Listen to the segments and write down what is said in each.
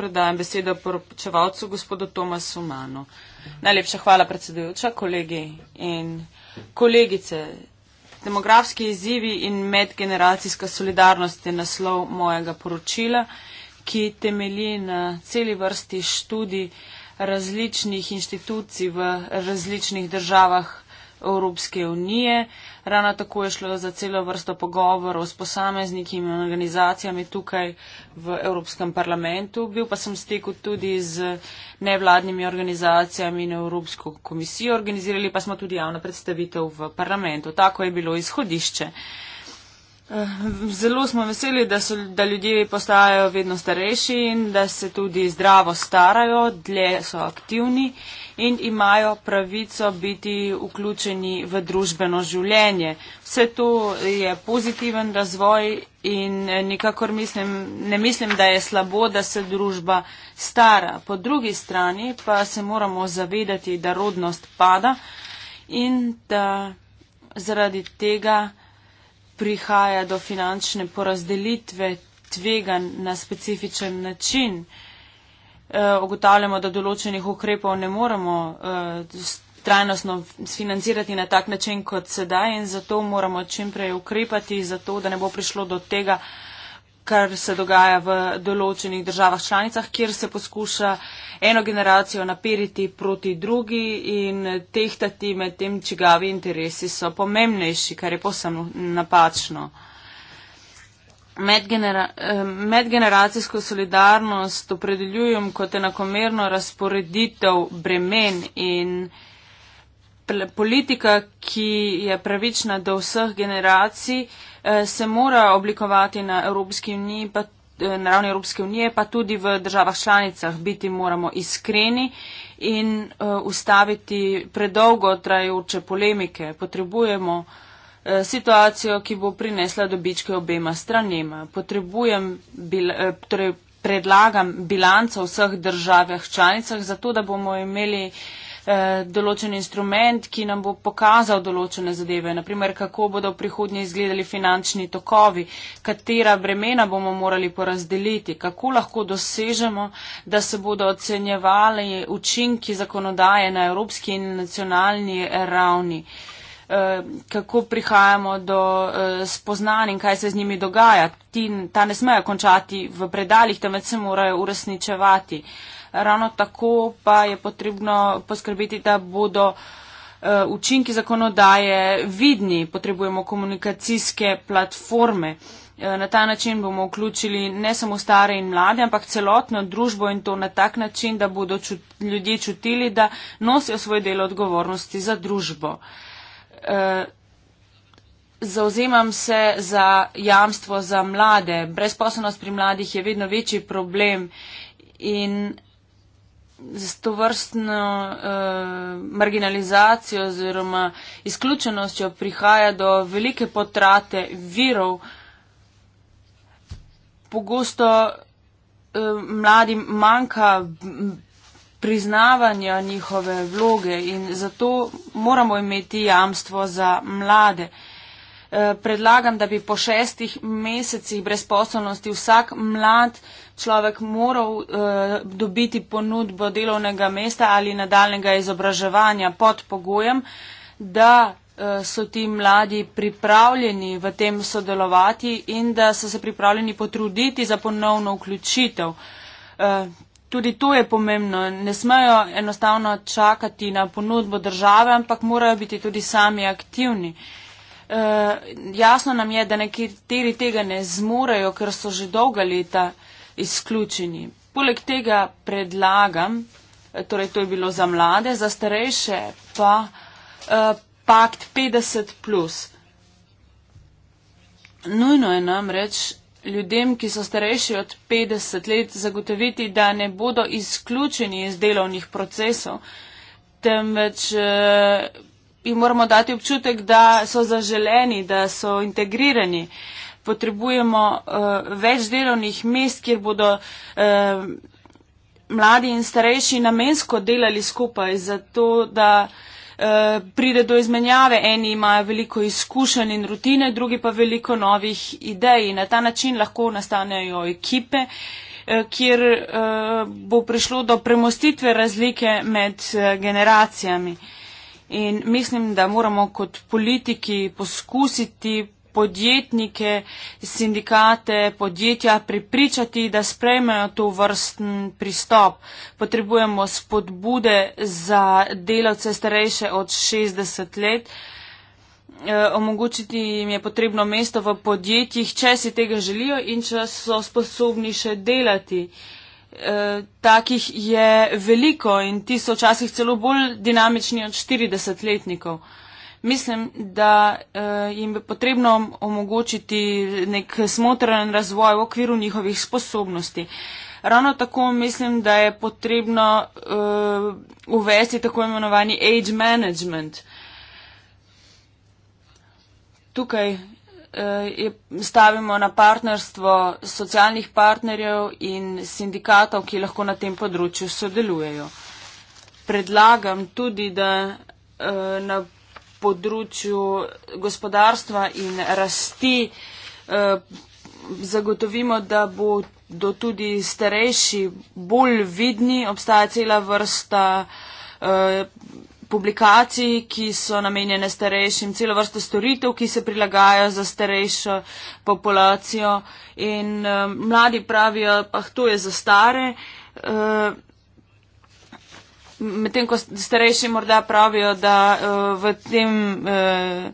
predajam besedo poročevalcu gospodu Tomasu Manu. Najlepša hvala, predsedujoča, kolegi in kolegice. Demografski izzivi in medgeneracijska solidarnost je naslov mojega poročila, ki temelji na celi vrsti študij različnih inštitucij v različnih državah Evropske unije. Rana tako je šlo za celo vrsto pogovorov s posamezniki in organizacijami tukaj v Evropskem parlamentu. Bil pa sem stekel tudi z nevladnimi organizacijami in Evropsko komisijo. Organizirali pa smo tudi javno predstavitev v parlamentu. Tako je bilo izhodišče. Eh, zelo smo veseli, da, so, da ljudje postajajo vedno starejši in da se tudi zdravo starajo, dlje so aktivni in imajo pravico biti vključeni v družbeno življenje. Vse to je pozitiven razvoj in eh, nikakor mislim, ne mislim, da je slabo, da se družba stara. Po drugi strani pa se moramo zavedati, da rodnost pada in da zaradi tega prihaja do finančne porazdelitve tvegan na specifičen način. Eh, ugotavljamo, da določenih ukrepov ne moremo eh, trajnostno financirati na tak način, kot sedaj in zato moramo čimprej ukrepati, zato da ne bo prišlo do tega, kar se dogaja v določenih državah članicah, kjer se poskuša eno generacijo napiriti proti drugi in tehtati med tem, čigavi interesi so pomembnejši, kar je posebno napačno medgenera eh, medgeneracijsko solidarnost opredeljujem kot enakomerno razporeditev bremen in politika, ki je pravična do vseh generacij, eh, se mora oblikovati na Evropski uniji pa eh, na ravni Evropske unije, pa tudi v državah članicah biti moramo iskreni in uh, ustaviti predolgo trajajoče polemike. Potrebujemo uh, Eh, situacijo, ki bo prinesla dobičke obema stranima. Potrebujem, bil, eh, torej predlagam bilanco vseh državah članicah, zato da bomo imeli eh, določen instrument, ki nam bo pokazal določene zadeve, naprimer, kako bodo v prihodnje izgledali finančni tokovi, katera bremena bomo morali porazdeliti, kako lahko dosežemo, da se bodo ocenjevali učinki zakonodaje na evropski in nacionalni ravni. Uh, Eh, kako prihajamo do eh, spoznanj in kaj se z njimi dogaja. Ti, ta ne smejo končati v predaljih, temveč se morajo uresničevati. Ravno tako pa je potrebno poskrbeti, da bodo eh, učinki zakonodaje vidni, potrebujemo komunikacijske platforme. Na ta način bomo vključili ne samo stare in mlade, ampak celotno družbo in to na tak način, da bodo čut, ljudje čutili, da nosijo svoj del odgovornosti za družbo. Uh, Eh, zauzemam se za jamstvo za mlade. Brezposobnost pri mladih je vedno večji problem in z to vrstno uh, marginalizacijo oziroma izključenostjo prihaja do velike potrate virov. Pogosto uh, mladim manjka priznavanja njihove vloge in zato moramo imeti jamstvo za mlade. Eh, predlagam, da bi po šestih mesecih brezposobnosti vsak mlad človek moral eh, dobiti ponudbo delovnega mesta ali nadaljnega izobraževanja pod pogojem, da eh, so ti mladi pripravljeni v tem sodelovati in da so se pripravljeni potruditi za ponovno vključitev. Eh, Tudi to je pomembno. Ne smejo enostavno čakati na ponudbo države, ampak morajo biti tudi sami aktivni. E, jasno nam je, da nekateri tega ne zmorejo, ker so že dolga leta izključeni. Poleg tega predlagam, eh, torej to je bilo za mlade, za starejše pa e, pakt 50. Plus. Nujno je namreč, ljudem, ki so starejši od 50 let, zagotoviti, da ne bodo izključeni iz delovnih procesov, temveč eh, jim moramo dati občutek, da so zaželeni, da so integrirani. Potrebujemo uh, več delovnih mest, kjer bodo uh, mladi in starejši namensko delali skupaj, zato da uh, pride do izmenjave. Eni imajo veliko izkušenj in rutine, drugi pa veliko novih idej. Na ta način lahko nastanejo ekipe, eh, kjer eh, bo prišlo do premostitve razlike med eh, generacijami. In mislim, da moramo kot politiki poskusiti podjetnike, sindikate, podjetja prepričati, da sprejmejo to vrsten pristop. Potrebujemo spodbude za delavce starejše od 60 let. Eh, omogočiti jim je potrebno mesto v podjetjih, če si tega želijo in če so sposobni še delati. E, takih je veliko in ti so včasih celo bolj dinamični od 40-letnikov mislim, da uh, jim je potrebno omogočiti nek smotren razvoj v okviru njihovih sposobnosti. Ravno tako mislim, da je potrebno uh, uvesti tako imenovani age management. Tukaj uh, je, stavimo na partnerstvo socialnih partnerjev in sindikatov, ki lahko na tem področju sodelujejo. Predlagam tudi, da uh, na področju gospodarstva in rasti eh, zagotovimo, da bodo tudi starejši bolj vidni. Obstaja cela vrsta eh, publikacij, ki so namenjene starejšim, celo vrsta storitev, ki se prilagajajo za starejšo populacijo. In eh, mladi pravijo, pa ah, to je za stare medtem ko starejši morda pravijo, da uh, v tem uh,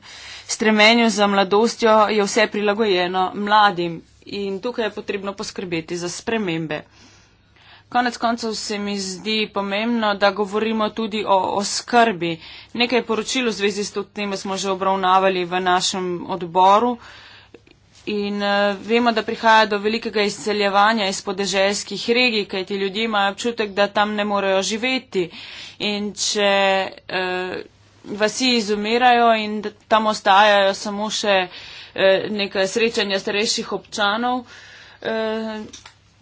stremenju za mladostjo je vse prilagojeno mladim in tukaj je potrebno poskrbeti za spremembe. Konec koncev se mi zdi pomembno, da govorimo tudi o, o skrbi. Nekaj poročil v zvezi s to temo smo že obravnavali v našem odboru. Uh, in uh, vemo, da prihaja do velikega izseljevanja iz podeželskih regij, kaj ti ljudje imajo občutek, da tam ne morejo živeti. In če uh, vasi izumirajo in tam ostajajo samo še uh, neka srečanja starejših občanov, uh,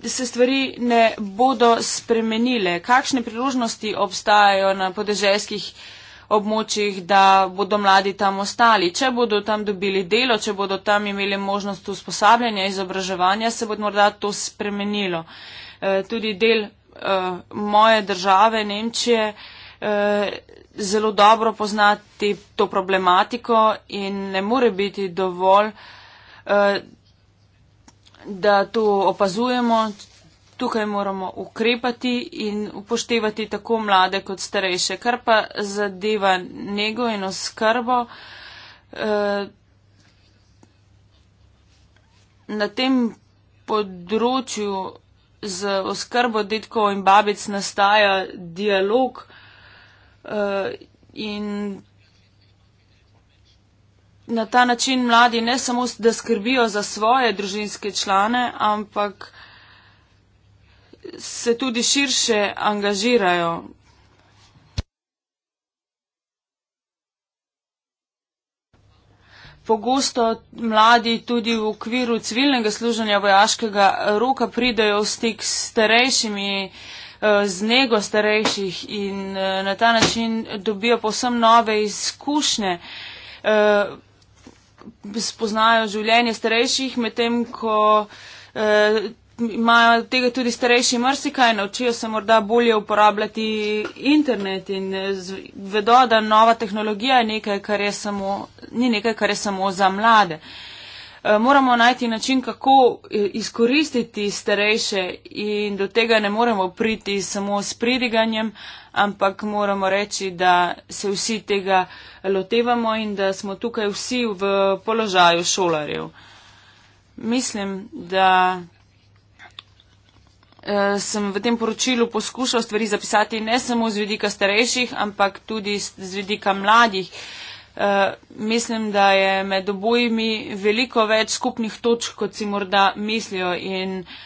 se stvari ne bodo spremenile. Kakšne priložnosti obstajajo na podeželskih regijah? območjih, da bodo mladi tam ostali. Če bodo tam dobili delo, če bodo tam imeli možnost usposabljanja, izobraževanja, se bo morda to spremenilo. E, tudi del e, moje države, Nemčije, e, zelo dobro poznati to problematiko in ne more biti dovolj, da to opazujemo, tukaj moramo ukrepati in upoštevati tako mlade kot starejše. Kar pa zadeva njegovo in oskrbo, eh, na tem področju z oskrbo detkov in babic nastaja dialog eh, in. Na ta način mladi ne samo, da skrbijo za svoje družinske člane, ampak se tudi širše angažirajo. Pogosto mladi tudi v okviru civilnega služenja vojaškega roka pridajo v stik s starejšimi, eh, z nego starejših in eh, na ta način dobijo povsem nove izkušnje, eh, spoznajo življenje starejših, medtem ko imajo tega tudi starejši mrsikaj, naučijo se morda bolje uporabljati internet in eh, vedo, da nova tehnologija je nekaj, kar je samo, ni nekaj, kar je samo za mlade. Eh, moramo najti način, kako eh, izkoristiti starejše in do tega ne moremo priti samo s pridiganjem, ampak moramo reči, da se vsi tega lotevamo in da smo tukaj vsi v položaju šolarjev. Mislim, da Eh, sem v tem poročilu poskušal stvari zapisati ne samo z vidika starejših, ampak tudi z vidika mladih. Eh, mislim, da je med obojimi veliko več skupnih točk, kot si morda mislijo. In, uh,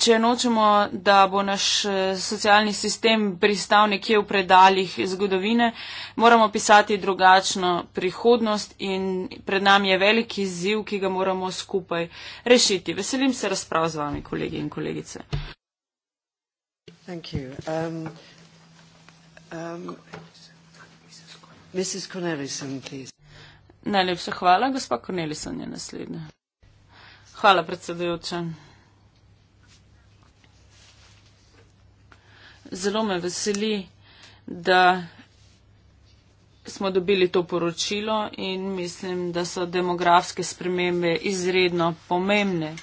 če nočemo, da bo naš eh, socialni sistem pristal nekje v predaljih zgodovine, moramo pisati drugačno prihodnost in pred nami je veliki ziv, ki ga moramo skupaj rešiti. Veselim se razprav z vami, kolegi in kolegice. Um, um, Najlepša hvala, gospa Cornelison je naslednja. Hvala, predsedujoča. zelo me veseli, da smo dobili to poročilo in mislim, da so demografske spremembe izredno pomembne.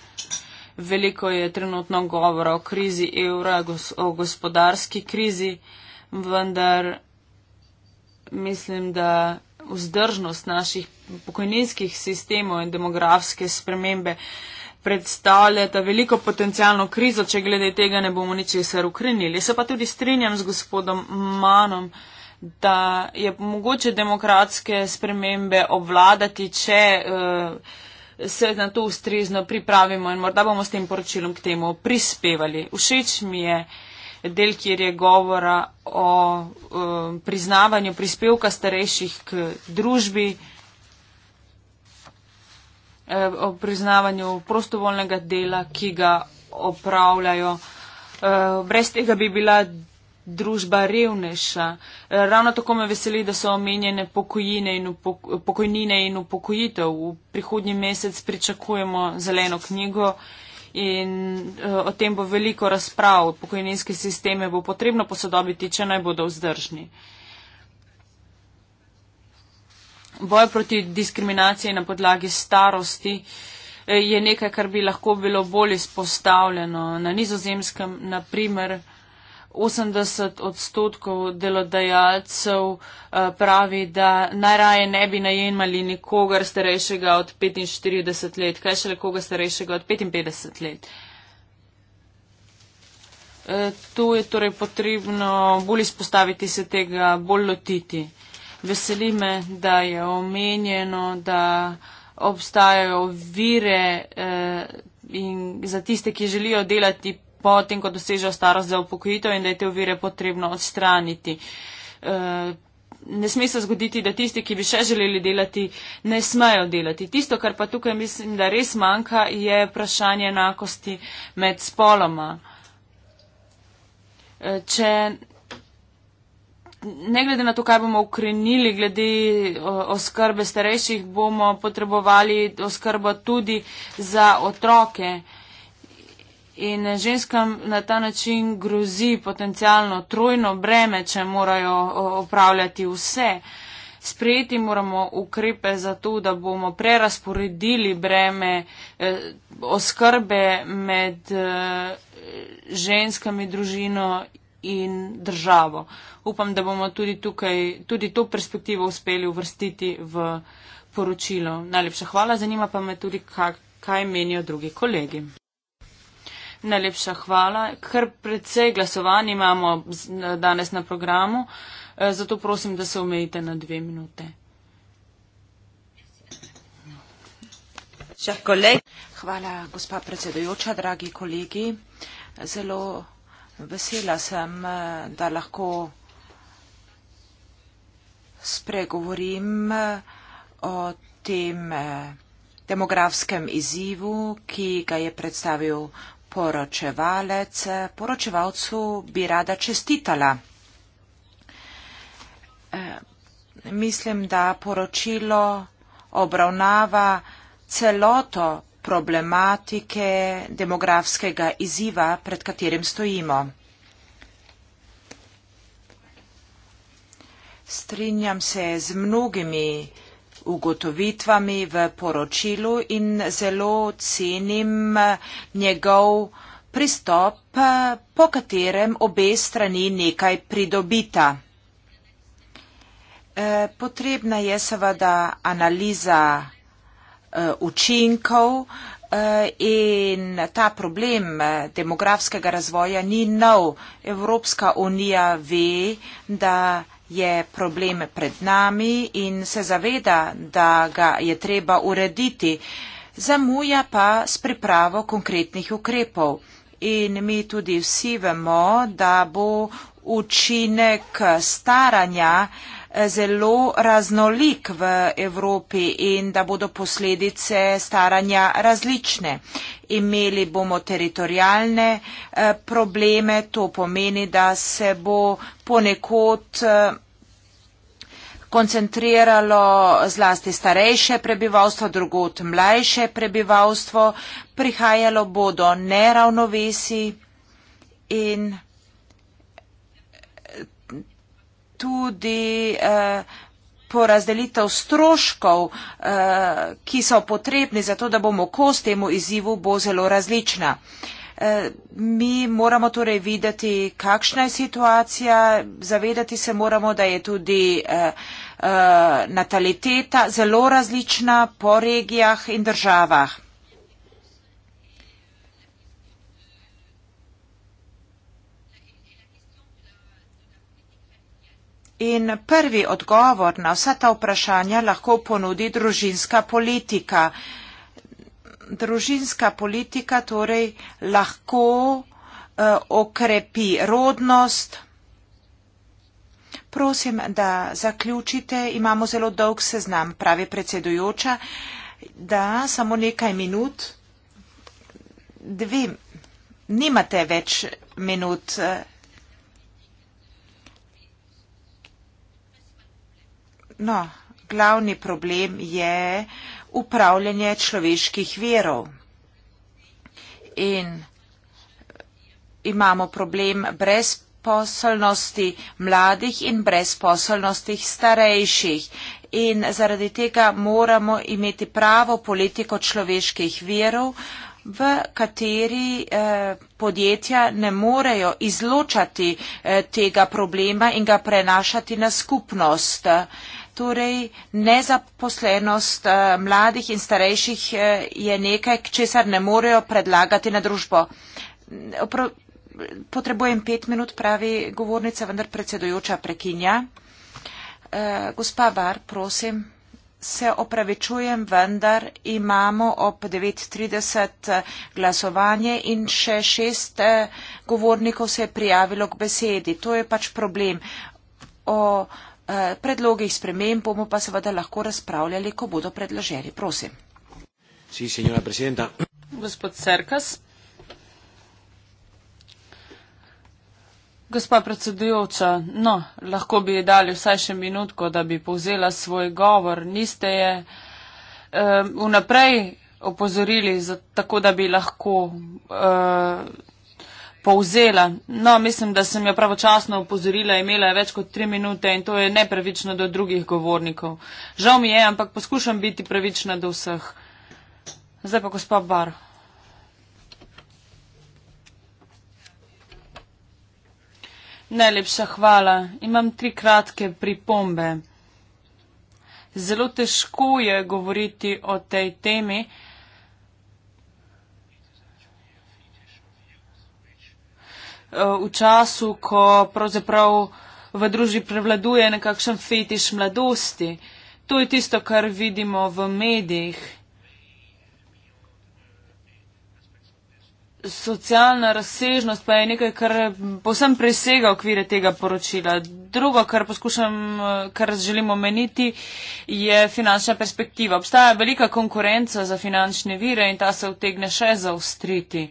Veliko je trenutno govora o krizi evra, o gospodarski krizi, vendar mislim, da vzdržnost naših pokojninskih sistemov in demografske spremembe predstavljata veliko potencijalno krizo, če glede tega ne bomo ničesar ukrenili. Se pa tudi strinjam z gospodom Manom, da je mogoče demokratske spremembe obvladati, če uh, se na to ustrezno pripravimo in morda bomo s tem poročilom k temu prispevali. Všeč mi je del, kjer je govora o uh, priznavanju prispevka starejših k družbi. Uh, eh, o priznavanju prostovoljnega dela, ki ga opravljajo. Eh, brez tega bi bila družba revnejša. Eh, ravno tako me veseli, da so omenjene pokojine in upok pokojnine in upokojitev. V prihodnji mesec pričakujemo zeleno knjigo. In uh, o tem bo veliko razprav. Pokojninske sisteme bo potrebno posodobiti, če naj bodo vzdržni. Uh, Boj proti diskriminaciji na podlagi starosti eh, je nekaj, kar bi lahko bilo bolj izpostavljeno. Na nizozemskem, naprimer, 80 odstotkov delodajalcev eh, pravi, da najraje ne bi najemali nikogar starejšega od 45 let, kaj šele koga starejšega od 55 let. Eh, to je torej potrebno bolj izpostaviti se tega, bolj lotiti veseli me, da je omenjeno, da obstajajo vire eh, in za tiste, ki želijo delati potem, ko dosežejo starost za upokojitev in da je te vire potrebno odstraniti. Eh, ne sme se zgoditi, da tisti, ki bi še želeli delati, ne smejo delati. Tisto, kar pa tukaj mislim, da res manjka, je vprašanje enakosti med spoloma. Eh, če ne glede na to, kaj bomo ukrenili glede oskrbe starejših, bomo potrebovali oskrbo tudi za otroke. In ženskam na ta način grozi potencialno trojno breme, če morajo opravljati vse. Sprejeti moramo ukrepe za to, da bomo prerasporedili breme eh, oskrbe med eh, ženskami, družino in državo. Upam, da bomo tudi tukaj, tudi to perspektivo uspeli uvrstiti v poročilo. Najlepša hvala, zanima pa me tudi, kak, kaj menijo drugi kolegi. Najlepša hvala. Kar predvsej glasovanj imamo danes na programu, e, zato prosim, da se omejite na dve minute. Hvala, gospa predsedojoča, dragi kolegi. Zelo Vesela sem, eh, da lahko spregovorim eh, o tem eh, demografskem izzivu, ki ga je predstavil poročevalec. Poročevalcu bi rada čestitala. Mislim, da poročilo obravnava celoto problematike demografskega izziva, pred katerim stojimo. Strinjam se z mnogimi ugotovitvami v poročilu in zelo cenim njegov pristop, po katerem obe strani nekaj pridobita. E, potrebna je seveda analiza Eh, učinkov eh, in ta problem eh, demografskega razvoja ni nov. Evropska unija ve, da je problem pred nami in se zaveda, da ga je treba urediti. Zamuja pa s pripravo konkretnih ukrepov. In mi tudi vsi vemo, da bo učinek staranja eh, zelo raznolik v Evropi in da bodo posledice staranja različne. Imeli bomo teritorijalne eh, probleme, to pomeni, da se bo ponekod eh, koncentriralo zlasti starejše prebivalstvo, drugot mlajše prebivalstvo, prihajalo bodo neravnovesi in tudi uh, porazdelitev stroškov, uh, ki so potrebni za to, da bomo kos temu izzivu, bo zelo različna. Eh, mi moramo torej videti, kakšna je situacija, zavedati se moramo, da je tudi uh, uh, nataliteta zelo različna po regijah in državah. In prvi odgovor na vsa ta vprašanja lahko ponudi družinska politika. Družinska politika torej lahko eh, okrepi rodnost. Prosim, da zaključite. Imamo zelo dolg seznam, pravi predsedujoča. Da, samo nekaj minut. Dve. Nimate več minut. Eh, No, glavni problem je upravljanje človeških verov. In imamo problem brezposelnosti mladih in brezposelnosti starejših. In zaradi tega moramo imeti pravo politiko človeških verov, v kateri eh, podjetja ne morejo izločati eh, tega problema in ga prenašati na skupnost. Eh, torej nezaposlenost eh, mladih in starejših eh, je nekaj, česar ne morejo predlagati na družbo. Potrebujem pet minut, pravi govornica, vendar predsedujoča prekinja. Eh, gospa Bar, prosim. Se opravičujem, vendar imamo ob 9.30 glasovanje in še šest govornikov se je prijavilo k besedi. To je pač problem. O Eh, predlogih spremem bomo pa seveda lahko razpravljali, ko bodo predloženi. Prosim. Sí, Gospod Serkas. Gospa predsedujoča, no, lahko bi dali vsaj še minutko, da bi povzela svoj govor. Niste je eh, vnaprej opozorili, za, tako da bi lahko eh, povzela. No, mislim, da sem jo pravočasno upozorila, imela je več kot tri minute in to je nepravično do drugih govornikov. Žal mi je, ampak poskušam biti pravična do vseh. Zdaj pa gospod Bar. Najlepša hvala. Imam tri kratke pripombe. Zelo težko je govoriti o tej temi. v času, ko pravzaprav v družbi prevladuje nekakšen fetiš mladosti. To je tisto, kar vidimo v medijih. Socialna razsežnost pa je nekaj, kar posem presega okvire tega poročila. Drugo, kar poskušam, kar želim omeniti, je finančna perspektiva. Obstaja velika konkurenca za finančne vire in ta se vtegne še zaustriti.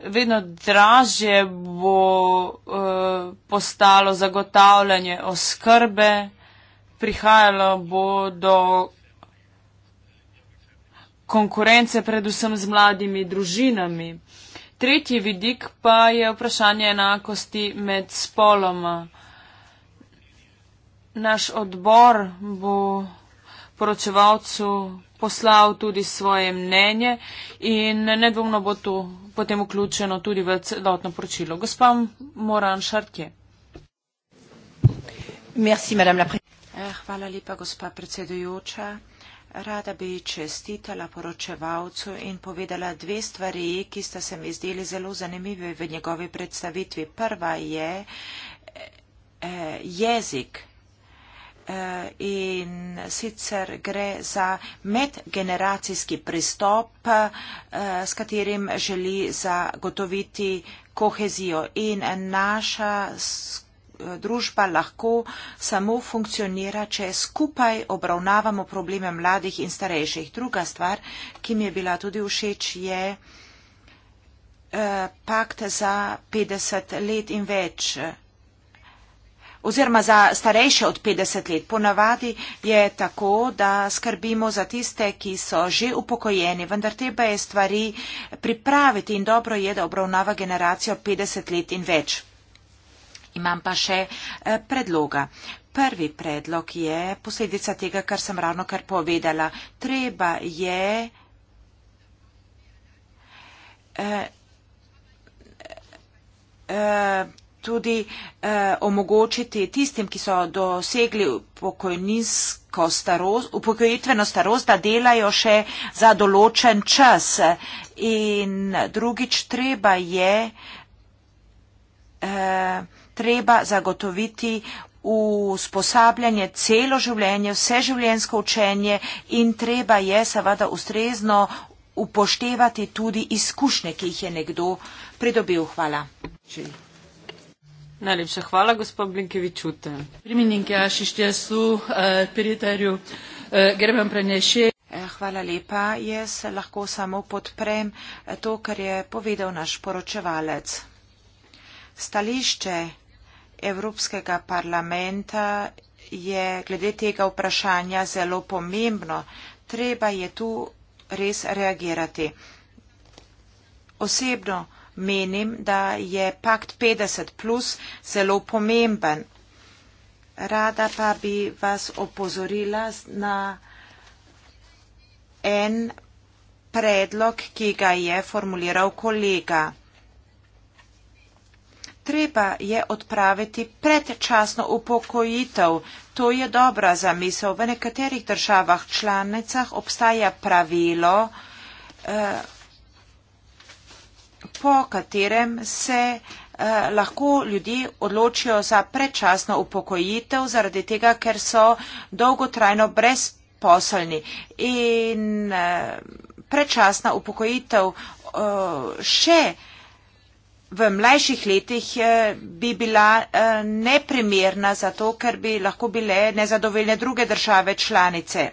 vedno draže bo uh, postalo zagotavljanje oskrbe, prihajalo bo do konkurence predvsem z mladimi družinami. Tretji vidik pa je vprašanje enakosti med spoloma. Naš odbor bo poročevalcu poslal tudi svoje mnenje in nedvomno bo to potem vključeno tudi v celotno poročilo. Gospa Moran Šarkje. Eh, hvala lepa, gospa predsedujoča. Rada bi čestitala poročevalcu in povedala dve stvari, ki sta se mi zdeli zelo zanimive v njegovi predstavitvi. Prva je eh, jezik Eh, in sicer gre za medgeneracijski pristop, eh, s katerim želi zagotoviti kohezijo in naša eh, družba lahko samo funkcionira, če skupaj obravnavamo probleme mladih in starejših. Druga stvar, ki mi je bila tudi všeč, je pakt za 50 let in več oziroma za starejše od 50 let. Ponavadi je tako, da skrbimo za tiste, ki so že upokojeni, vendar treba je stvari pripraviti in dobro je, da obravnava generacijo 50 let in več. Imam pa še eh, predloga. Prvi predlog je posledica tega, kar sem ravno kar povedala. Treba je eh, eh, tudi eh, omogočiti tistim, ki so dosegli upokojitveno starost, da delajo še za določen čas. In drugič, treba je eh, treba zagotoviti usposabljanje celo življenje, vseživljenjsko učenje in treba je seveda ustrezno upoštevati tudi izkušnje, ki jih je nekdo pridobil. Hvala. Čili. Najlepša hvala, gospod Blinkevičute. Eh, eh, eh, hvala lepa. Jaz lahko samo podprem to, kar je povedal naš poročevalec. Stališče Evropskega parlamenta je glede tega vprašanja zelo pomembno. Treba je tu res reagirati. Osebno menim, da je pakt 50 plus zelo pomemben. Rada pa bi vas opozorila na en predlog, ki ga je formuliral kolega. Treba je odpraviti predčasno upokojitev. To je dobra zamisel. V nekaterih državah članicah obstaja pravilo, eh, po katerem se eh, lahko ljudi odločijo za predčasno upokojitev zaradi tega, ker so dolgotrajno brezposelni. In eh, predčasna upokojitev eh, še v mlajših letih bi bila neprimerna zato, ker bi lahko bile nezadovoljne druge države članice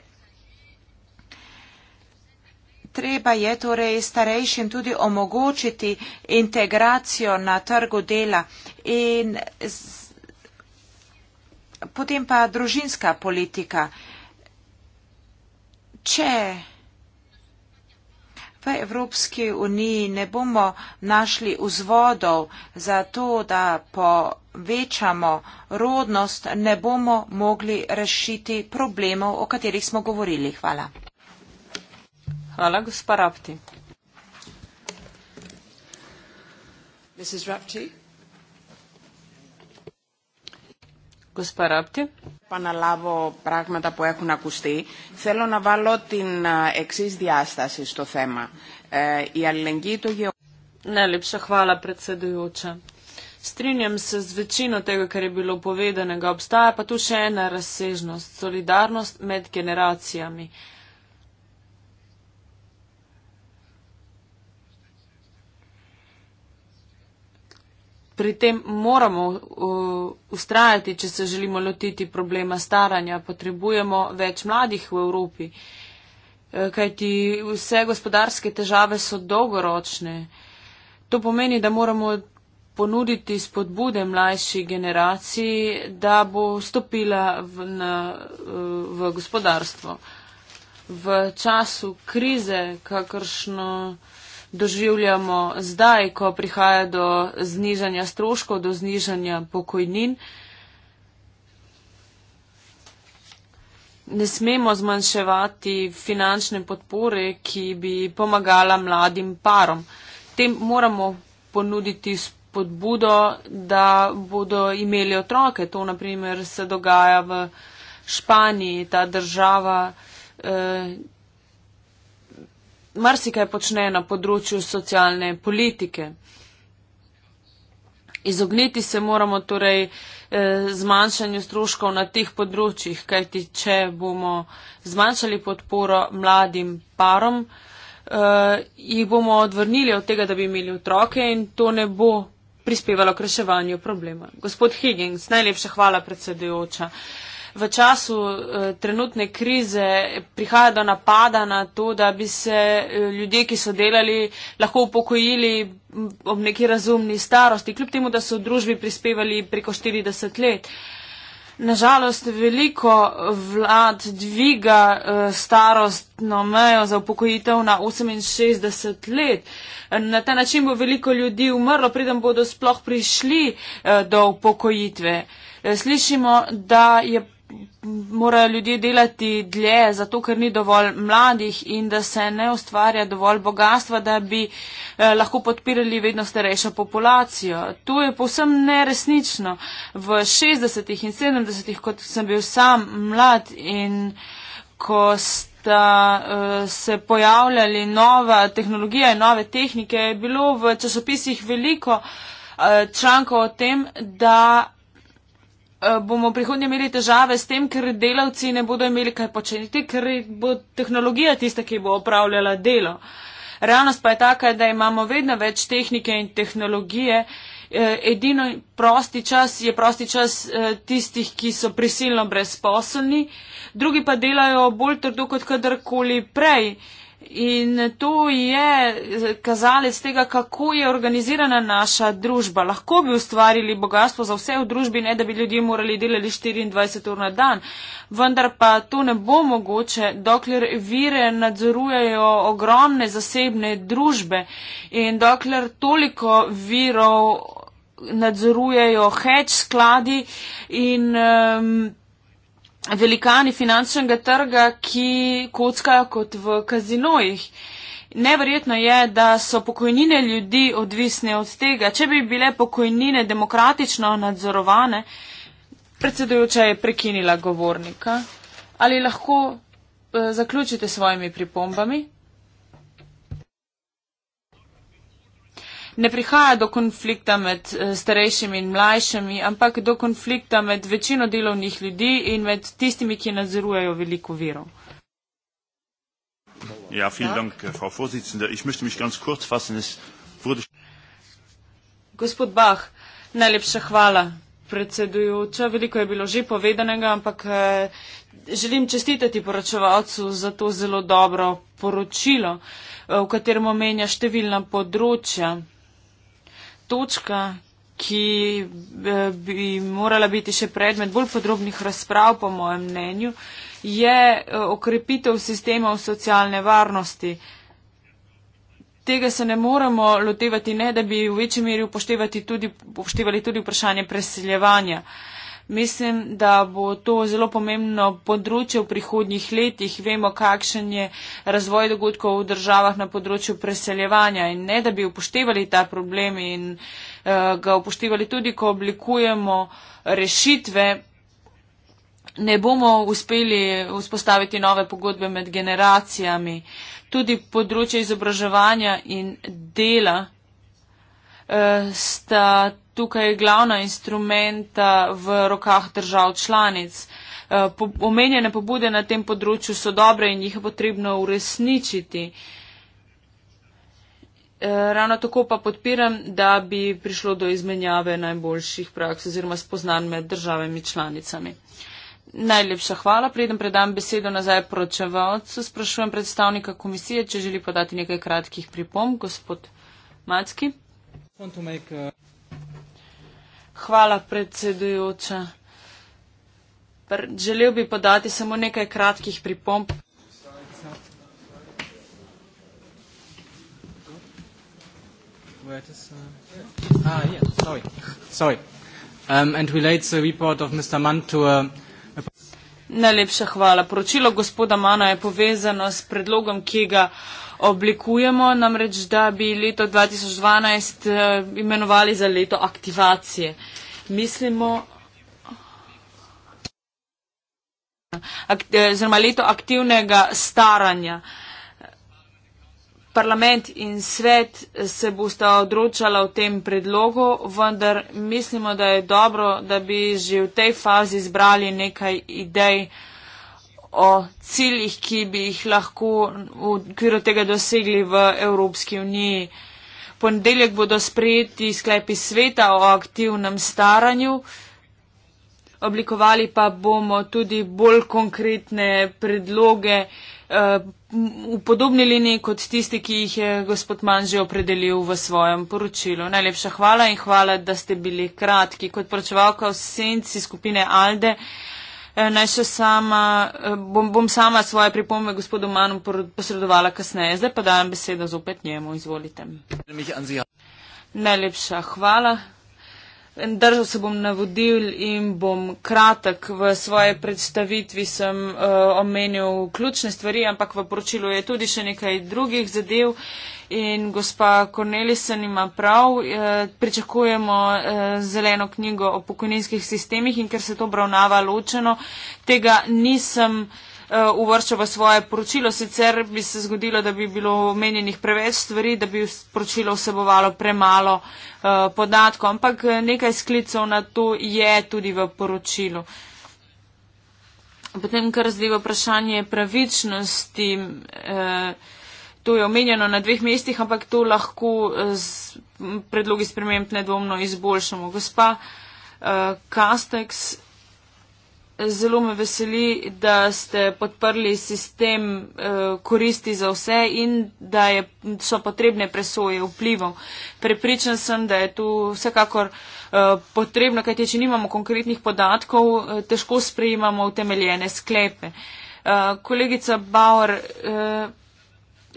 treba je torej starejšim tudi omogočiti integracijo na trgu dela in potem pa družinska politika. Če v Evropski uniji ne bomo našli vzvodov za to, da povečamo rodnost, ne bomo mogli rešiti problemov, o katerih smo govorili. Hvala. Hvala, gospa Rapti. Mrs. Rapti. Gospa Rapti. Παναλάβω πράγματα που έχουν ακουστεί. Θέλω να βάλω την εξή διάσταση στο θέμα. Ε, η αλληλεγγύη του γεω... Ναι, λείψα, χβάλα, πρετσεδιούτσα. Strinjam se z večino tega, kar je bilo povedanega. Obstaja pa tu še ena razsežnost, solidarnost med generacijami. Uh, pri tem moramo ustrajati, če se želimo lotiti problema staranja. Potrebujemo več mladih v Evropi, e, kajti vse gospodarske težave so dolgoročne. To pomeni, da moramo ponuditi spodbude mlajši generaciji, da bo stopila v, na, e, v gospodarstvo. V času krize, kakršno doživljamo zdaj, ko prihaja do znižanja stroškov, do znižanja pokojnin. Ne smemo zmanjševati finančne podpore, ki bi pomagala mladim parom. Tem moramo ponuditi spodbudo, da bodo imeli otroke. To naprimer se dogaja v Španiji, ta država. Eh, marsikaj počne na področju socialne politike. Izogniti se moramo torej eh, zmanjšanju stroškov na teh področjih, kajti če bomo zmanjšali podporo mladim parom, eh, jih bomo odvrnili od tega, da bi imeli otroke in to ne bo prispevalo k reševanju problema. Gospod Higgins, najlepša hvala predsedujoča v času eh, trenutne krize prihaja do napada na to, da bi se eh, ljudje, ki so delali, lahko upokojili ob neki razumni starosti, kljub temu, da so v družbi prispevali preko 40 let. Nažalost, veliko vlad dviga eh, starostno mejo za upokojitev na 68 let. Na ta način bo veliko ljudi umrlo, preden bodo sploh prišli eh, do upokojitve. Slišimo, da je morajo ljudje delati dlje, zato ker ni dovolj mladih in da se ne ustvarja dovolj bogatstva, da bi eh, lahko podpirali vedno starejšo populacijo. To je povsem neresnično. V 60-ih in 70-ih, kot sem bil sam mlad in ko sta eh, se pojavljali nova tehnologija in nove tehnike, je bilo v časopisih veliko eh, člankov o tem, da Eh, bomo prihodnje imeli težave s tem, ker delavci ne bodo imeli kaj početi, ker bo tehnologija tista, ki bo opravljala delo. Realnost pa je taka, da imamo vedno več tehnike in tehnologije. Eh, edino prosti čas je prosti čas eh, tistih, ki so prisilno brezposelni, drugi pa delajo bolj trdo kot kadarkoli prej. In to je kazalec tega, kako je organizirana naša družba. Lahko bi ustvarili bogatstvo za vse v družbi, ne da bi ljudje morali delati 24 ur na dan, vendar pa to ne bo mogoče, dokler vire nadzorujejo ogromne zasebne družbe in dokler toliko virov nadzorujejo hedge skladi in. Um, velikani finančnega trga, ki kockajo kot v kazinojih. Neverjetno je, da so pokojnine ljudi odvisne od tega. Če bi bile pokojnine demokratično nadzorovane, predsedujoča je prekinila govornika. Ali lahko eh, zaključite svojimi pripombami? ne prihaja do konflikta med eh, starejšimi in mlajšimi, ampak do konflikta med večino delovnih ljudi in med tistimi, ki nadzorujejo veliko virov. Ja, Dank, eh, Gospod Bach, najlepša hvala. Predsedujoča, veliko je bilo že povedanega, ampak eh, želim čestitati poročevalcu za to zelo dobro poročilo, v katerem omenja številna področja točka, ki eh, bi morala biti še predmet bolj podrobnih razprav, po mojem mnenju, je eh, okrepitev sistemov socialne varnosti. Tega se ne moremo lotevati, ne da bi v večji meri upoštevali tudi vprašanje preseljevanja. Uh, Mislim, da bo to zelo pomembno področje v prihodnjih letih. Vemo, kakšen je razvoj dogodkov v državah na področju preseljevanja in ne, da bi upoštevali ta problem in eh, ga upoštevali tudi, ko oblikujemo rešitve. Ne bomo uspeli vzpostaviti nove pogodbe med generacijami. Tudi področje izobraževanja in dela eh, sta tukaj glavna instrumenta v rokah držav članic. Eh, omenjene pobude na tem področju so dobre in jih je potrebno uresničiti. Eh, ravno tako pa podpiram, da bi prišlo do izmenjave najboljših praks oziroma spoznanj med državami članicami. Najlepša hvala. Preden predam besedo nazaj pročevalcu, sprašujem predstavnika komisije, če želi podati nekaj kratkih pripomb, gospod Macki. Hvala, predsedujoča. Pr želel bi podati samo nekaj kratkih pripomp. Ah, um, uh, Najlepša hvala. Poročilo gospoda Mana je povezano s predlogom, ki ga oblikujemo, namreč da bi leto 2012 eh, imenovali za leto aktivacije. Mislimo, eh, oziroma leto aktivnega staranja. Parlament in svet se bosta odročala v tem predlogu, vendar mislimo, da je dobro, da bi že v tej fazi izbrali nekaj idej o ciljih, ki bi jih lahko v okviru tega dosegli v Evropski uniji. Ponedeljek bodo sprejeti sklepi sveta o aktivnem staranju, oblikovali pa bomo tudi bolj konkretne predloge eh, v podobni liniji kot tisti, ki jih je gospod Manj že opredelil v svojem poročilu. Najlepša hvala in hvala, da ste bili kratki. Kot poročevalka v senci skupine Alde. Eh, naj še sama, eh, bom, bom sama svoje pripombe gospodu Manu posredovala kasneje. Zdaj pa dajem besedo zopet njemu, izvolite. Najlepša hvala in držal se bom navodil in bom kratek. V svoji predstavitvi sem uh, omenil ključne stvari, ampak v poročilu je tudi še nekaj drugih zadev. In gospa Kornelisen ima prav, eh, pričakujemo eh, zeleno knjigo o pokojninskih sistemih in ker se to obravnava ločeno, tega nisem. Eh, uvršča v svoje poročilo. Sicer bi se zgodilo, da bi bilo omenjenih preveč stvari, da bi poročilo vsebovalo premalo eh, podatkov, ampak nekaj sklicov na to je tudi v poročilu. Potem, kar zdaj vprašanje pravičnosti, eh, to je omenjeno na dveh mestih, ampak to lahko z predlogi sprememb nedvomno izboljšamo. Gospa Kasteks zelo me veseli, da ste podprli sistem uh, koristi za vse in da je, so potrebne presoje vplivov. Prepričan sem, da je tu vsekakor uh, potrebno, kajti če nimamo konkretnih podatkov, uh, težko sprejemamo utemeljene sklepe. Uh, kolegica Bauer. Uh,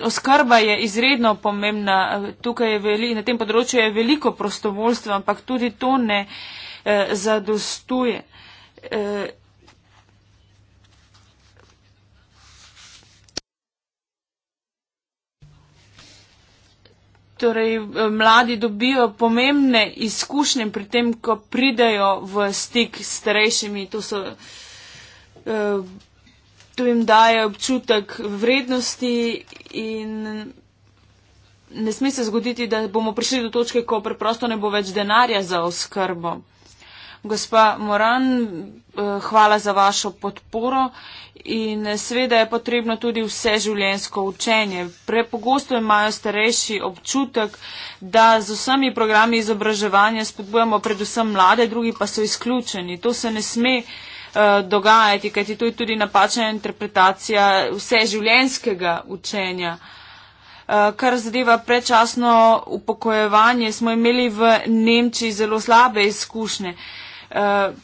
Oskrba je izredno pomembna, tukaj je veliko, na tem področju je veliko prostovoljstva, ampak tudi to ne eh, zadostuje. Eh, torej eh, mladi dobijo pomembne izkušnje pri tem, ko pridejo v stik s starejšimi. To, so, eh, to jim daje občutek vrednosti in ne sme se zgoditi, da bomo prišli do točke, ko preprosto ne bo več denarja za oskrbo. Gospa Moran, eh, hvala za vašo podporo in seveda je potrebno tudi vse življensko učenje. Prepogosto imajo starejši občutek, da z vsemi programi izobraževanja spodbujamo predvsem mlade, drugi pa so izključeni. To se ne sme uh, dogajati, kajti to je tudi napačna interpretacija vse življenskega učenja. Eh, kar zadeva prečasno upokojevanje, smo imeli v Nemčiji zelo slabe izkušnje. Eh,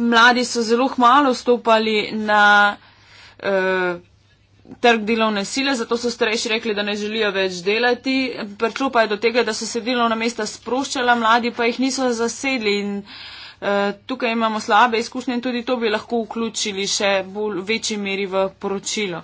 mladi so zelo malo vstopali na uh, trg delovne sile, zato so starejši rekli, da ne želijo več delati. Prišlo pa je do tega, da so se delovna mesta sproščala, mladi pa jih niso zasedli. In, eh, Tukaj imamo slabe izkušnje in tudi to bi lahko vključili še bolj večji meri v poročilo.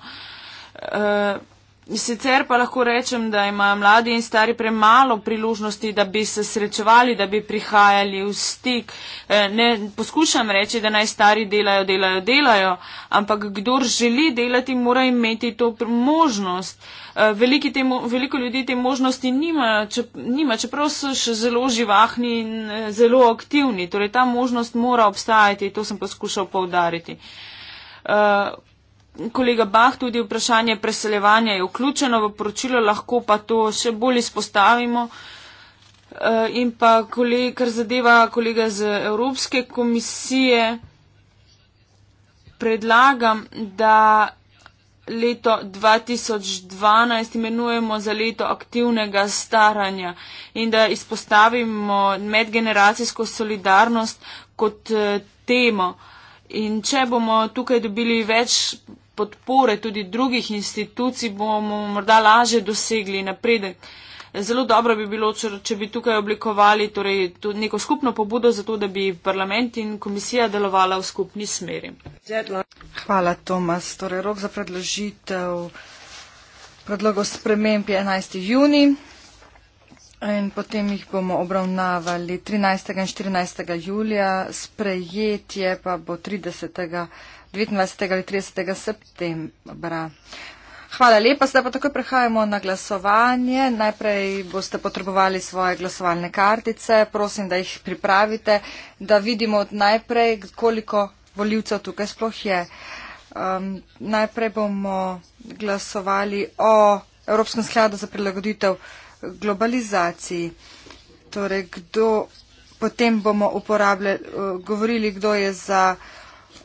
Eh, Sicer pa lahko rečem, da imajo mladi in stari premalo priložnosti, da bi se srečevali, da bi prihajali v stik. Eh, ne poskušam reči, da naj stari delajo, delajo, delajo, ampak kdor želi delati, mora imeti to možnost. Eh, veliki te, veliko ljudi te možnosti nima, čeprav so še zelo živahni in eh, zelo aktivni. Torej, ta možnost mora obstajati, to sem poskušal povdariti kolega Bah, tudi vprašanje preseljevanja je vključeno v poročilo, lahko pa to še bolj izpostavimo. Eh, in pa, kar zadeva kolega z Evropske komisije, predlagam, da leto 2012 imenujemo za leto aktivnega staranja in da izpostavimo medgeneracijsko solidarnost kot eh, temo. In če bomo tukaj dobili več podpore tudi drugih institucij, bomo morda laže dosegli napredek. Zelo dobro bi bilo, če bi tukaj oblikovali torej, neko skupno pobudo za to, da bi parlament in komisija delovala v skupni smeri. Hvala, Tomas. Torej, rok za predložitev predlogov sprememb je 11. juni in potem jih bomo obravnavali 13. in 14. julija, sprejetje pa bo 30. 29. ali 30. septembra. Hvala lepa. Zdaj pa takoj prehajamo na glasovanje. Najprej boste potrebovali svoje glasovalne kartice. Prosim, da jih pripravite, da vidimo od najprej, koliko voljivcev tukaj sploh je. Um, najprej bomo glasovali o Evropskem skladu za prilagoditev globalizaciji. Torej, kdo, potem bomo uporabljali, uh, govorili, kdo je za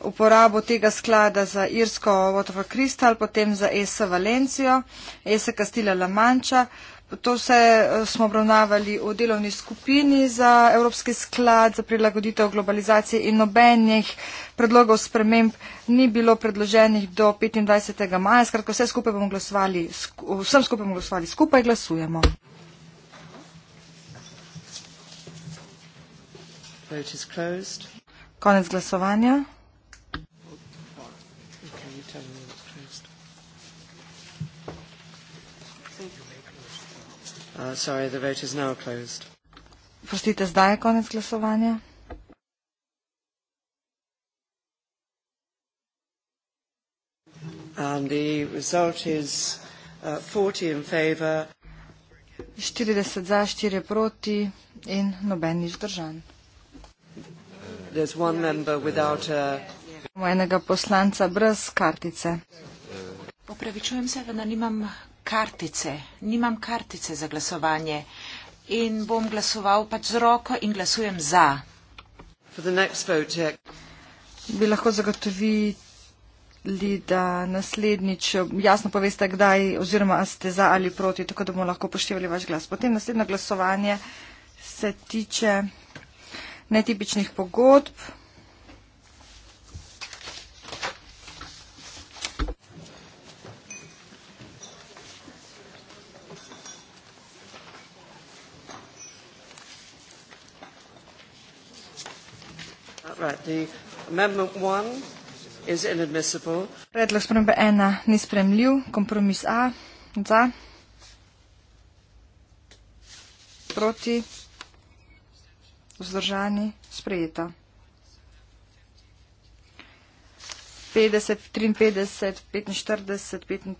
uporabo tega sklada za Irsko Waterfall Crystal, potem za ES Valencijo, ES Castilla La Mancha. To vse eh, smo obravnavali v delovni skupini za Evropski sklad za prilagoditev globalizacije in nobenih predlogov sprememb ni bilo predloženih do 25. maja. Skratka, vse skupaj bomo glasovali, vsem skupaj bomo glasovali, skupaj glasujemo. Konec glasovanja. Uh, sorry, the vote is now closed. Prostite, zdaj je konec glasovanja. And the result is uh, 40 in favor. 40 za, 4 proti in noben ni zdržan. There's one member without a enega poslanca brez kartice. Opravičujem se, vendar nimam kartice, nimam kartice za glasovanje in bom glasoval pač z roko in glasujem za. Bi lahko zagotovili, da naslednjič jasno poveste, kdaj oziroma ste za ali proti, tako da bomo lahko poštevali vaš glas. Potem naslednje glasovanje se tiče netipičnih pogodb. Predlog spremembe ena ni spremljiv. Kompromis A. Za. Proti. Vzdržani. Sprejeta. 50, 53, 45, 55,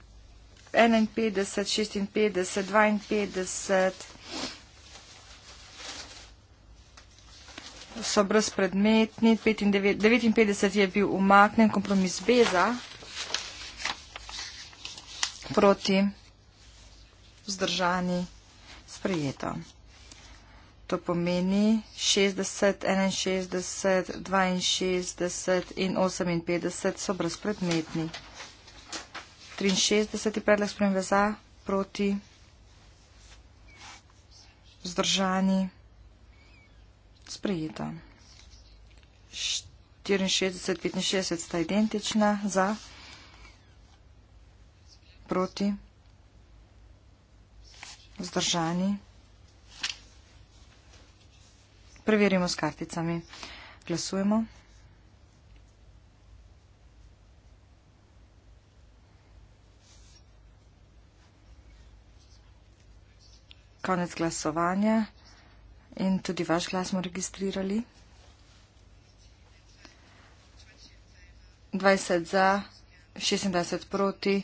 51, 56, 52. so brezpredmetni, 59 je bil umaknen kompromis Beza proti vzdržani sprejeto. To pomeni 60, 61, 62 in 58 so brezpredmetni. 63 je predlog spremembe za proti vzdržani sprejeto sprejeta. 64, 65 sta identična za, proti, vzdržani. Preverimo s karticami. Glasujemo. Konec glasovanja. In tudi vaš glas smo registrirali. 20 za, 26 proti,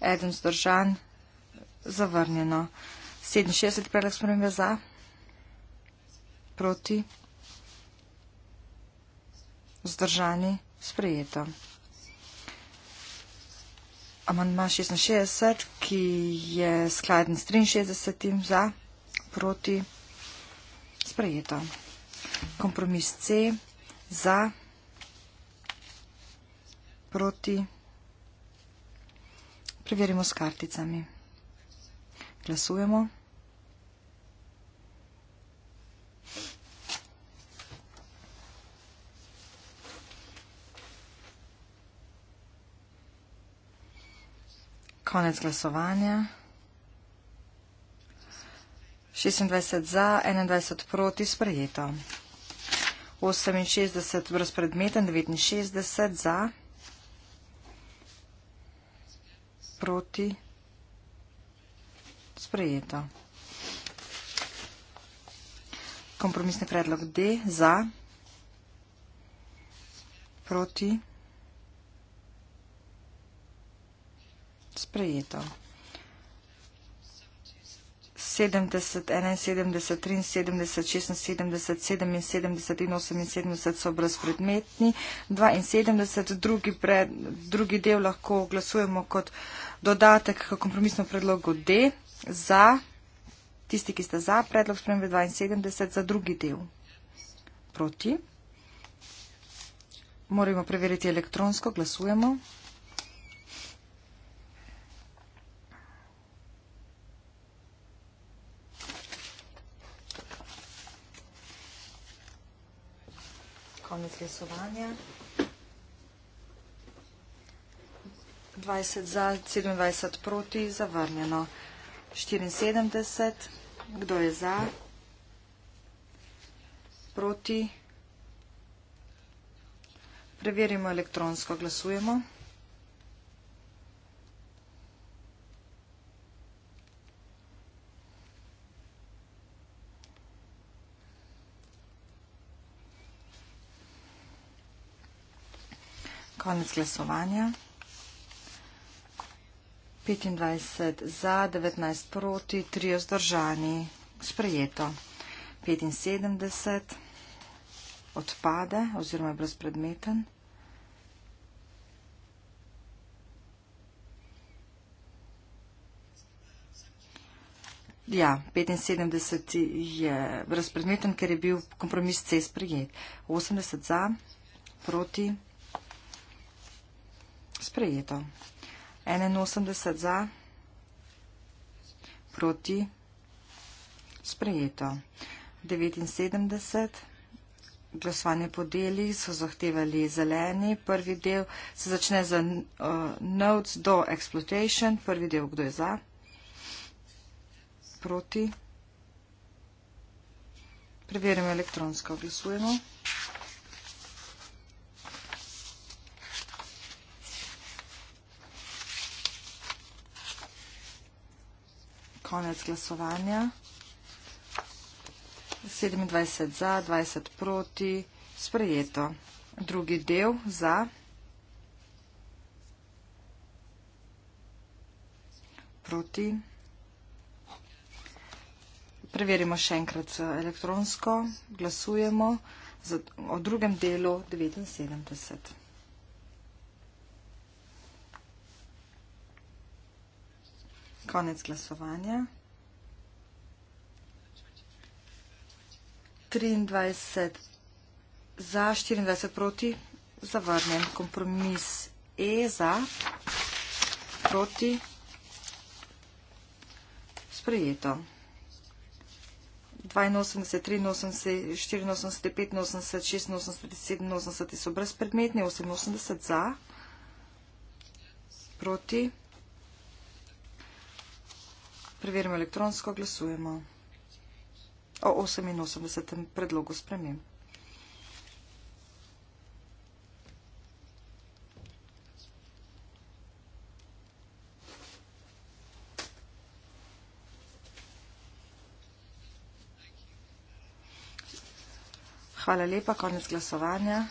1 zdržan, zavrnjeno. 67 predlog spremembe za, proti, zdržani, sprejeto. Amandma 66, ki je skladen s 63 za, proti sprejeto. Kompromis C za proti. Preverimo s karticami. Glasujemo. Konec glasovanja. 26 za, 21 proti sprejeto. 68 brezpredmeten, 69 za, proti sprejeto. Kompromisni predlog D za, proti sprejeto. 70, 71, 73, 76, 77 in 78 so brezpredmetni, 72, drugi, pred, drugi del lahko glasujemo kot dodatek k kompromisno predlogu D za tisti, ki ste za predlog spremembe 72, za drugi del proti. Moramo preveriti elektronsko, glasujemo. konec glasovanja. 20 za, 27 proti, zavrnjeno. 74, kdo je za? Proti. Preverimo elektronsko, glasujemo. Konec glasovanja. 25 za, 19 proti, 3 vzdržani. Sprejeto. 75 odpade oziroma je brezpredmeten. 75 ja, je brezpredmeten, ker je bil kompromis C sprejet. 80 za, proti sprejeto. 81 za, proti, sprejeto. 79, glasovanje po delih, so zahtevali zeleni. Prvi del se začne z za, uh, eh, notes do exploitation. Prvi del, kdo je za, proti. Preverjamo elektronsko, glasujemo. konec glasovanja. 27 za, 20 proti, sprejeto. Drugi del za. Proti. Preverimo še enkrat elektronsko. Glasujemo za, o drugem delu 79. konec glasovanja. 23 za, 24 proti, zavrnjen kompromis E za, proti, sprejeto. 82, 83, 84, 85, 86, 87 so brezpredmetni, 88 za, proti. Preverimo elektronsko, glasujemo o 88. predlogu spremem. Hvala lepa, konec glasovanja.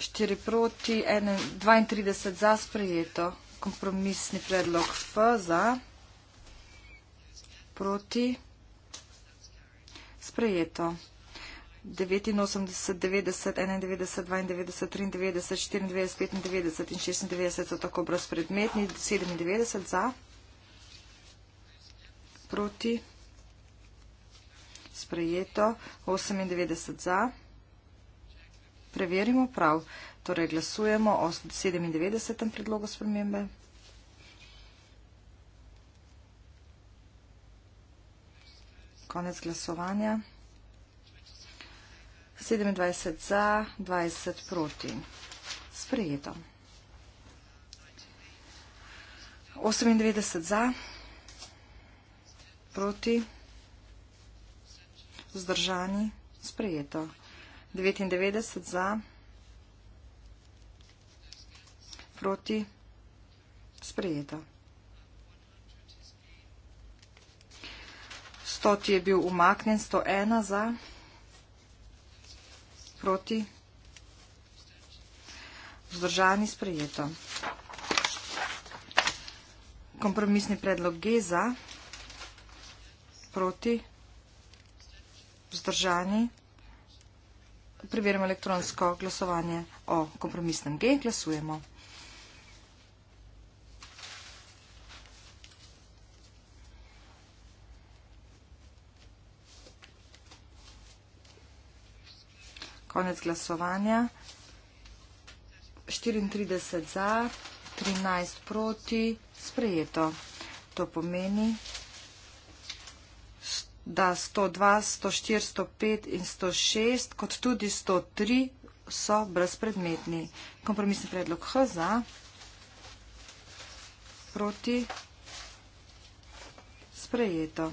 4 proti, 1, 32 za sprejeto kompromisni predlog F za proti sprejeto. 89, 90, 91, 92, 93, 94, 95 in 96 so tako brezpredmetni, 97 za proti sprejeto, 98 za. Preverimo prav. Torej glasujemo o 97. predlogu spremembe. Konec glasovanja. 27 za, 20 proti. Sprejeto. 98 za, proti, zdržani, sprejeto. 99 za, proti. proti sprejeta. Stoti je bil umaknen, 101 za proti vzdržani sprejeta. Kompromisni predlog G za proti vzdržani. Preverimo elektronsko glasovanje o kompromisnem G. Glasujemo. Konec glasovanja. 34 za, 13 proti, sprejeto. To pomeni, da 102, 104, 105 in 106, kot tudi 103 so brezpredmetni. Kompromisni predlog H za, proti, sprejeto.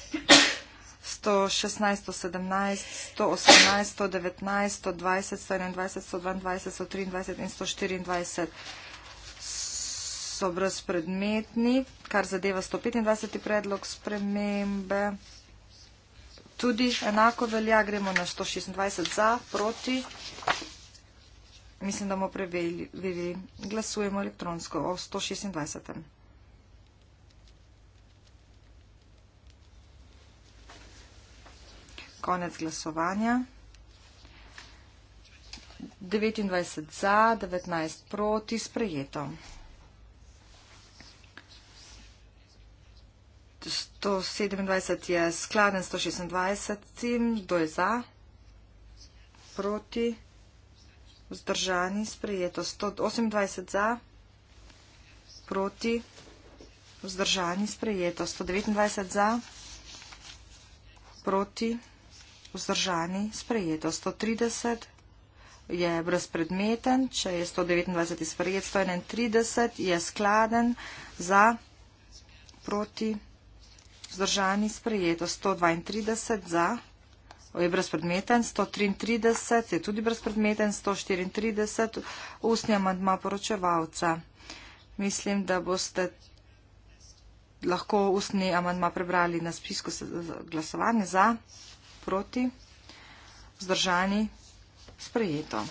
116, 117, 118, 119, 120, 121, 122, 123 in 124 so brezpredmetni, kar zadeva 125. predlog spremembe. Tudi enako velja, gremo na 126 za, proti. Mislim, da bomo preverili. Glasujemo elektronsko o 126. konec glasovanja. 29 za, 19 proti, sprejeto. To 27 je skladen 126, kdo je za, proti, vzdržani, sprejeto 128 za, proti, vzdržani, sprejeto 129 za, proti, vzdržani vzdržani, sprejeto 130, je brezpredmeten, če je 129 sprejet, 131 je skladen za proti vzdržani, sprejeto 132 za, je brezpredmeten, 133 je tudi brezpredmeten, 134 ustni amandma poročevalca. Mislim, da boste lahko ustni amandma prebrali na spisku glasovanja za proti, vzdržani, sprejeto.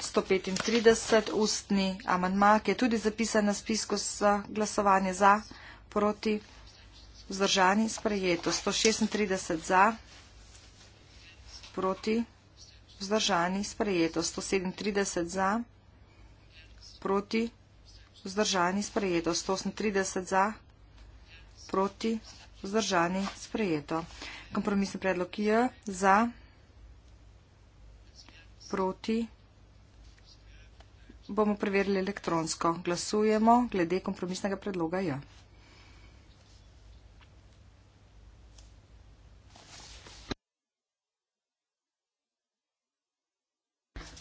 135 ustni amandma, ki je tudi zapisan na spisku za glasovanje za, proti, vzdržani, sprejeto. 136 za, proti, vzdržani, sprejeto. 137 za, proti, vzdržani, sprejeto. 138 za, proti, vzdržani, sprejeto kompromisni predlog J za, proti. Bomo preverili elektronsko. Glasujemo glede kompromisnega predloga J.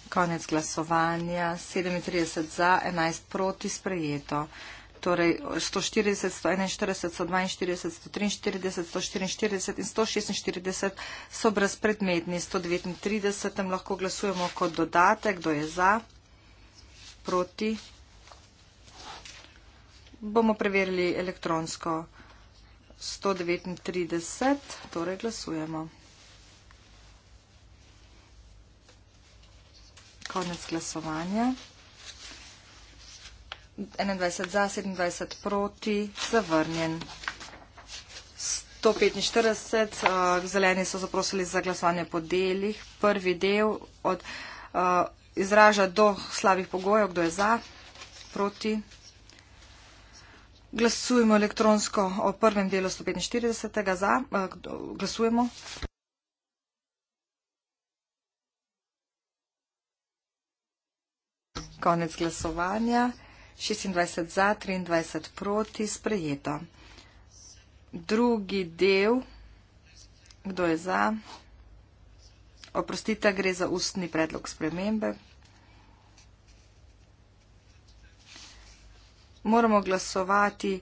Konec glasovanja. 37 za, 11 proti sprejeto torej 140, 141, 142, 143, 144 in 146 so brezpredmetni. 139 lahko glasujemo kot dodatek, kdo je za, proti. Bomo preverili elektronsko 139, torej glasujemo. Konec glasovanja. 21 za, 27 proti, zavrnjen. 145 uh, eh, zeleni so zaprosili za glasovanje po delih. Prvi del od, uh, izraža do slabih pogojev, kdo je za, proti. Glasujemo elektronsko o prvem delu 145. za. Eh, glasujemo. Konec glasovanja. 26 za, 23 proti, sprejeto. Drugi del, kdo je za? Oprostite, gre za ustni predlog spremembe. Moramo glasovati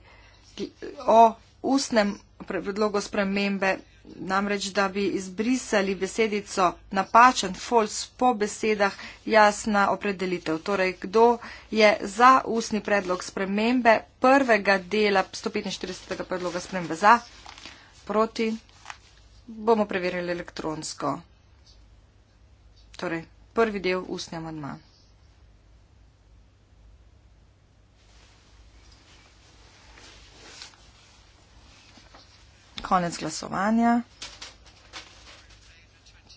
o ustnem predlogu spremembe namreč da bi izbrisali besedico napačen, false, po besedah jasna opredelitev. Torej, kdo je za ustni predlog spremembe prvega dela 145. predloga spremembe za, proti, bomo preverili elektronsko. Torej, prvi del ustne amandmana. konec glasovanja.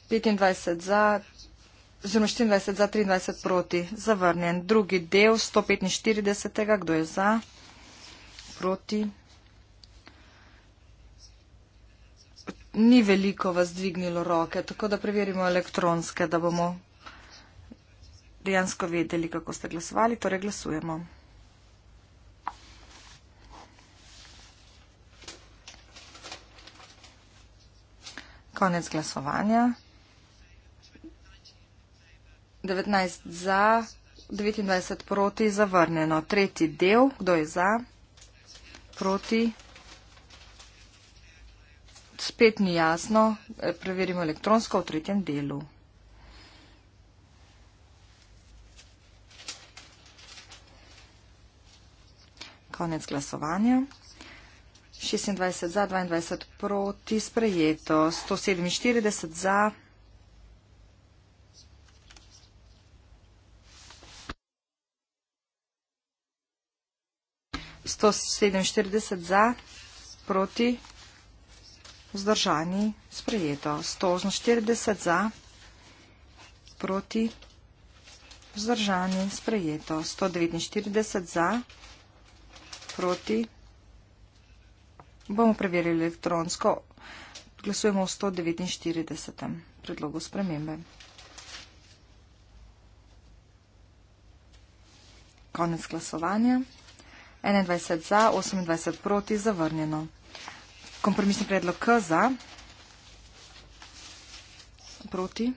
25 za, oziroma 24 za, 23 proti, zavrnjen. Drugi del 145. Kdo je za? Proti. Ni veliko vas dvignilo roke, tako da preverimo elektronske, da bomo dejansko vedeli, kako ste glasovali. Torej glasujemo. Konec glasovanja. 19 za, 29 proti, zavrnjeno. Tretji del, kdo je za, proti. Spet ni jasno, e, preverimo elektronsko v tretjem delu. Konec glasovanja. 26 za, 22 proti, sprejeto 147 za. za, proti, vzdržani, sprejeto. 140 za, proti, vzdržani, sprejeto. 149 za, proti, vzdržani, sprejeto. Bomo preverili elektronsko. Glasujemo o 149. predlogu spremembe. Konec glasovanja. 21 za, 28 proti, zavrnjeno. Kompromisni predlog K za, proti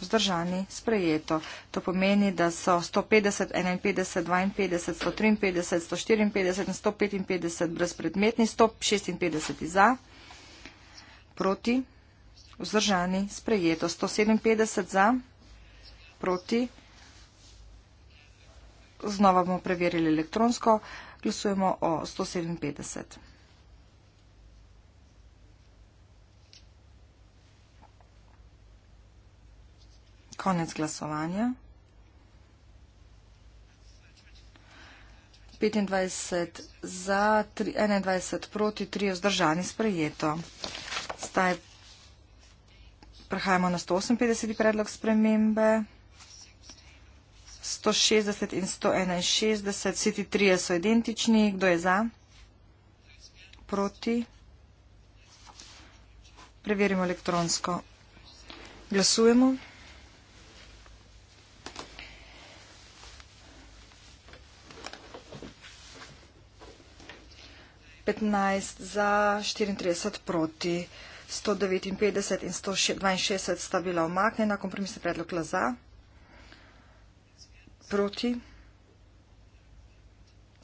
vzdržani, sprejeto. To pomeni, da so 150, 51, 52, 153, 154 in 155 brezpredmetni, 156 za, proti, vzdržani, sprejeto. 157 za, proti, znova bomo preverili elektronsko, glasujemo o 157. konec glasovanja. 25 za, 21 proti, 3 vzdržani sprejeto. Zdaj prehajamo na 158. predlog spremembe. 160 in 161, vsi ti trije so identični. Kdo je za? Proti? Preverimo elektronsko. Glasujemo. 15 za 34 proti. 159 in 162 sta bila omaknjena, kompromisni predlog la za, proti,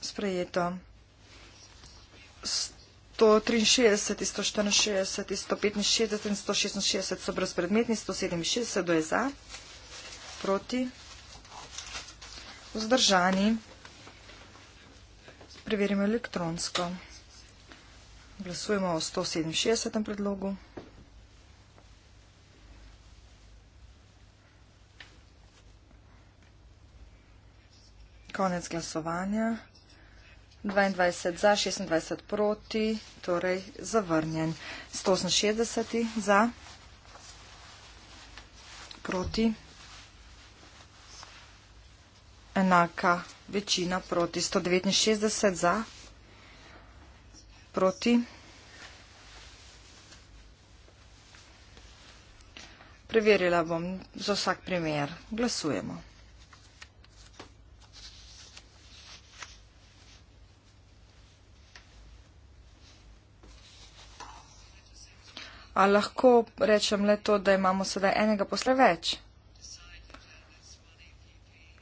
sprejeto. 163 in 164 in 165 in 166 so brezpredmetni, 167 je za, proti, vzdržani. Preverimo elektronsko. Glasujemo o 167. predlogu. Konec glasovanja. 22 za, 26 proti, torej zavrnjen. 168 za, proti, enaka večina proti. 169 za, proti proti. Preverila bom za vsak primer. Glasujemo. A lahko rečem le to, da imamo sedaj enega posle več?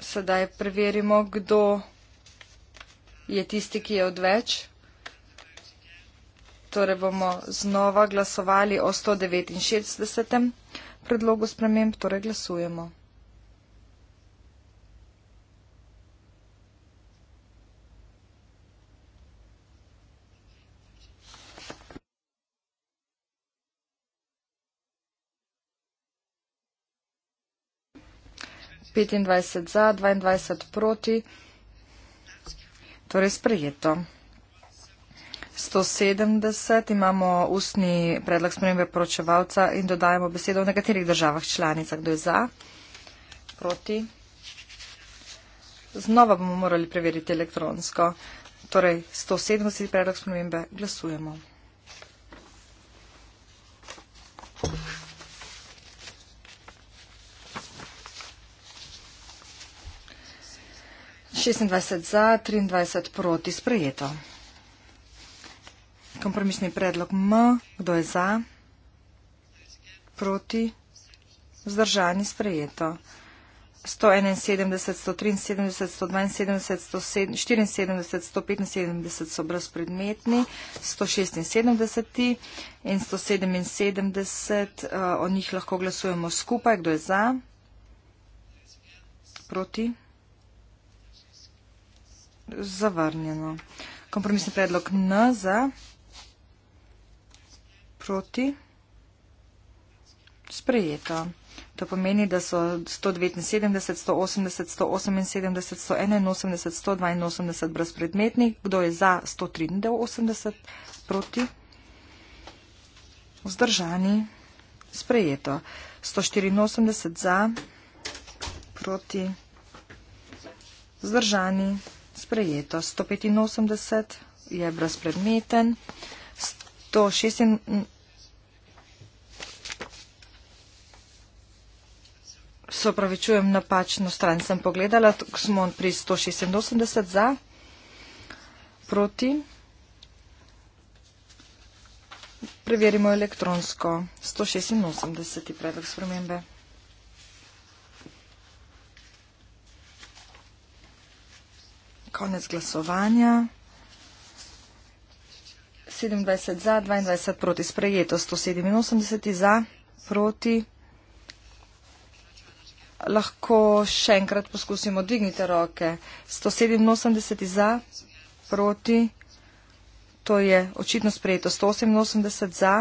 Sedaj preverimo, kdo je tisti, ki je odveč torej bomo znova glasovali o 169. predlogu sprememb, torej glasujemo. petindvajset za, dvajset proti, torej sprejeto. 170 imamo ustni predlog spremembe poročevalca in dodajamo besedo v nekaterih državah članicah. Kdo je za? Proti? Znova bomo morali preveriti elektronsko. Torej, 170 predlog spremembe glasujemo. Šestindvajset za, triindvajset proti sprejeto. Kompromisni predlog M. Kdo je za? Proti? Vzdržani sprejeto. 171, 173, 172, 174, 175 so brezpredmetni, 176 in 177, eh, o njih lahko glasujemo skupaj. Kdo je za? Proti? Zavrnjeno. Kompromisni predlog N za proti. Sprejeto. To pomeni, da so 179, 180, 178, 181, 182 brezpredmetni. Kdo je za 183 proti? Vzdržani. Sprejeto. 184 za proti. Vzdržani. Sprejeto. 185 je brezpredmeten. 186. se opravičujem, napačno stran sem pogledala, smo pri 186 za, proti. Preverimo elektronsko, 186 predlog spremembe. Konec glasovanja. 27 za, 22 proti sprejeto, 187 za, proti lahko še enkrat poskusimo. Dvignite roke. 187 za, proti. To je očitno sprejeto. 188 za.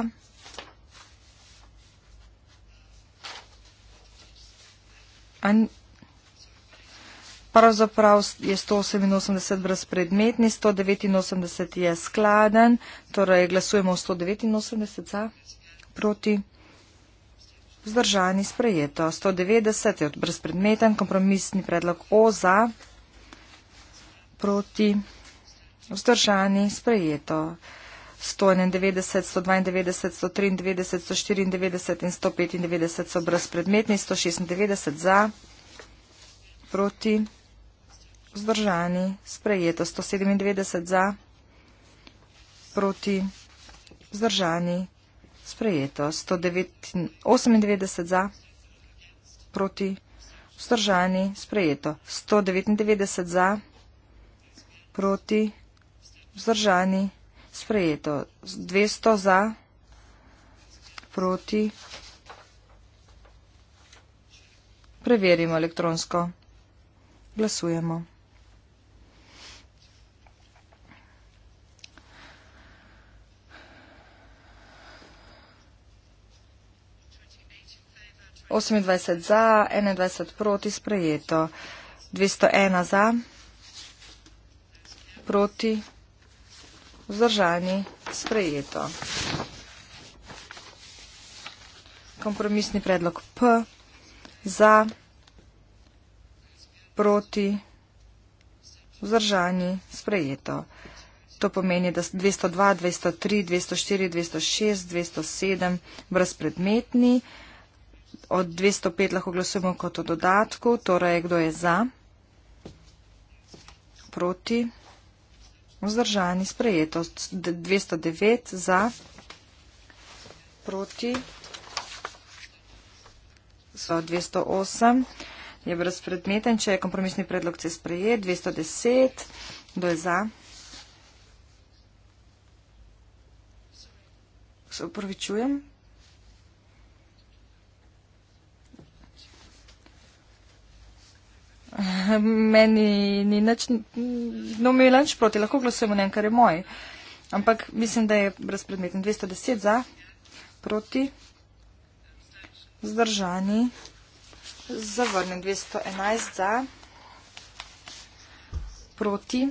An Pravzaprav je 188 brezpredmetni, 189 je skladen, torej glasujemo 189 za, proti vzdržani sprejeto. 190 je od brezpredmeten, kompromisni predlog O za, proti vzdržani sprejeto. 191, 192, 193, 194 in 195 so brezpredmetni, 196 za, proti vzdržani sprejeto. 197 za, proti vzdržani sprejeto. 198 za, proti, vzdržani, sprejeto. 199 za, proti, vzdržani, sprejeto. 200 za, proti. Preverimo elektronsko. Glasujemo. 28 za, 21 proti sprejeto. 201 za, proti, vzdržani sprejeto. Kompromisni predlog P za, proti, vzdržani sprejeto. To pomeni, da 202, 203, 204, 206, 207 brezpredmetni od 205 lahko glasujemo kot o dodatku, torej kdo je za, proti, vzdržani, sprejeto, 209 za, proti, so 208, je brezpredmeten, če je kompromisni predlog se sprejet, 210, kdo je za. Se upravičujem, meni ni nič, no mi je lanč proti, lahko glasujemo na en, kar je moj. Ampak mislim, da je brezpredmeten. 210 za, proti, zdržani, zavrnjen. 211 za, proti,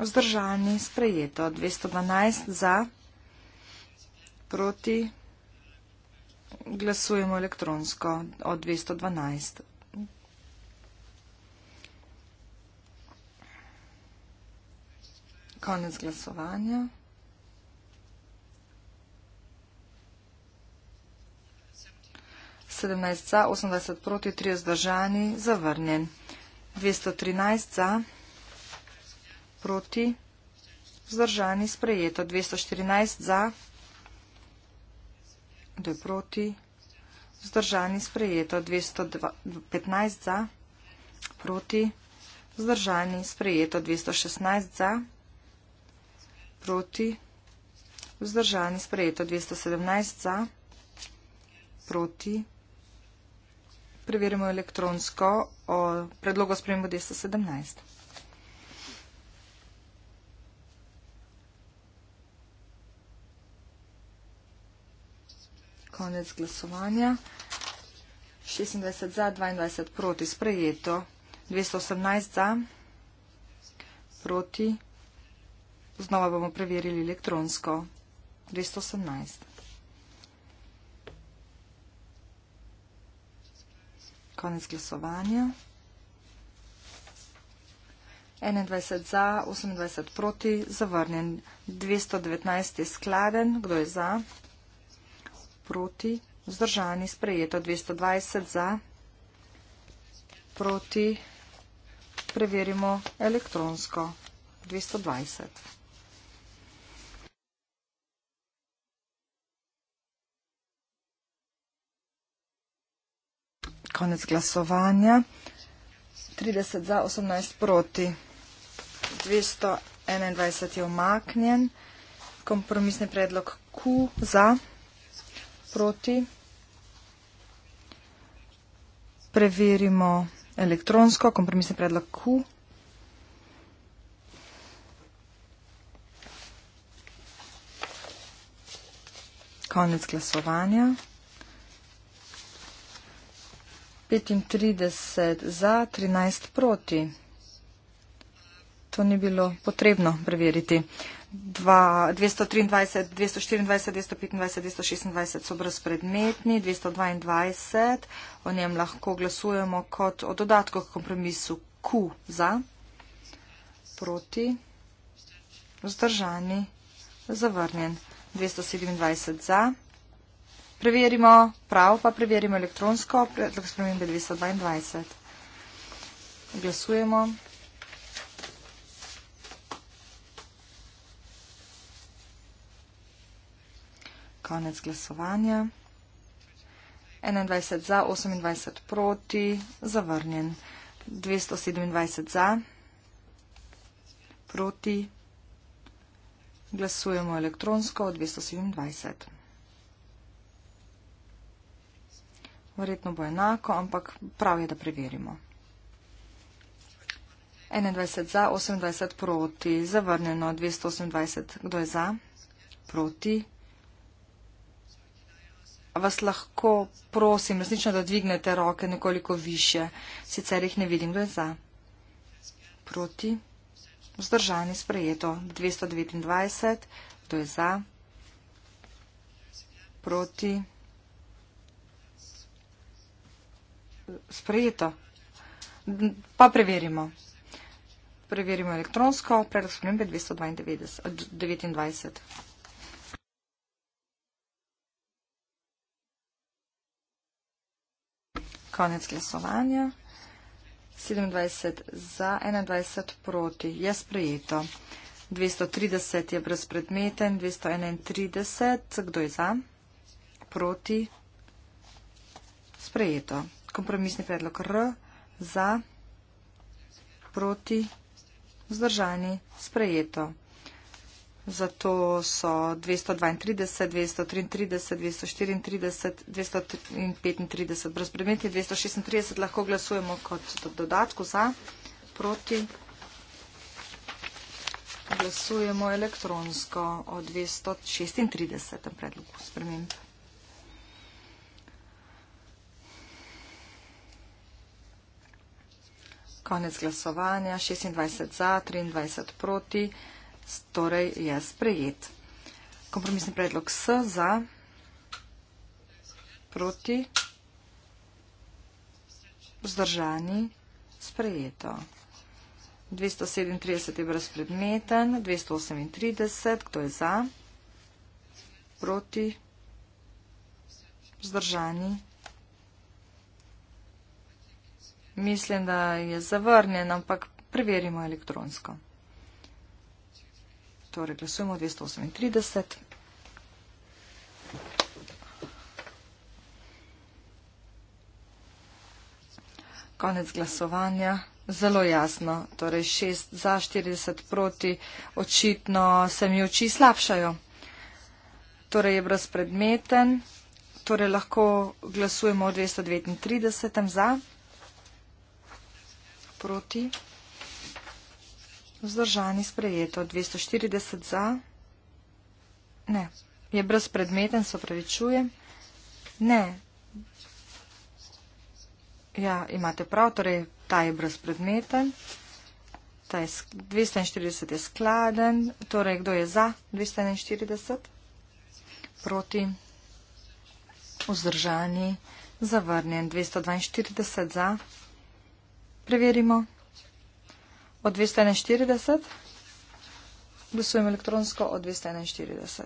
zdržani, sprejeto. 212 za, proti, glasujemo elektronsko od 212. Konec glasovanja. Sedemnajst za, osemdeset proti, tri zdržani, zavrnjen. Dvesto trinajst za, proti, zdržani, sprejeto. Dvesto štirinajst za, dve proti, zdržani, sprejeto. Dvesto petnajst za, proti, zdržani, sprejeto. Dvesto šestnajst za, proti proti, vzdržani, sprejeto 217 za, proti, preverimo elektronsko o predlogo spremembo 217. Konec glasovanja. 26 za, 22 proti, sprejeto 218 za, proti, sprejeto. Znova bomo preverili elektronsko. 218. Konec glasovanja. 21 za, 28 proti, zavrnjen. 219 je skladen. Kdo je za? Proti. Vzdržani, sprejeto 220 za, proti, preverimo elektronsko 220. konec glasovanja. 30 za, 18 proti. 221 je omaknjen. Kompromisni predlog Q za, proti. Preverimo elektronsko. Kompromisni predlog Q. Konec glasovanja. 35 za, 13 proti. To ni bilo potrebno preveriti. 223, 224, 225, 226 so brezpredmetni, 222, o njem lahko glasujemo kot o dodatku k kompromisu Q za, proti, vzdržani, zavrnjen, 227 za preverimo prav, pa preverimo elektronsko, predlog spremembe 222. Glasujemo. Konec glasovanja. 21 za, 28 proti, zavrnjen. 227 za, proti. Glasujemo elektronsko 227. Verjetno bo enako, ampak prav je, da preverimo. 21 za, 28 proti, zavrnjeno 228. Kdo je za? Proti. Vas lahko prosim, resnično, da dvignete roke nekoliko više, sicer jih ne vidim. Kdo je za? Proti. Vzdržani sprejeto 229. Kdo je za? Proti. sprejeto. Pa preverimo. Preverimo elektronsko, predlog spremembe 229. Konec glasovanja. 27 za, 21 proti. Je sprejeto. 230 je brezpredmeten, 231. Kdo je za? Proti. Sprejeto kompromisni predlog R za, proti, vzdržani, sprejeto. Zato so 232, 233, 234, 235 brezpredmetni, 236 lahko glasujemo kot dodatku za, proti. Glasujemo elektronsko o 236 predlogu spremembe. konec glasovanja, 26 za, 23 proti, torej je sprejet. Kompromisni predlog S za, proti, vzdržani, sprejeto. 237 je brezpredmeten, 238, kdo je za, proti, vzdržani, sprejeto. Mislim, da je zavrnjen, ampak preverimo elektronsko. Torej, glasujemo 238. Konec glasovanja. Zelo jasno. Torej, 6 za, 40 proti. Očitno se mi oči slabšajo. Torej, je brezpredmeten. Torej, lahko glasujemo 239 za proti, vzdržani sprejeto, 240 za, ne, je brezpredmeten, se opravičujem, ne, ja, imate prav, torej ta je brezpredmeten, ta je 240 je skladen, torej kdo je za 241, proti, vzdržani, zavrnjen, 242 za, Preverimo. Od 241. Glasujem elektronsko od 241.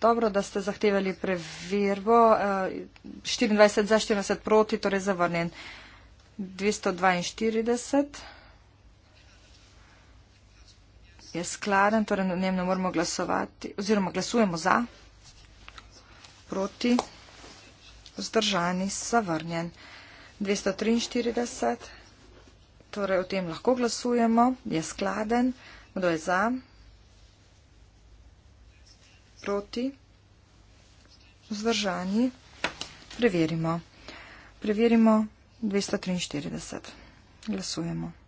Dobro, da ste zahtevali preverbo. 24 eh, za 40 proti, torej zavrnjen. 242 je skladen, torej na njem ne moramo glasovati, oziroma glasujemo za, proti, vzdržani, zavrnjen. 243, torej o tem lahko glasujemo, je skladen, kdo je za, proti, vzdržani, preverimo. Preverimo 243, glasujemo. 243.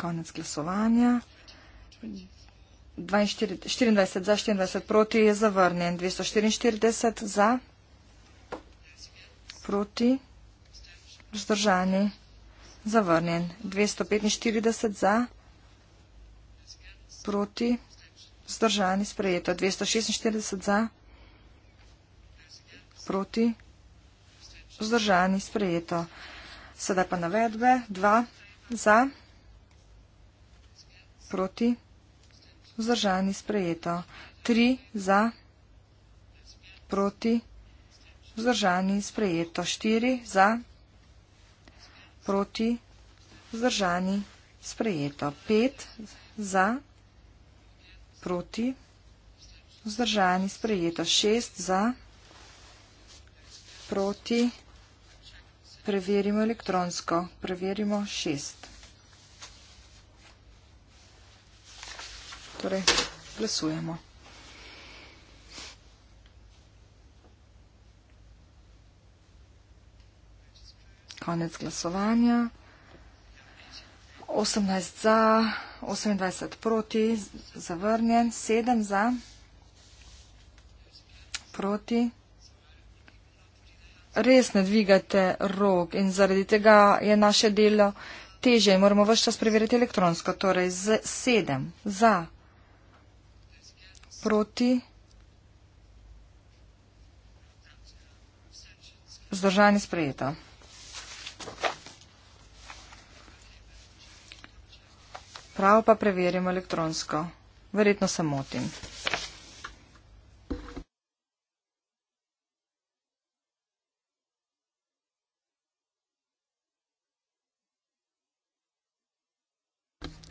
konec glasovanja. 24 za, 24 proti je zavrnjen. 244 za, proti, vzdržani, zavrnjen. 245 za, proti, vzdržani, sprejeto. 246 za, proti, vzdržani, sprejeto. Sedaj pa navedbe. 2 za proti, vzdržani sprejeto. 3 za, proti, vzdržani sprejeto. 4 za, proti, vzdržani sprejeto. 5 za, proti, vzdržani sprejeto. 6 za, proti, preverimo elektronsko, preverimo 6. torej glasujemo. Konec glasovanja. 18 za, 28 proti, zavrnjen, 7 za, proti. Res ne dvigate rok in zaradi tega je naše delo teže in moramo vse čas preveriti elektronsko. Torej, 7 za, Proti. Zdržanje sprejeta. Pravo pa preverimo elektronsko. Verjetno se motim.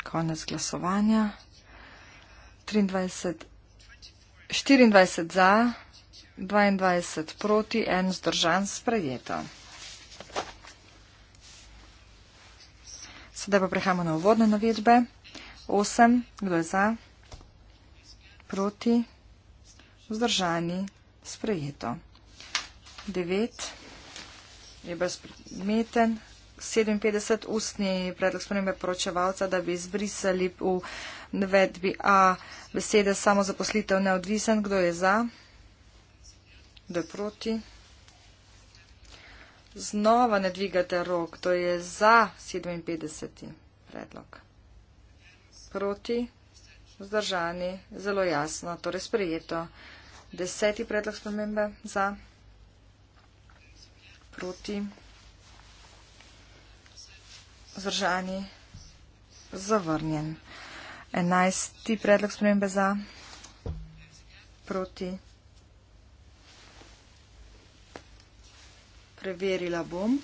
Konec glasovanja. 23 24 za, 22 proti, en zdržan sprejeto. Sedaj pa prehajamo na uvodne navedbe. 8, kdo je za, proti, vzdržani, sprejeto. 9, je brezpredmeten, 57 ustni predlog spremembe poročevalca, da bi izbrisali v navedbi A besede samo zaposlitev neodvisen. Kdo je za? Kdo je proti? Znova ne dvigate rok. Kdo je za 57. predlog? Proti? Vzdržani? Zelo jasno. Torej sprejeto. Deseti predlog spremembe za? Proti? Zdržani. Zavrnjen. 11. predlog spremembe za. Proti. Preverila bom.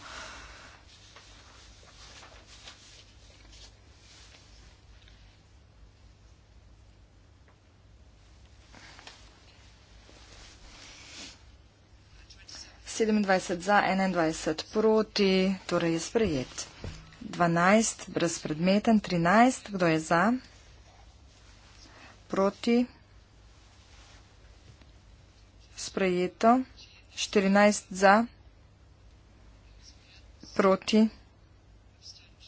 Sedemindvajset za, enaindvajset proti, torej je sprejet. 12, brezpredmeten 13, kdo je za? Proti? Sprejeto. 14 za? Proti?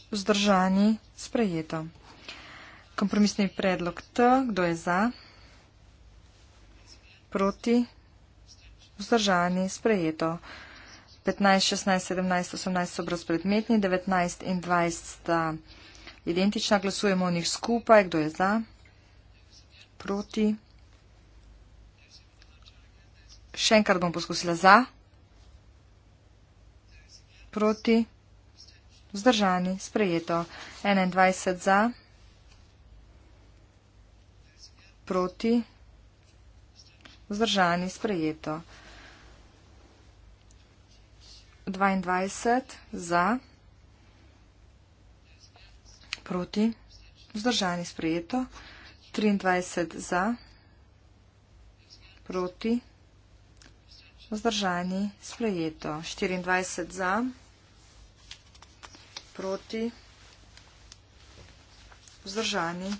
Vzdržani? Sprejeto. Kompromisni predlog T, kdo je za? Proti? Vzdržani? Sprejeto. 15, 16, 17, 18 so brezpredmetni, 19 in 20 sta identična, glasujemo o njih skupaj, kdo je za, proti. Še enkrat bom poskusila za, proti, vzdržani, sprejeto. 21 za, proti, vzdržani, sprejeto. 22 za, proti, vzdržani sprejeto, 23 za, proti, vzdržani sprejeto, 24 za, proti, vzdržani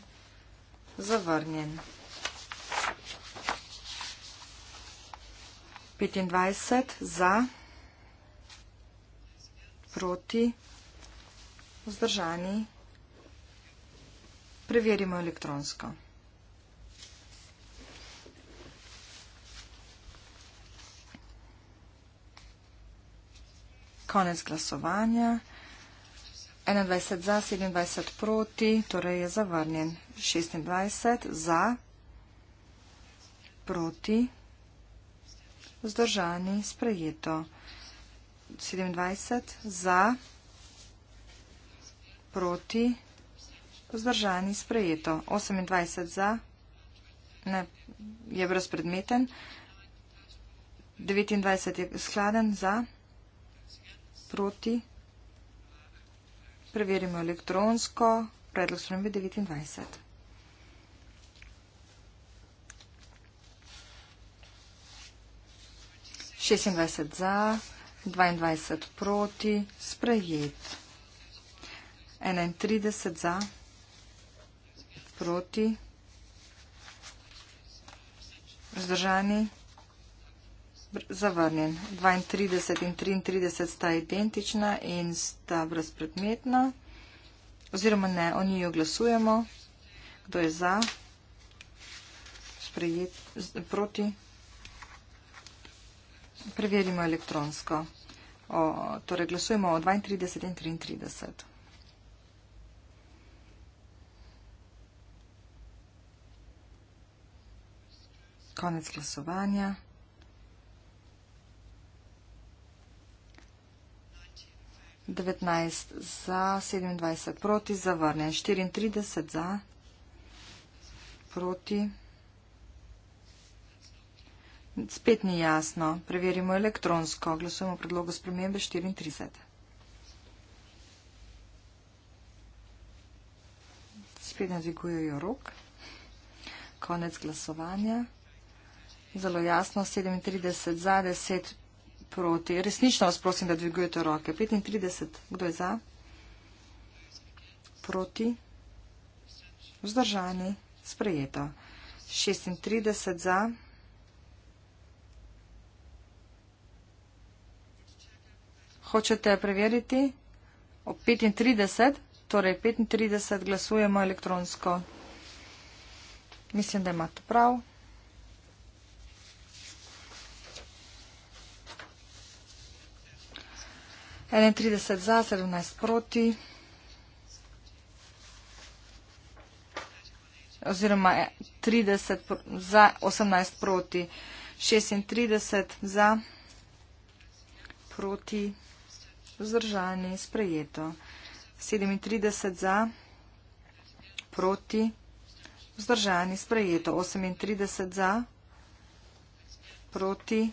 zavrnjen. 25 za, proti, vzdržani zavrnjen proti, vzdržani. Preverimo elektronsko. Konec glasovanja. 21 za, 27 proti, torej je zavrnjen. 26 za, proti, vzdržani, sprejeto. 27 za, proti, vzdržani, sprejeto. 28 za, ne, je brezpredmeten. 29 je skladen za, proti. Preverimo elektronsko. Predlog sprem 29. Šestindvajset za, 22 proti, sprejet. 31 za, proti, vzdržani, zavrnjen. 32 in 33 sta identična in sta brezpredmetna. Oziroma ne, o njo glasujemo. Kdo je za, sprejet, proti. Preverimo elektronsko. O, torej, glasujemo o 32 in 33. Konec glasovanja. Devetnajst za, sedemindvajset proti, zavrnjen. Štiriintrideset za, proti. Spet ni jasno. Preverimo elektronsko. Glasujemo o predlogu spremembe 34. Spet ne dvigujejo rok. Konec glasovanja. Zelo jasno. 37 za, 10 proti. Resnično vas prosim, da dvigujete roke. 35. Kdo je za? Proti. Vzdržani. Sprejeto. 36 za. Hočete preveriti? Ob 35, torej 35 glasujemo elektronsko. Mislim, da imate prav. Ene 30 za, 17 proti. Oziroma 30 e, za, 18 proti. 36 za, proti vzdržani, sprejeto. 37 za, proti, vzdržani, sprejeto. 38 za, proti,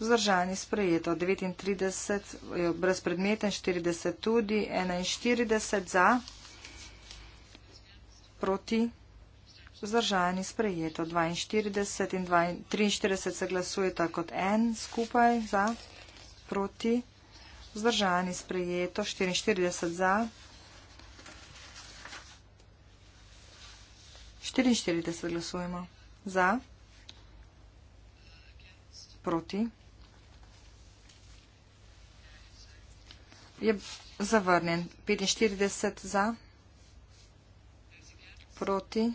vzdržani, sprejeto. 39 brezpredmeten, 40 tudi, 41 za, proti, vzdržani, sprejeto. 42 in 43 se glasujeta kot en skupaj za, proti, vzdržani, sprejeto vzdržani sprejeto 44 za 44 glasujemo za proti je zavrnjen 45 za proti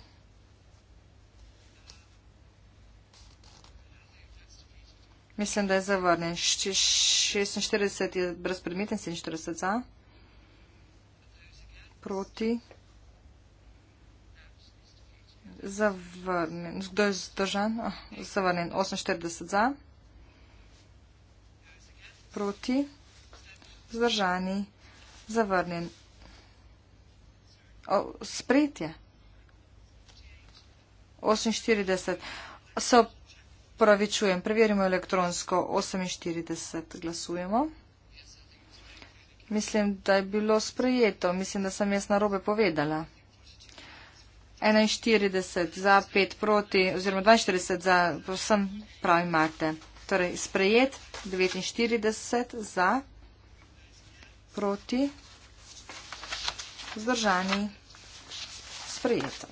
Mislim, da je zavrnjen. 46 je brezpredmeten, 47 za. Proti. Zavrnjen. Kdo je zdržan? Oh, zavrnjen. 48 za. Proti. Zdržani. Zavrnjen. Oh, Sprejetje. 48. So Opravičujem, preverimo elektronsko. 48 glasujemo. Mislim, da je bilo sprejeto. Mislim, da sem jaz narobe povedala. 41 za, 5 proti, oziroma 42 za, vsem pravi imate. Torej, sprejet 49 za, proti, zdržani, sprejeto.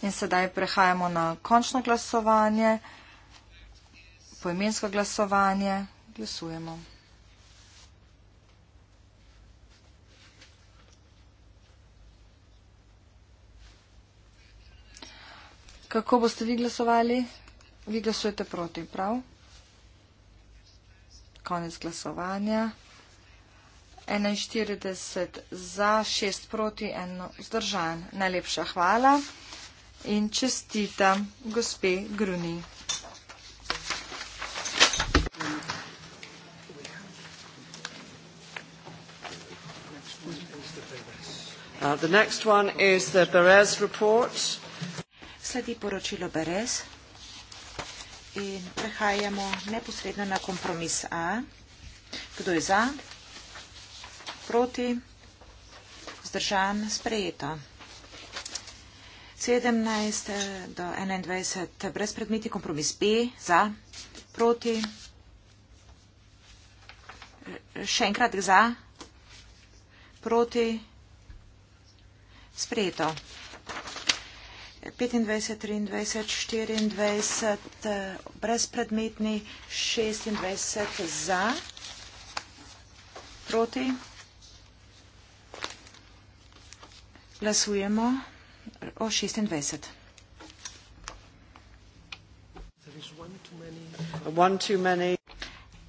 In sedaj prehajamo na končno glasovanje, poimensko glasovanje. Glasujemo. Kako boste vi glasovali? Vi glasujete proti, prav? Konec glasovanja. 41 za, 6 proti, 1 vzdržan. Najlepša hvala in čestitam gospe Gruni. Uh, the next one is the Beres report. Sledi poročilo Beres in prehajamo neposredno na kompromis A. Kdo je za? Proti? Zdržan? Sprejeto. 17 eh, do 21 eh, brez predmeti, kompromis B za, proti, eh, še enkrat za, proti, sprejeto. 25, 23, 24 brezpredmetni, 26 za, proti. Glasujemo o 26.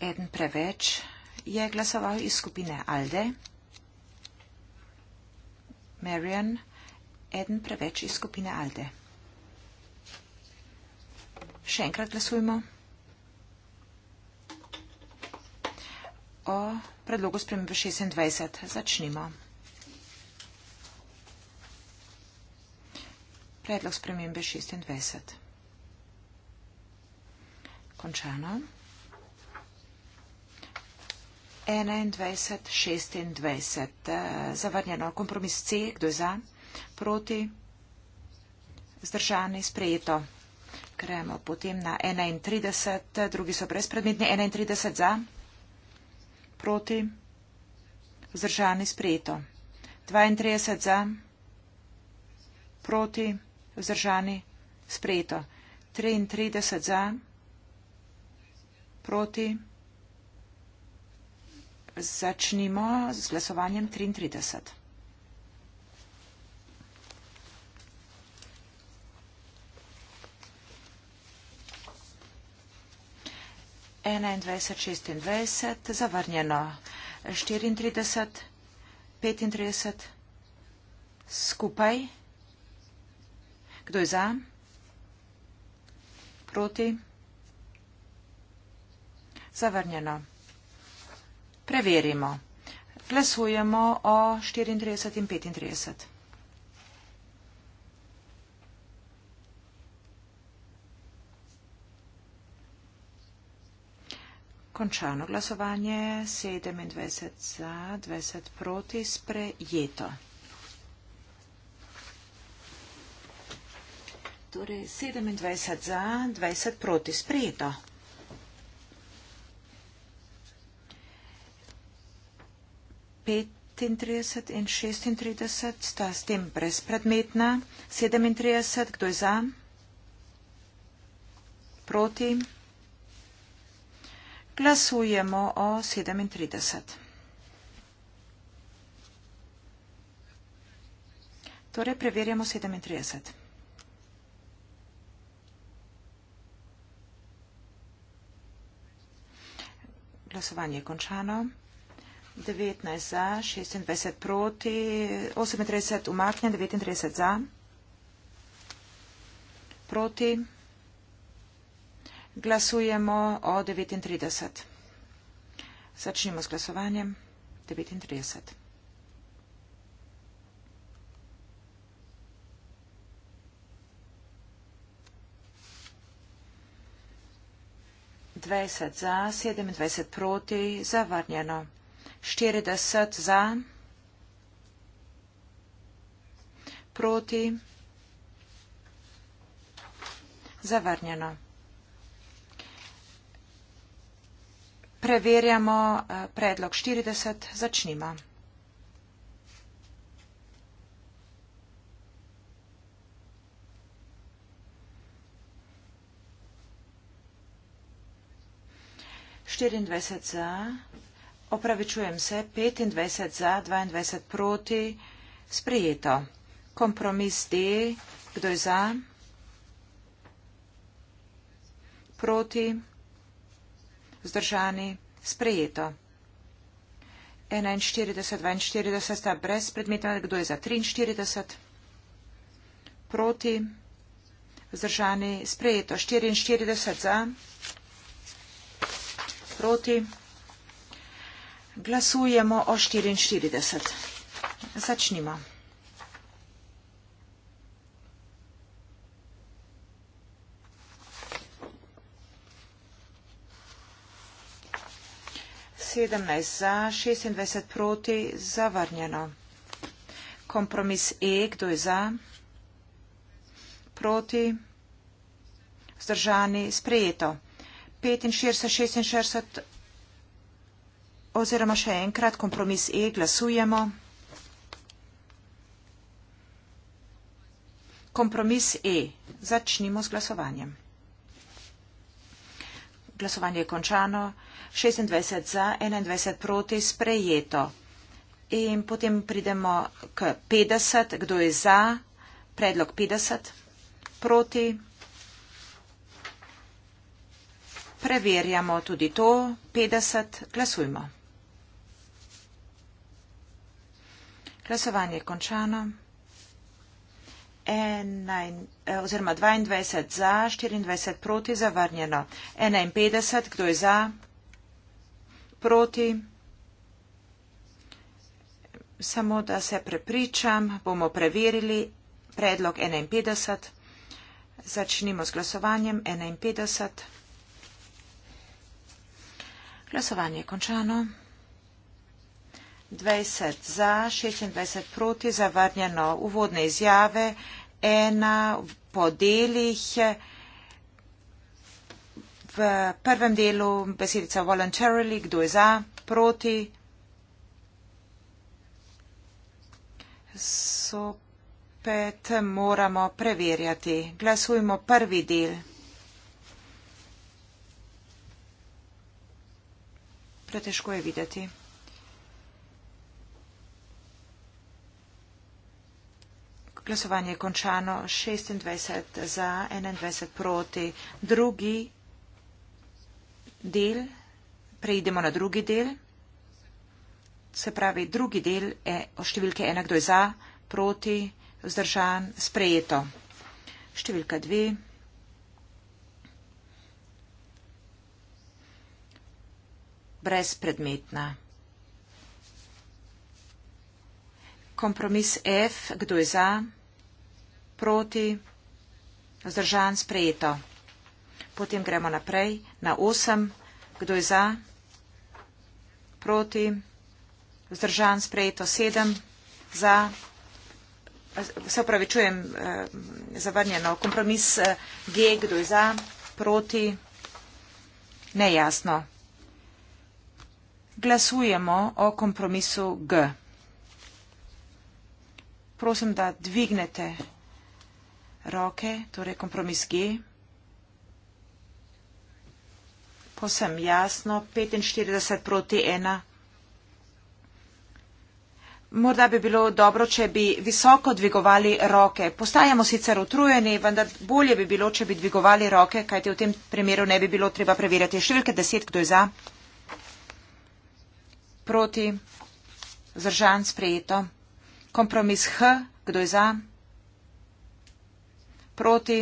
Eden preveč je glasoval iz skupine Alde. Marian, eden preveč iz skupine Alde. Še enkrat glasujmo o predlogu spremembe 26. Začnimo. predlog spremembe 26. Končano. 21, 26. Eh, zavrnjeno. Kompromis C. Kdo je za? Proti? Zdržani? Sprejeto. Gremo potem na 31. Eh, drugi so brezpredmetni. 31 za? Proti? Zdržani? Sprejeto. 32 za? Proti? vzdržani, sprejeto. 33 za, proti. Začnimo z glasovanjem 33. Enaindvajset, šestindvajset, zavrnjeno. Štiriintrideset, petintrideset, skupaj. Kdo je za? Proti? Zavrnjeno. Preverimo. Glasujemo o 34 in 35. Končano glasovanje 27 za 20 proti sprejeto. Torej 27 za, 20 proti sprejeto. Pet. 35 in 36 sta s tem brezpredmetna. 37, kdo je za? Proti? Glasujemo o 37. Torej preverjamo 37. Glasovanje je končano. 19 za, 26 proti, 38 umaknjen, 39 za, proti. Glasujemo o 39. Začnimo s glasovanjem. 39. 20 za, 27 proti, zavrnjeno. 40 za, proti, zavrnjeno. Preverjamo eh, predlog 40, začnimo. 24 za, opravičujem se, 25 za, 22 proti, sprijeto. Kompromis D, kdo je za? Proti, vzdržani, sprijeto. 41, 42 sta brez predmeta, kdo je za 43? Proti, vzdržani, sprijeto. 44 za proti. Glasujemo o 44. Začnimo. sedemnajst za, šestindvajset proti, zavrnjeno. Kompromis E, kdo je za? Proti, vzdržani, sprejeto. 45, 46 oziroma še enkrat kompromis E glasujemo. Kompromis E. Začnimo z glasovanjem. Glasovanje je končano. 26 za, 21 proti, sprejeto. In potem pridemo k 50. Kdo je za? Predlog 50. Proti. Preverjamo tudi to. 50. Glasujmo. Glasovanje je končano. 22 eh, za, 24 proti, zavrnjeno. 51. Kdo je za? Proti. Samo da se prepričam, bomo preverili predlog 51. Začnimo s glasovanjem 51. Glasovanje je končano. 20 za, 26 proti, zavrnjeno uvodne izjave, ena po delih. V prvem delu besedica voluntarily, kdo je za, proti. Sopet moramo preverjati. Glasujmo prvi del. preteško je videti. Glasovanje je končano 26 za, 21 proti. Drugi del, preidemo na drugi del, se pravi drugi del je o številke 1, kdo je za, proti, vzdržan, sprejeto. Številka 2. brezpredmetna. Kompromis F, kdo je za, proti, vzdržan, sprejeto. Potem gremo naprej na 8, kdo je za, proti, vzdržan, sprejeto 7, za, se pravi, čujem eh, zavrnjeno, kompromis eh, G, kdo je za, proti, nejasno. Glasujemo o kompromisu G. Prosim, da dvignete roke, torej kompromis G. Posem jasno, 45 proti 1. Morda bi bilo dobro, če bi visoko dvigovali roke. Postajamo sicer utrujeni, vendar bolje bi bilo, če bi dvigovali roke, kajti v tem primeru ne bi bilo treba preverjati številke 10, kdo je za proti, zdržan sprejeto. Kompromis H, kdo je za? Proti,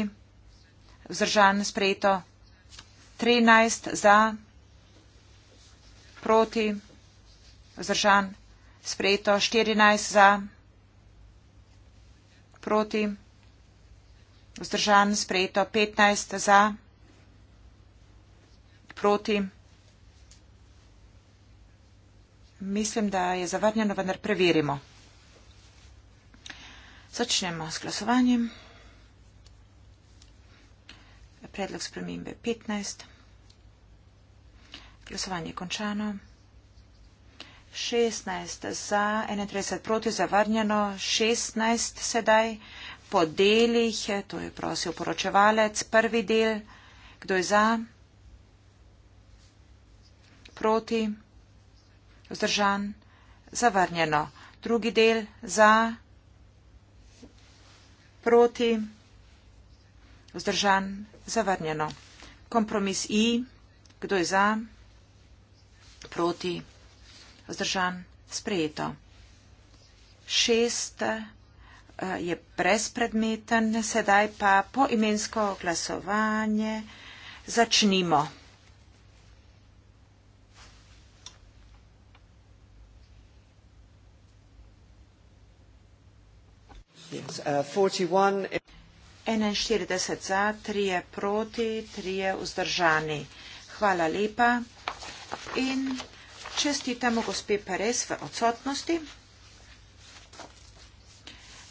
vzdržan sprejeto. 13 za, proti, vzdržan sprejeto. 14 za, proti, vzdržan sprejeto. 15 za, proti. Mislim, da je zavrnjeno, vendar preverimo. Začnemo s glasovanjem. Predlog spremembe 15. Glasovanje je končano. 16 za, 31 proti, zavrnjeno, 16 sedaj po delih, to je prosil poročevalec, prvi del, kdo je za, proti, Vzdržan. Zavrnjeno. Drugi del za. Proti. Vzdržan. Zavrnjeno. Kompromis I. Kdo je za? Proti. Vzdržan. Sprejeto. Šest eh, je brezpredmeten, sedaj pa po imensko glasovanje začnimo. 41 uh, za, 3 proti, 3 vzdržani. Hvala lepa in čestitamo gospe Perez v odsotnosti.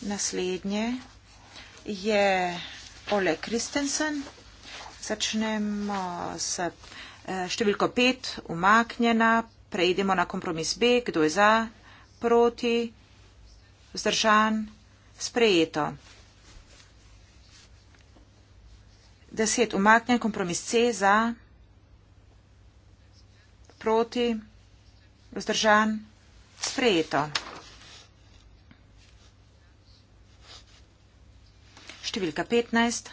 Naslednje je Ole Kristensen. Začnemo s eh, številko 5 umaknjena. Prejdemo na kompromis B. Kdo je za? Proti? Vzdržan? Sprejeto. Deset umaknjen kompromis C za, proti, vzdržan, sprejeto. Številka 15.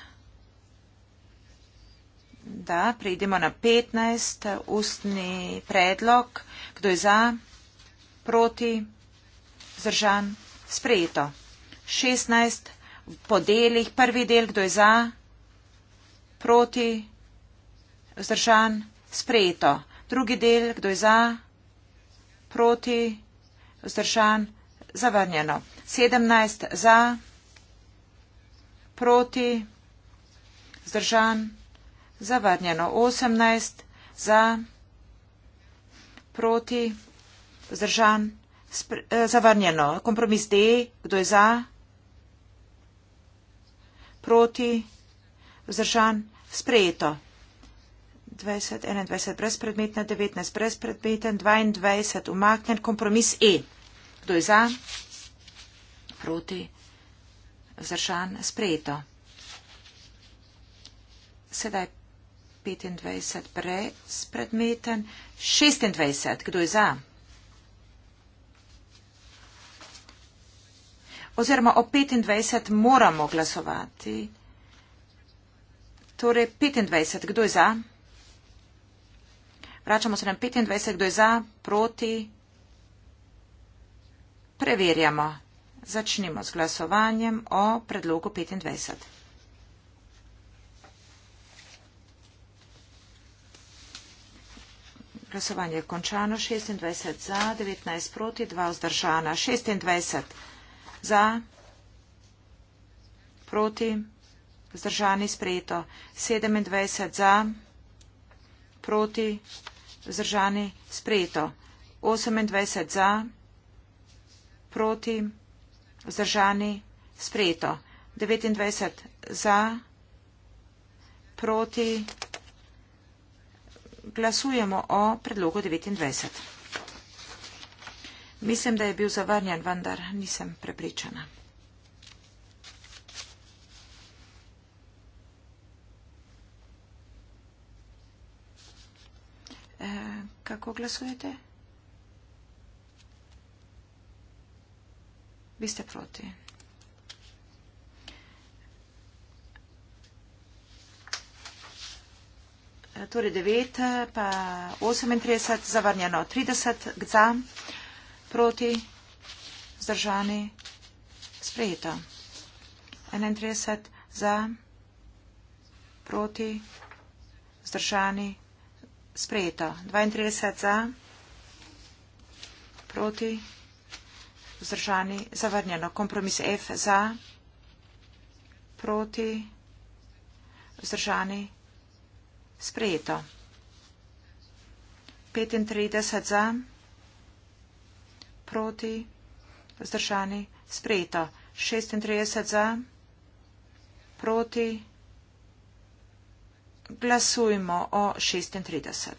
Da, prejdemo na 15. Ustni predlog. Kdo je za, proti, vzdržan, sprejeto. 16 po delih. Prvi del, kdo je za, proti, vzdržan, sprejeto. Drugi del, kdo je za, proti, vzdržan, zavrnjeno. 17 za, proti, vzdržan, zavrnjeno. 18 za, proti, vzdržan, eh, zavrnjeno. Kompromis D, kdo je za, proti, vzdržan, sprejeto. 20, 21 brezpredmetna, 19 brezpredmeten, 22 umaknjen, kompromis E. Kdo je za? Proti, vzdržan, sprejeto. Sedaj 25 brezpredmeten, 26. Kdo je za? oziroma o 25 moramo glasovati. Torej 25, kdo je za? Vračamo se na 25, kdo je za, proti. Preverjamo. Začnimo s glasovanjem o predlogu 25. Glasovanje je končano. 26 za, 19 proti, 2 vzdržana. 26 za, proti, zdržani sprejeto, 27 za, proti, zdržani sprejeto, 28 za, proti, zdržani sprejeto, 29 za, proti, glasujemo o predlogu 29. Mislim, da je bil zavrnjen, vendar nisem prepričana. E, kako glasujete? Vi ste proti. Eh, torej 9, eh, pa 38, zavrnjeno 30, gdzam proti, zdržani, sprejeta. 31 za, proti, zdržani, sprejeta. 32 za, proti, zdržani, zavrnjeno. Kompromis F za, proti, zdržani, sprejeto. 35 za, proti, zdržani, sprejeto proti, vzdržani, sprejeto. 36 za, proti, glasujmo o 36.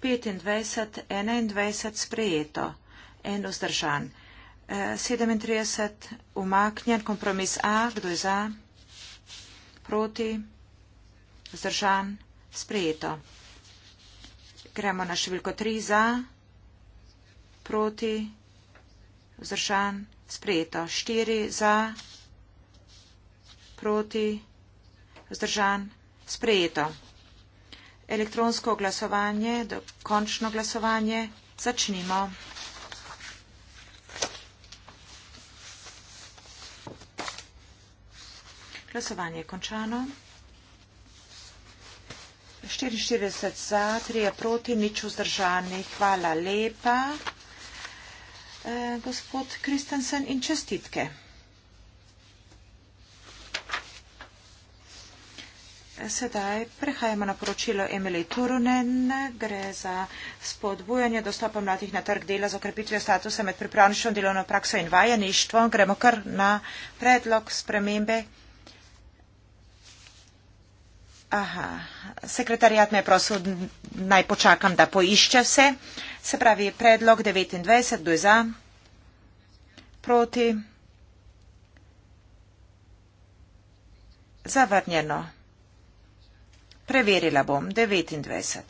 petindvajset, enaindvajset sprejeto, en vzdržan, eh, sedemintrideset umaknjen, kompromis A, kdo je za? Proti, vzdržan, sprejeto. Gremo na številko 3 za, proti, vzdržan, sprejeto. 4 za, proti, vzdržan, sprejeto. Elektronsko glasovanje, dokončno glasovanje, začnimo. Glasovanje je končano. 44 za, 3 proti, nič vzdržani. Hvala lepa, e, gospod Kristensen in čestitke. Sedaj prehajamo na poročilo Emily Turunen, gre za spodbujanje dostopa mladih na trg dela z okrepitvijo statusa med pripravništvom delovno prakso in vajeništvom. Gremo kar na predlog spremembe Aha. Sekretarijat me je prosil, naj počakam, da poišče vse. Se pravi, predlog 29, kdo je za? Proti? Zavrnjeno. Preverila bom 29.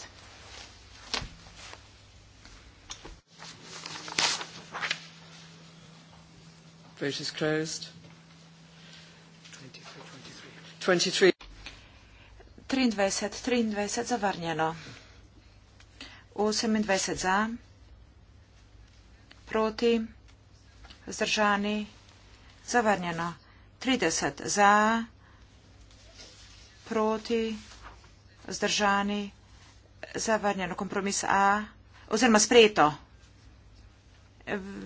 Vote is closed. 23, 23. 23. 23, 23 zavrnjeno. 28 za, proti, vzdržani, zavrnjeno. 30 za, proti, vzdržani, zavrnjeno. Kompromis A, oziroma sprejeto.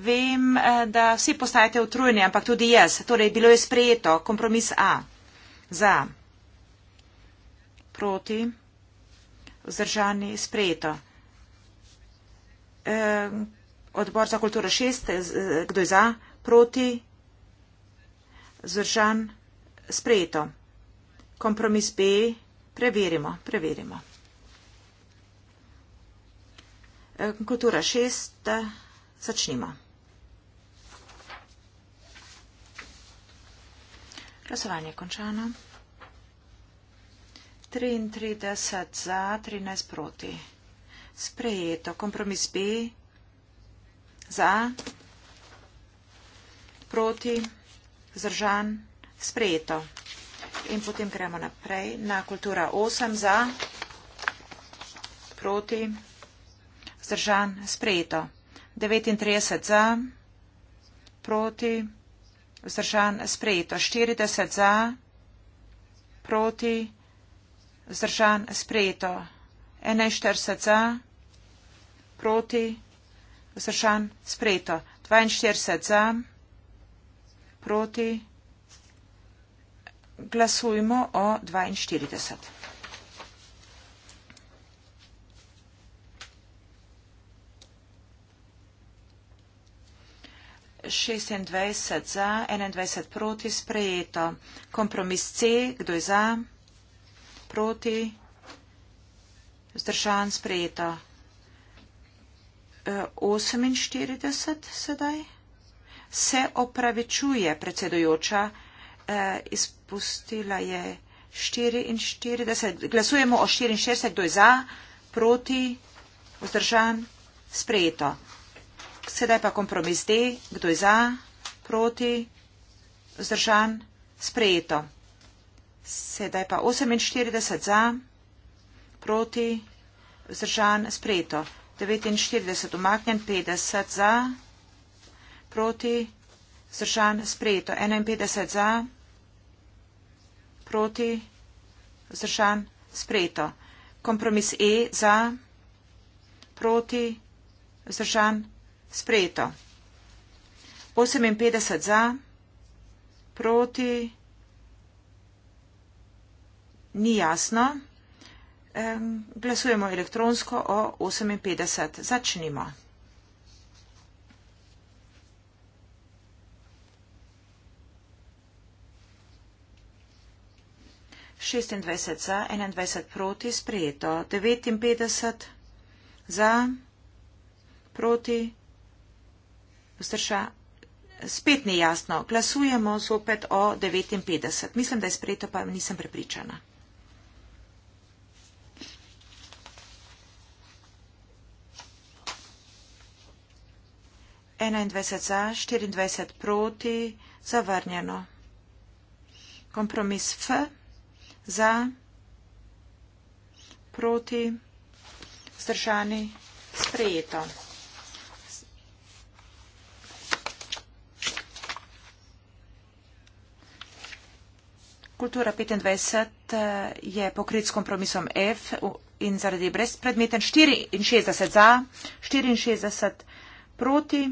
Vem, eh, da vsi postajate utrujeni, ampak tudi jaz. Torej, bilo je sprejeto. Kompromis A, za proti, vzdržani sprejeto. Odbor za kulturo šest, kdo je za, proti, vzdržan sprejeto. Kompromis B, preverimo, preverimo. Kultura šest, začnimo. Glasovanje je končano. 33 za, 13 proti. Sprejeto. Kompromis B. Za. Proti. Zdržan. Sprejeto. In potem gremo naprej na kultura 8 za. Proti. Zdržan. Sprejeto. 39 za. Proti. Zdržan. Sprejeto. 40 za. Proti. Zdržan zdržan sprejeto. 41 za, proti, zdržan sprejeto. 42 za, proti, glasujmo o 42. Šestindvajset za, enaindvajset proti, sprejeto. Kompromis C, kdo je za? proti, zdržan sprejeta. 48 e, sedaj. Se opravičuje predsedujoča, e, izpustila je 44. Glasujemo o 64, kdo je za, proti, vzdržan, sprejeto. Sedaj pa kompromis D, kdo je za, proti, vzdržan, sprejeto. Sedaj pa 48 za, proti, vzdržan, sprejeto. 49 umaknjen, 50 za, proti, vzdržan, sprejeto. 51 za, proti, vzdržan, sprejeto. Kompromis E za, proti, vzdržan, sprejeto. 58 za, proti, vzdržan, sprejeto ni jasno, glasujemo elektronsko o 58. Začnimo. Šestindvajset za, enaindvajset proti, sprejeto. Devetinpetdeset za, proti, vzdrža, spet ni jasno. Glasujemo zopet o devetinpetdeset. Mislim, da je sprejeto, pa nisem prepričana. 21 za, 24 proti, zavrnjeno. Kompromis F za, proti, zdržani, sprejeto. Kultura 25 eh, je pokrit s kompromisom F in zaradi brezpredmeten 64 za, 64 proti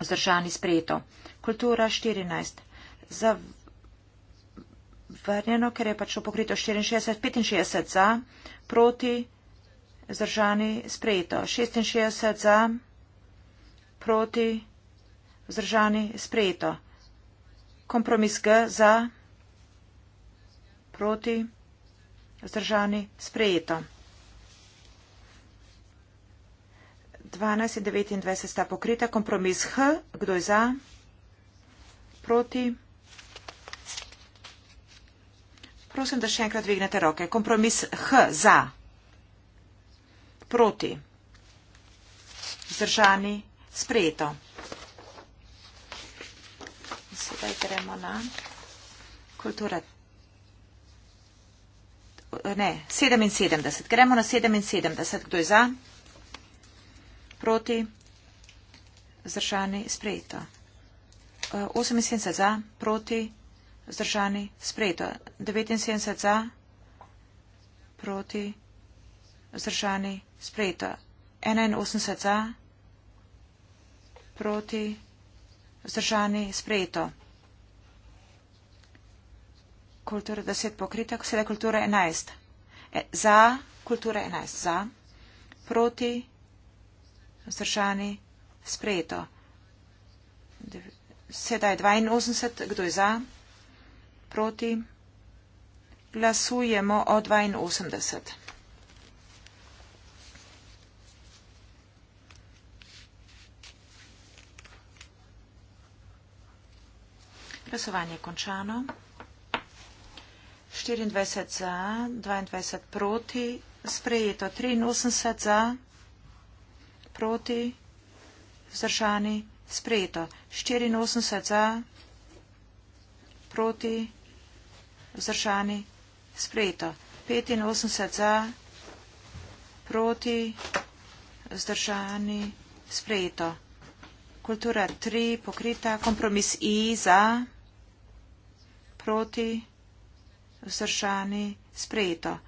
vzdržani sprejeto. Kultura 14. Zavrnjeno, ker je pač pokrito 64, 65 za, proti, vzdržani sprejeto. 66 za, proti, vzdržani sprejeto. Kompromis G za, proti, vzdržani sprejeto. 12 in 29 sta pokrita. Kompromis H. Kdo je za? Proti? Prosim, da še enkrat dvignete roke. Kompromis H. Za. Proti. Zdržani. Sprejeto. Sedaj gremo na kultura. Ne, 77. Gremo na 77. Kdo je za? proti. Zdržani sprejeto. 78 eh, za, proti. Zdržani sprejeto. 79 za, proti. Zdržani sprejeto. 81 za, proti. Zdržani sprejeto. Kultura 10 pokrita, sedaj kultura 11. E, za, kultura 11 za, proti. Vzdržani? Sprejeto. Sedaj 82. Kdo je za? Proti? Glasujemo o 82. Glasovanje je končano. 24 za, 22 proti, sprejeto 83 za proti, vzdržani, sprejeto. 84 za, proti, vzdržani, sprejeto. 85 za, proti, vzdržani, sprejeto. Kultura 3 pokrita, kompromis I za, proti, vzdržani, sprejeto.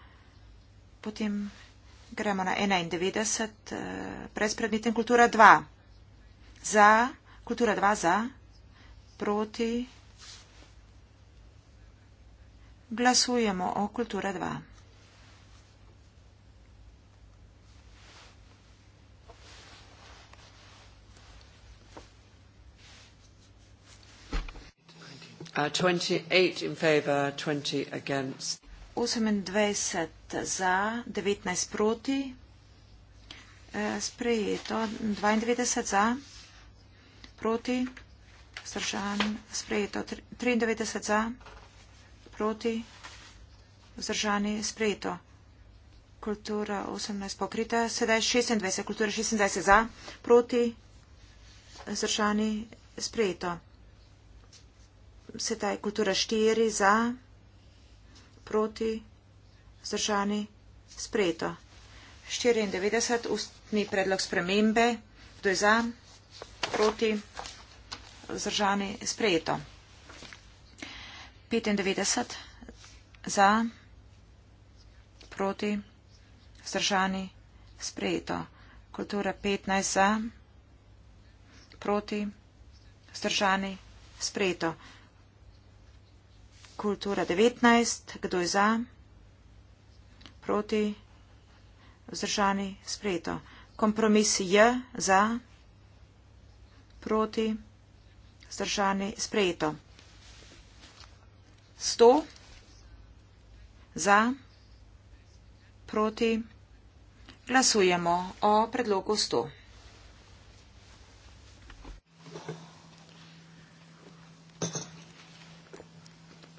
Potem Gremo na 91, eh, brez predmetem kultura 2. Za, kultura 2 za, proti. Glasujemo o kultura 2. Uh, 28 in favor, 20 against. 28 za, 19 proti, e, sprejeto, 92 za, proti, vzdržan, sprejeto, 93 za, proti, vzdržani, sprejeto. Kultura 18 pokrita, sedaj 26, kultura 26 za, proti, vzdržani, sprejeto. Sedaj kultura 4 za, proti, vzdržani, sprejeto proti, zdržani, sprejeto. 94 ustni predlog spremembe, kdo je za, proti, zdržani, sprejeto. 95 za, proti, zdržani, sprejeto. Kultura 15 za, proti, zdržani, sprejeto kultura 19, kdo je za, proti, vzdržani, sprejeto. Kompromis je za, proti, vzdržani, sprejeto. 100 za, proti, glasujemo o predlogu 100.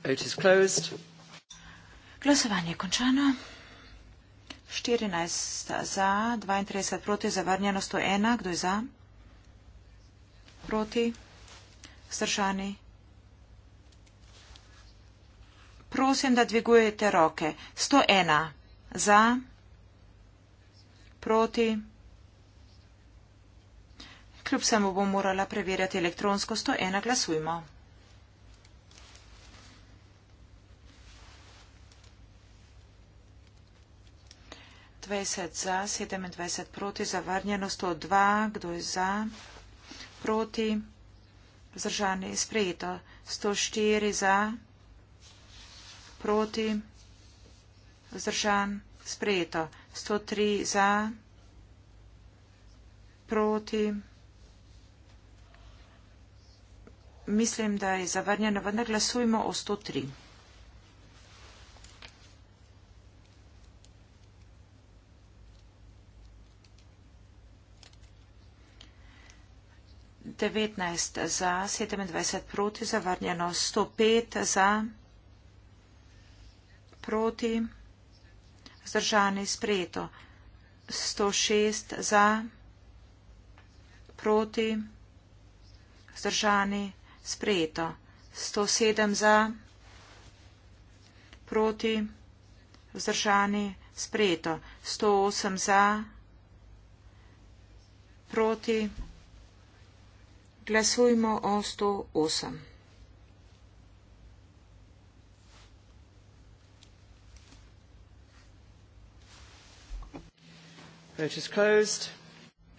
Vote is closed. Glasovanje je končano. 14 za, 32 proti, zavrnjeno 101. Kdo je za? Proti? Zdržani? Prosim, da dvigujete roke. 101 za, proti. Kljub samo bom morala preverjati elektronsko. 101 glasujmo. 20 za, 27 proti, zavrnjeno 102, kdo je za, proti, vzdržani, sprejeto, 104 za, proti, vzdržan, sprejeto, 103 za, proti. Mislim, da je zavrnjeno, vendar glasujmo o 103. 19 za, 27 proti, zavrnjeno 105 za, proti, zdržani sprejeto 106 za, proti, zdržani sprejeto 107 za, proti, vzdržani sprejeto 108 za, proti, Glasujmo o 108. Vote is closed.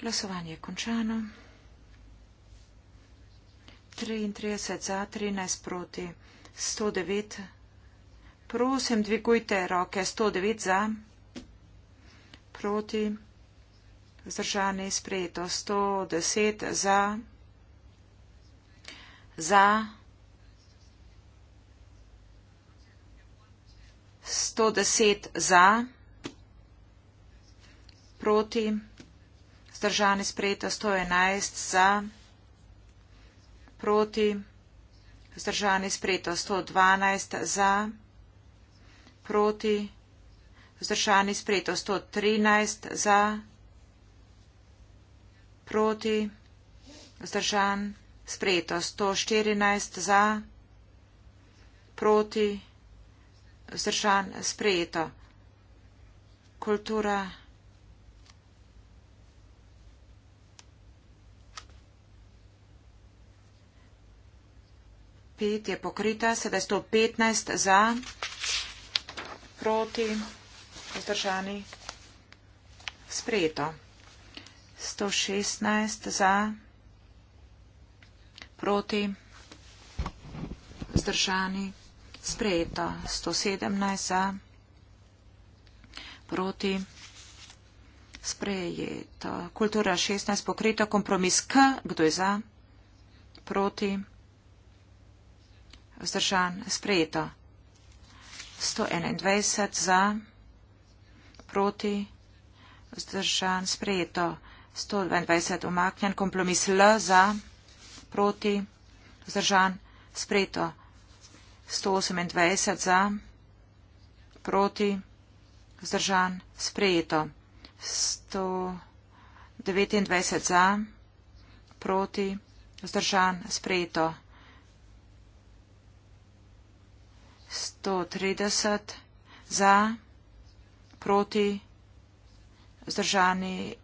Glasovanje je končano. 33 za, 13 proti, 109. Prosim, dvigujte roke. 109 za, proti, zdržani, sprejeto. 110 za za 110 za, proti, zdržani sprejeta 111 za, proti, zdržani sprejeta 112 za, proti, zdržani sprejeta 113 za, proti, zdržan sprejeto 114 za, proti, vzdržan, sprejeto. Kultura. Pet je pokrita, sedaj 115 za, proti, vzdržani, sprejeto. 116 za proti, zdržani, sprejeta, 117 za, proti, sprejeta, kultura 16 pokrita, kompromis K, kdo je za, proti, zdržan, sprejeta, 121 za, proti, zdržan, sprejeta, 122 umaknjen, kompromis L za, proti, proti, vzdržan, sprejeto, 128 za, proti, vzdržan, sprejeto, 129 za, proti, vzdržan, sprejeto, 130 za, proti, vzdržani,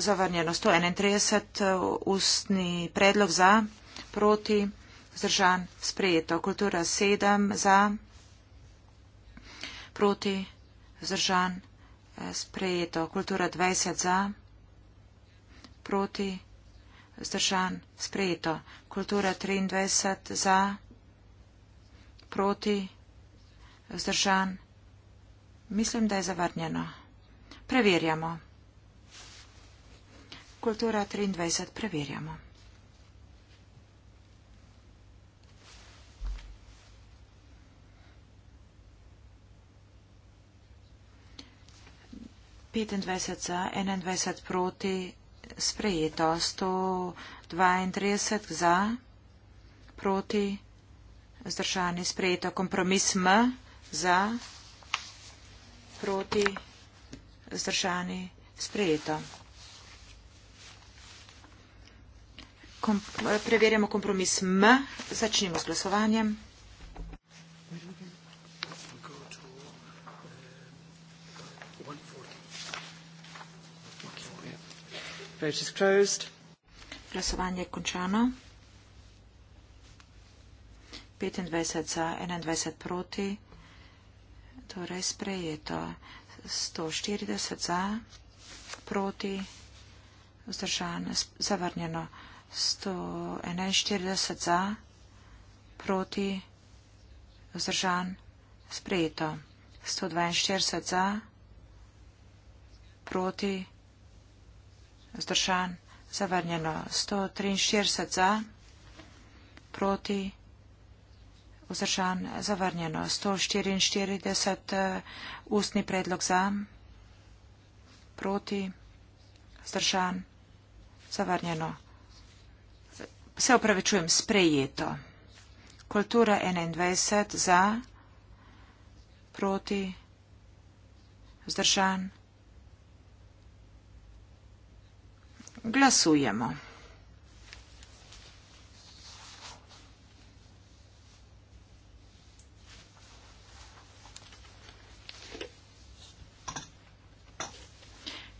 zavrnjeno 131, eh, ustni predlog za, proti, vzdržan, sprejeto. Kultura 7 eh, za, proti, vzdržan, sprejeto. Kultura 20 za, proti, vzdržan, sprejeto. Kultura 23 za, proti, vzdržan. Mislim, da je zavrnjeno. Preverjamo. Kultura 23 preverjamo. Petindvajset za, enaindvajset proti, sprejeto, sto dvaindvajset za, proti, zdržani, sprejeto, kompromis M za, proti, zdržani, sprejeto. Preverjamo kompromis M. Začnimo s glasovanjem. Glasovanje je končano. 25 za, 21 proti. Torej sprejeto. 140 za, proti, vzdržano, zavrnjeno. 141 za, proti, vzdržan, sprejeto. 142 za, proti, vzdržan, zavrnjeno. 143 za, proti, vzdržan, zavrnjeno. 144 ustni predlog za, proti, vzdržan, zavrnjeno. Se opravičujem, sprejeto. Kultura 21 za, proti, vzdržan. Glasujemo.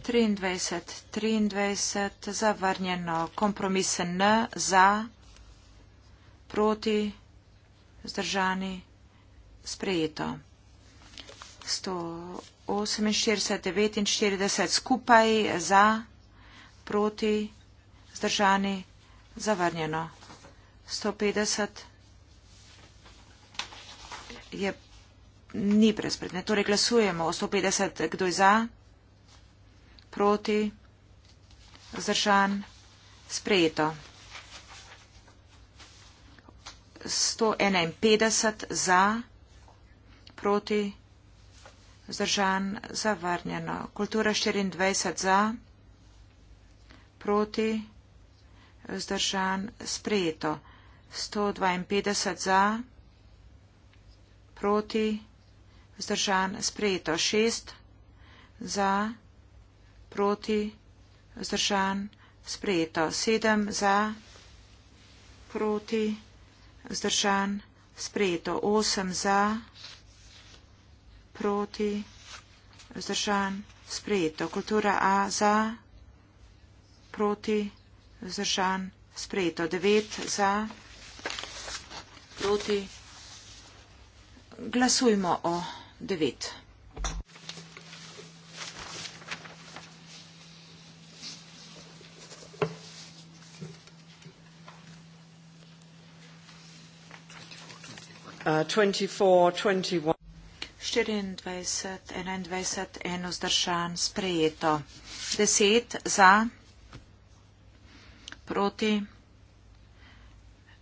23, 23, zavrnjeno, kompromisen, za, proti, zdržani, sprejeto. 148, 49, skupaj, za, proti, zdržani, zavrnjeno. 150 je, ni brezpredne. Torej glasujemo o 150, kdo je za proti, zdržan, sprejeto. 151 za, proti, zdržan, zavrnjeno. Kultura 24 za, proti, zdržan, sprejeto. 152 za, proti, zdržan, sprejeto. 6 za, proti proti, vzdržan, sprejeto. Sedem za, proti, vzdržan, sprejeto. Osem za, proti, vzdržan, sprejeto. Kultura A za, proti, vzdržan, sprejeto. Devet za, proti. Glasujmo o devet. 24, 21, 1 vzdržan, sprejeto. 10 za, proti.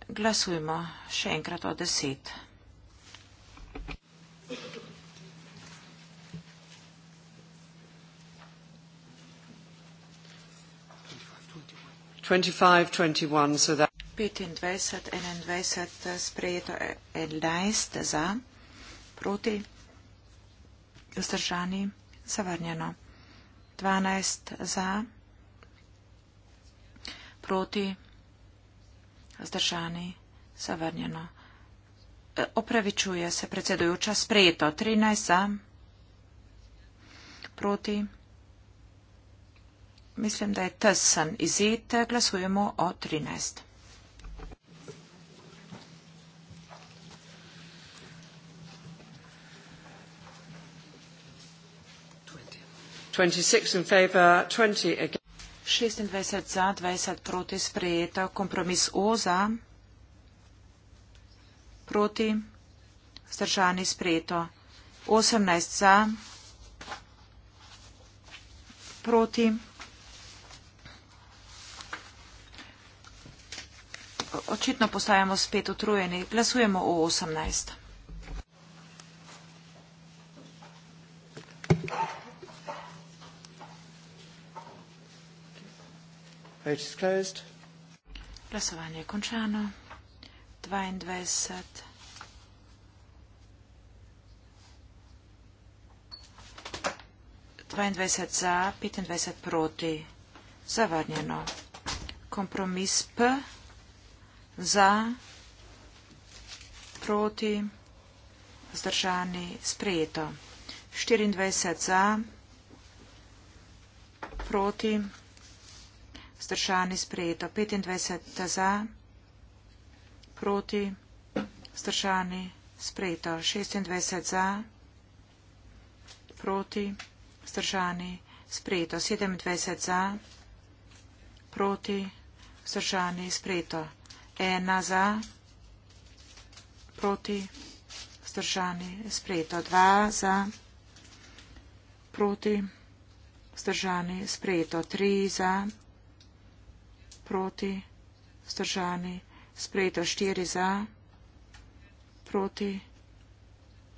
Glasujmo še enkrat o 10. Twenty five twenty one, so that 25, 21 sprejeto 11 za, proti, vzdržani, zavrnjeno. 12 za, proti, vzdržani, zavrnjeno. E, opravičuje se predsedujoča sprejeto 13 za, proti. Mislim, da je tesen izid. Glasujemo o 13. 26 za, 20 proti sprejeta, kompromis O za, proti, zdržani sprejeto, 18 za, proti, očitno postajamo spet utrujeni, glasujemo o 18. Vote is closed. Glasovanje je končano. 22. dvaindvajset za, petindvajset proti, zavrnjeno. Kompromis P, za, proti, zdržani, sprejeto. štiriindvajset za, proti, zdržani vzdržani sprejeto. 25 za, proti, vzdržani sprejeto. 26 za, proti, vzdržani sprejeto. 27 za, proti, vzdržani sprejeto. 1 za, proti, vzdržani sprejeto. 2 za, proti, vzdržani sprejeto. 3 za, proti, vzdržani sprejeto proti, vzdržani, sprejeto štiri za, proti,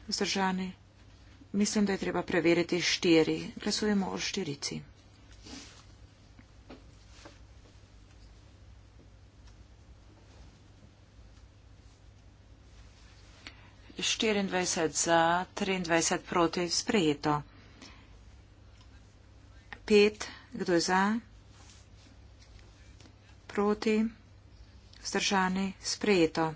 vzdržani. Mislim, da je treba preveriti štiri. Glasujemo o štirici. Štirindvajset za, triindvajset proti, sprejeto. Pet, kdo je za? proti, vzdržani, sprejeto.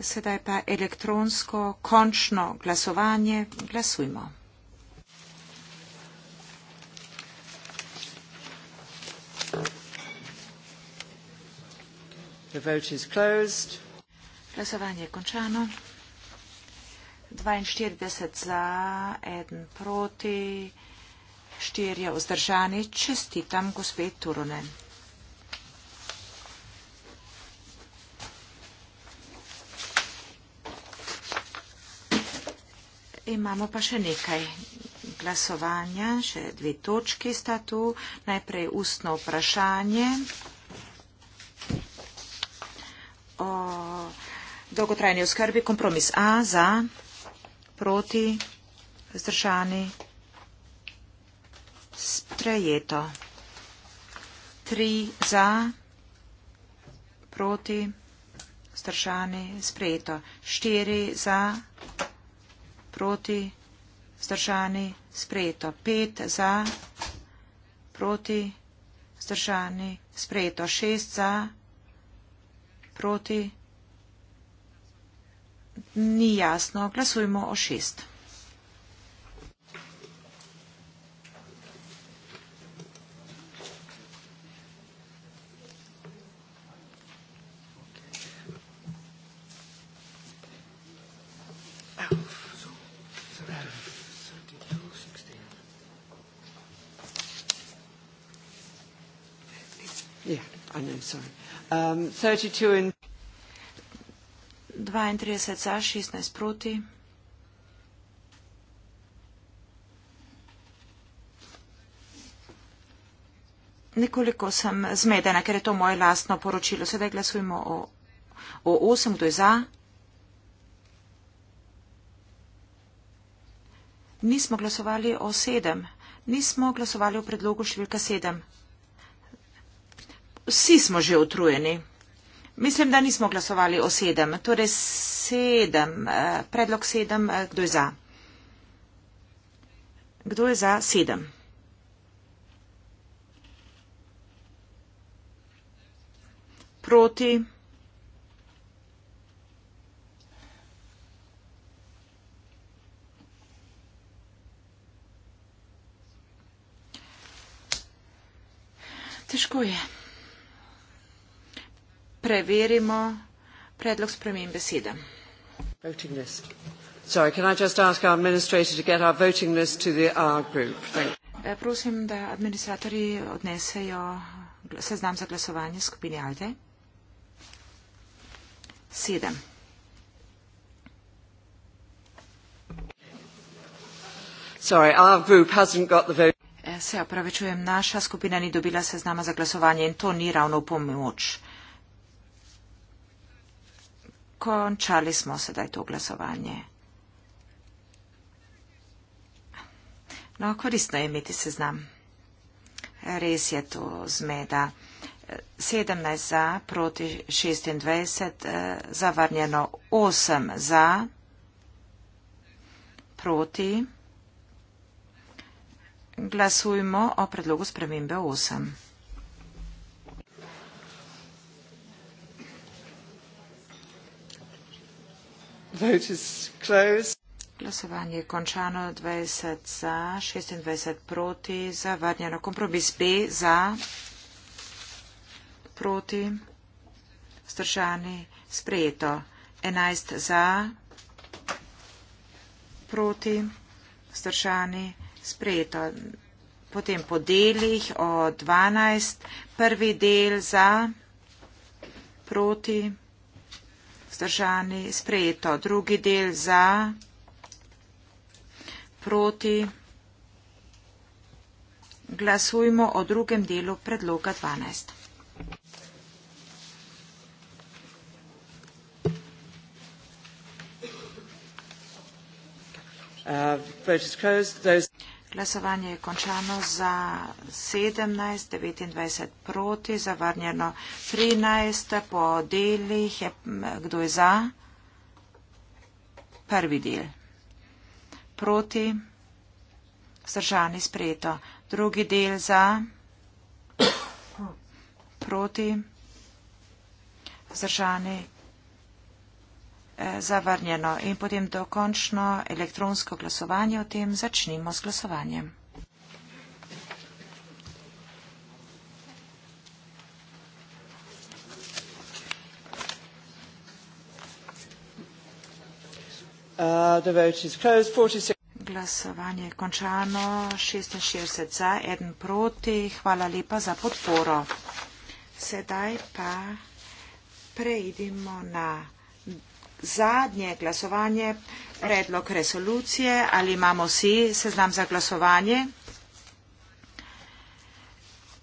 Sedaj pa elektronsko končno glasovanje. Glasujmo. The vote is closed. Glasovanje je končano. 42 za, 1 proti, 4 vzdržani. Čestitam gospe Turunen. imamo pa še nekaj glasovanja, še dve točki sta tu. Najprej ustno vprašanje o dolgotrajni oskrbi. Kompromis A za, proti, zdržani, sprejeto. Tri za, proti, zdržani, sprejeto. Štiri za, proti proti, zdržani, sprejeto. Pet za, proti, zdržani, sprejeto. Šest za, proti, ni jasno, glasujmo o šest. I know, sorry. Um, 32 in... 32 za, 16 proti. Nekoliko sem zmedena, ker je to moje lastno poročilo. Sedaj glasujemo o, o 8, kdo je za. Nismo glasovali o 7. Nismo glasovali o predlogu številka 7 vsi smo že utrujeni. Mislim, da nismo glasovali o sedem. Torej sedem, eh, predlog sedem, eh, kdo je za? Kdo je za sedem? Proti. Težko je preverimo predlog spremem besede. Sorry, can I just ask our administrator to get our voting list to the R group? Thank you. Eh, prosim, da administratori odnesejo seznam za glasovanje skupine Alde. Sedem. Sorry, our group hasn't got the vote. Eh, se opravičujem, naša skupina ni dobila seznama za glasovanje in to ni ravno pomoč končali smo sedaj to glasovanje. No, koristno je imeti seznam. Res je to zmeda. 17 za proti 26, eh, zavrnjeno 8 za proti. Glasujmo o predlogu spremembe 8. Vote is closed. Glasovanje je končano 20 za, 26 proti, zavrnjeno kompromis B za, proti, stržani, sprejeto. 11 za, proti, stržani, sprejeto. Potem po delih o 12, prvi del za, proti, stržani vzdržani, sprejeto. Drugi del za, proti. Glasujmo o drugem delu predloga 12. Uh, those... Glasovanje je končano za 17, 29 proti, zavrnjeno 13 po delih. Je, kdo je za? Prvi del. Proti? Zdržani sprejeto. Drugi del za? Proti? Zdržani Eh, zavrnjeno. In potem dokončno elektronsko glasovanje o tem začnimo z glasovanjem. Uh, closed, 46... Glasovanje je končano, 66 za, 1 proti. Hvala lepa za podporo. Sedaj pa preidimo na zadnje glasovanje, predlog resolucije. Ali imamo vsi seznam za glasovanje?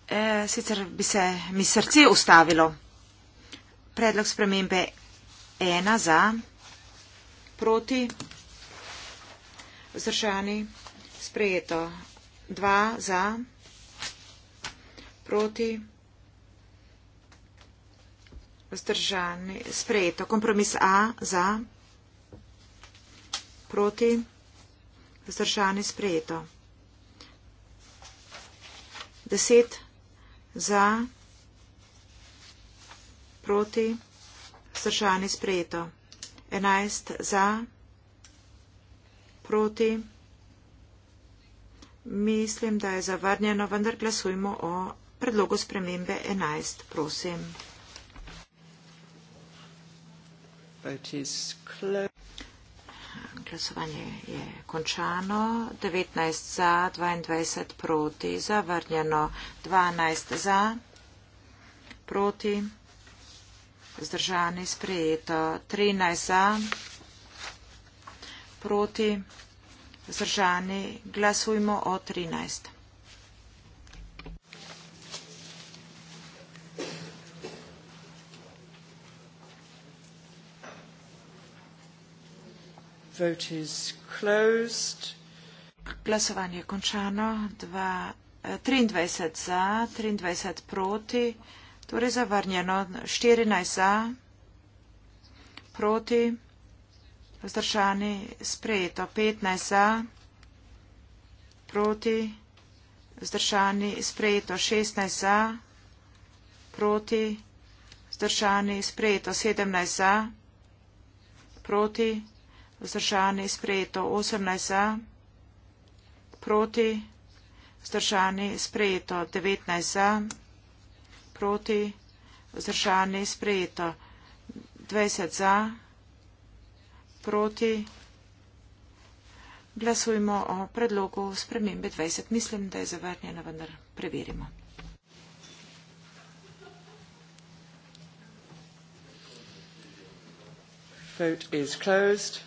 E, sicer bi se mi srce ustavilo. Predlog spremembe ena za, proti, vzdržani, sprejeto dva za, proti, vzdržani. Vzdržani. Sprejeto. Kompromis A za. Proti. Vzdržani. Sprejeto. Deset za. Proti. Vzdržani. Sprejeto. Enajst za. Proti. Mislim, da je zavrnjeno, vendar glasujmo o predlogu spremembe 11. Prosim. Glasovanje je končano. 19 za, 22 proti, zavrnjeno 12 za, proti, vzdržani sprejeto 13 za, proti, vzdržani glasujmo o 13. Vote is closed. Glasovanje je končano. Dva, eh, 23 za, 23 proti, torej zavrnjeno. 14 za, proti, vzdržani, sprejeto. 15 za, proti, vzdržani, sprejeto. 16 za, proti, vzdržani, sprejeto. 17 za, proti vzdržani sprejeto 18 za, proti vzdržani sprejeto 19 za, proti vzdržani sprejeto 20 za, proti. Glasujmo o predlogu spremembe 20. Mislim, da je zavrnjena, vendar preverimo. Vote is closed.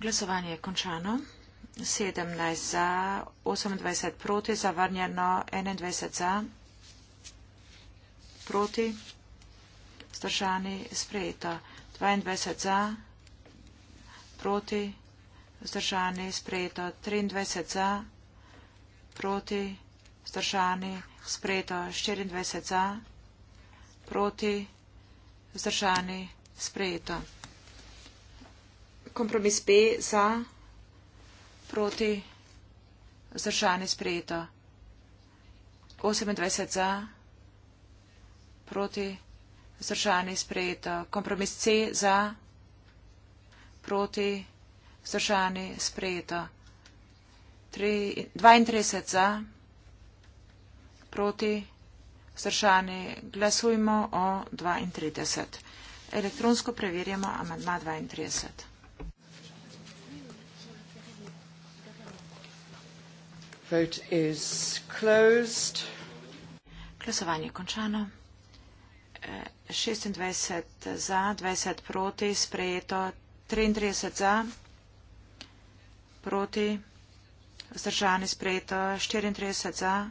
Glasovanje je končano. 17 za, 28 proti, zavrnjeno 21 za, proti, zdržani, sprejeto. 22 za, proti, zdržani, sprejeto. 23 za, proti, zdržani, sprejeto. 24 za, proti, zdržani, sprejeto kompromis P za, proti, vzdržani sprejeto. 28 za, proti, vzdržani sprejeto. Kompromis C za, proti, vzdržani sprejeto. 32 za, proti, vzdržani. Glasujmo o 32. Elektronsko preverjamo amendma 32. Vote is closed. Glasovanje je končano. 26 e, za, 20 proti. Sprejeto. 33 za, proti, vzdržani. Sprejeto. 34 za,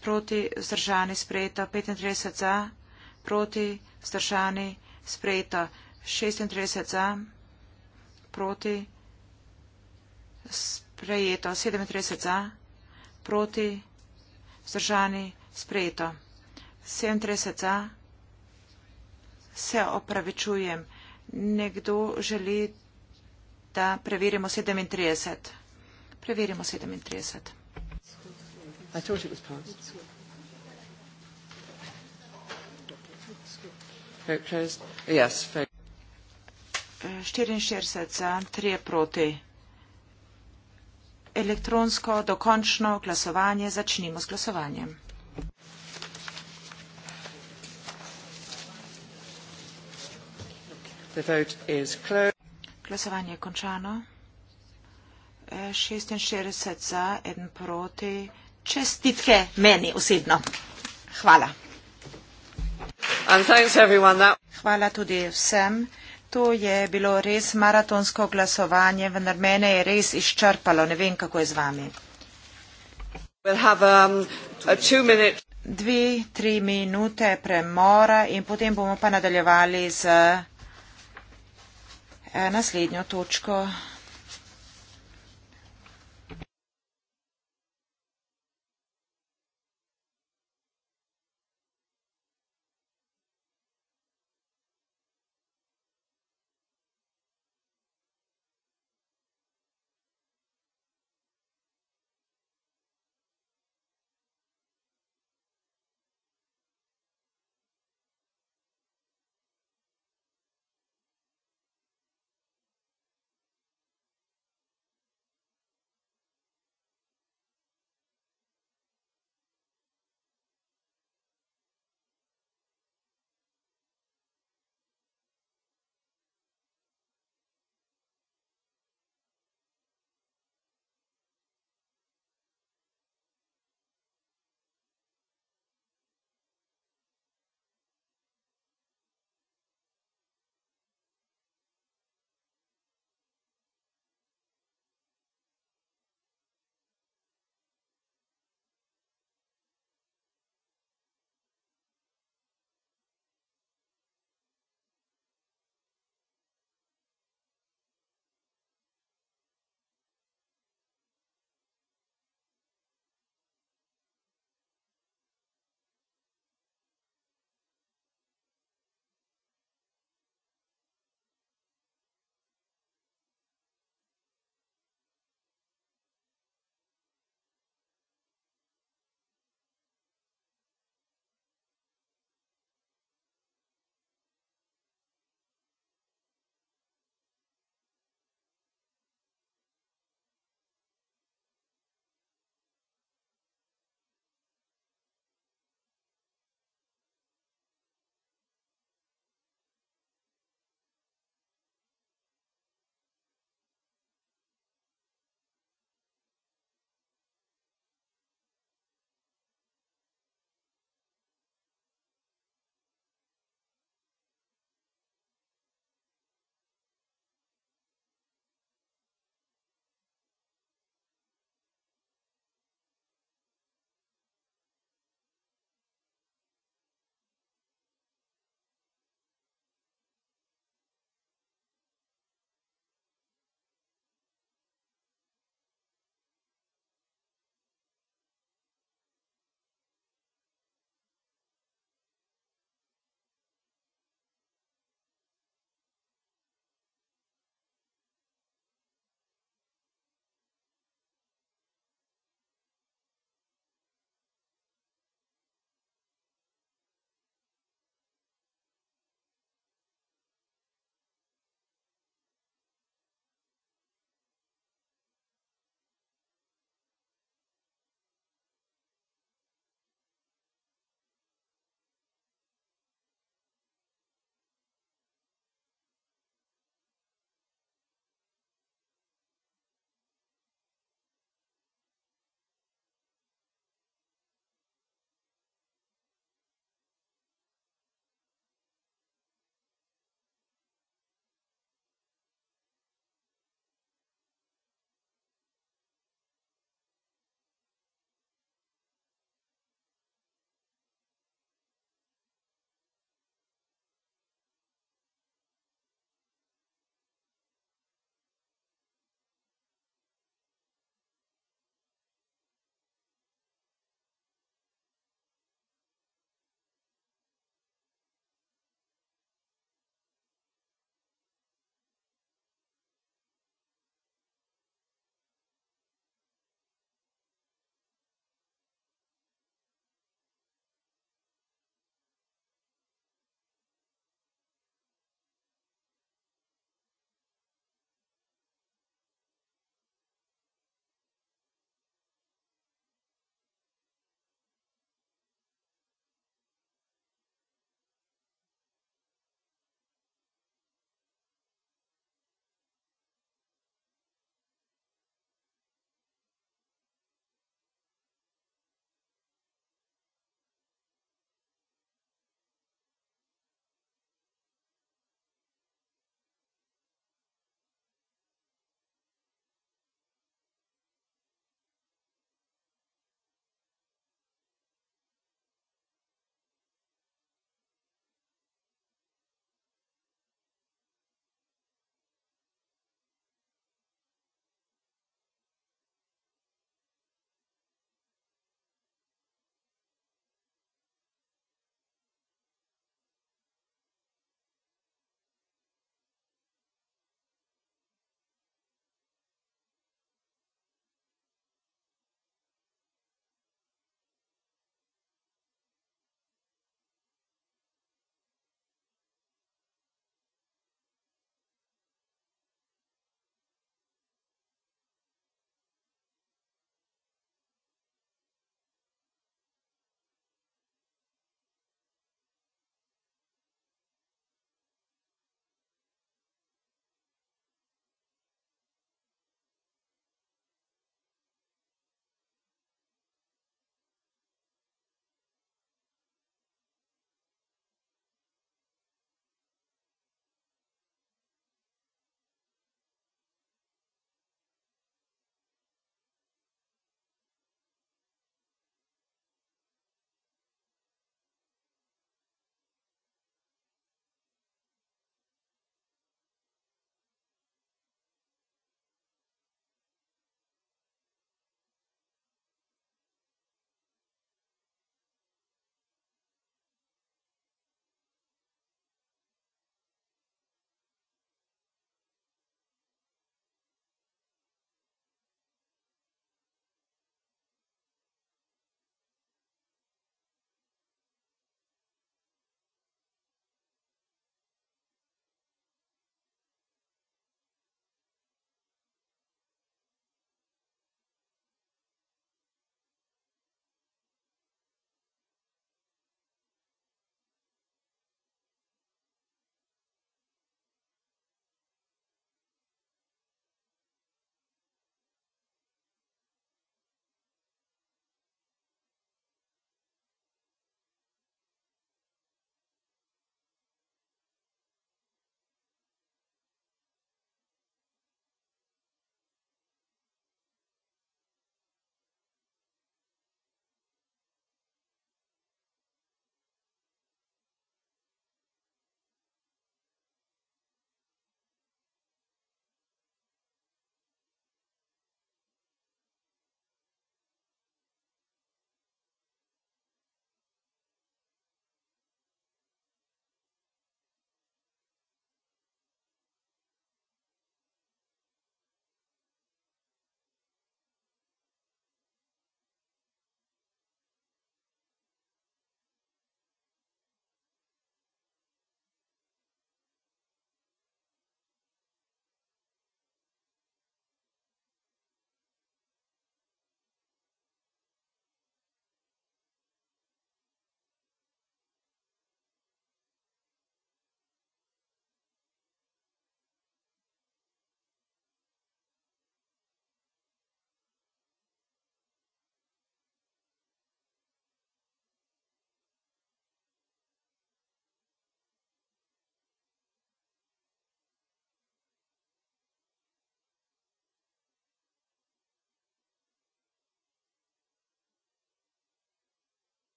proti, vzdržani. Sprejeto. 35 za, proti, vzdržani. Sprejeto. 36 za, proti, sprejeto. 37 za, proti, vzdržani, sprejeto. 37 za, se opravičujem. Nekdo želi, da preverimo 37. Preverimo 37. Yes, 44 za, 3 proti elektronsko dokončno glasovanje. Začnimo s glasovanjem. Glasovanje je končano. 66 e, za, 1 proti. Čestitke meni osebno. Hvala. Hvala tudi vsem to je bilo res maratonsko glasovanje, vendar mene je res izčrpalo. Ne vem, kako je z vami. We'll have, um, Dve, tri minute premora in potem bomo pa nadaljevali z eh, naslednjo točko.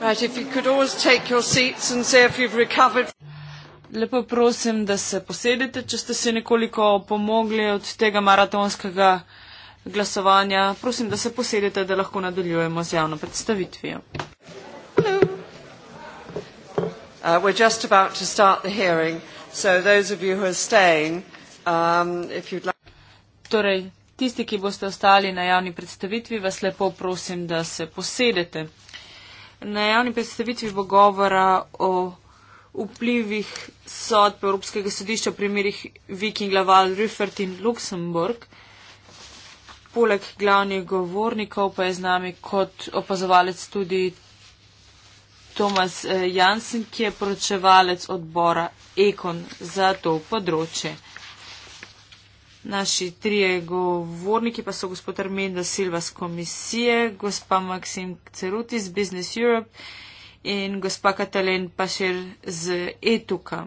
Right, if you could always take your seats and say if you've recovered. Lepo prosim, da se posedete, če ste se nekoliko pomogli od tega maratonskega glasovanja. Prosim, da se posedete, da lahko nadaljujemo z javno predstavitvijo. Uh, we're just about to start the hearing, so those of you who are staying, um, if you'd like. Torej, tisti, ki boste ostali na javni predstavitvi, vas lepo prosim, da se posedete. Na javni predstavitvi bo govora o vplivih sodb Evropskega sodišča v primerih Viking Laval, Rüffert in Luksemburg. Poleg glavnih govornikov pa je z nami kot opazovalec tudi Tomas eh, Jansen, ki je poročevalec odbora Ekon za to področje. Naši trije govorniki pa so gospod Armin da Silva z komisije, gospa Maksim Cerutis z Business Europe in gospa Katalin Pašer z Etuka.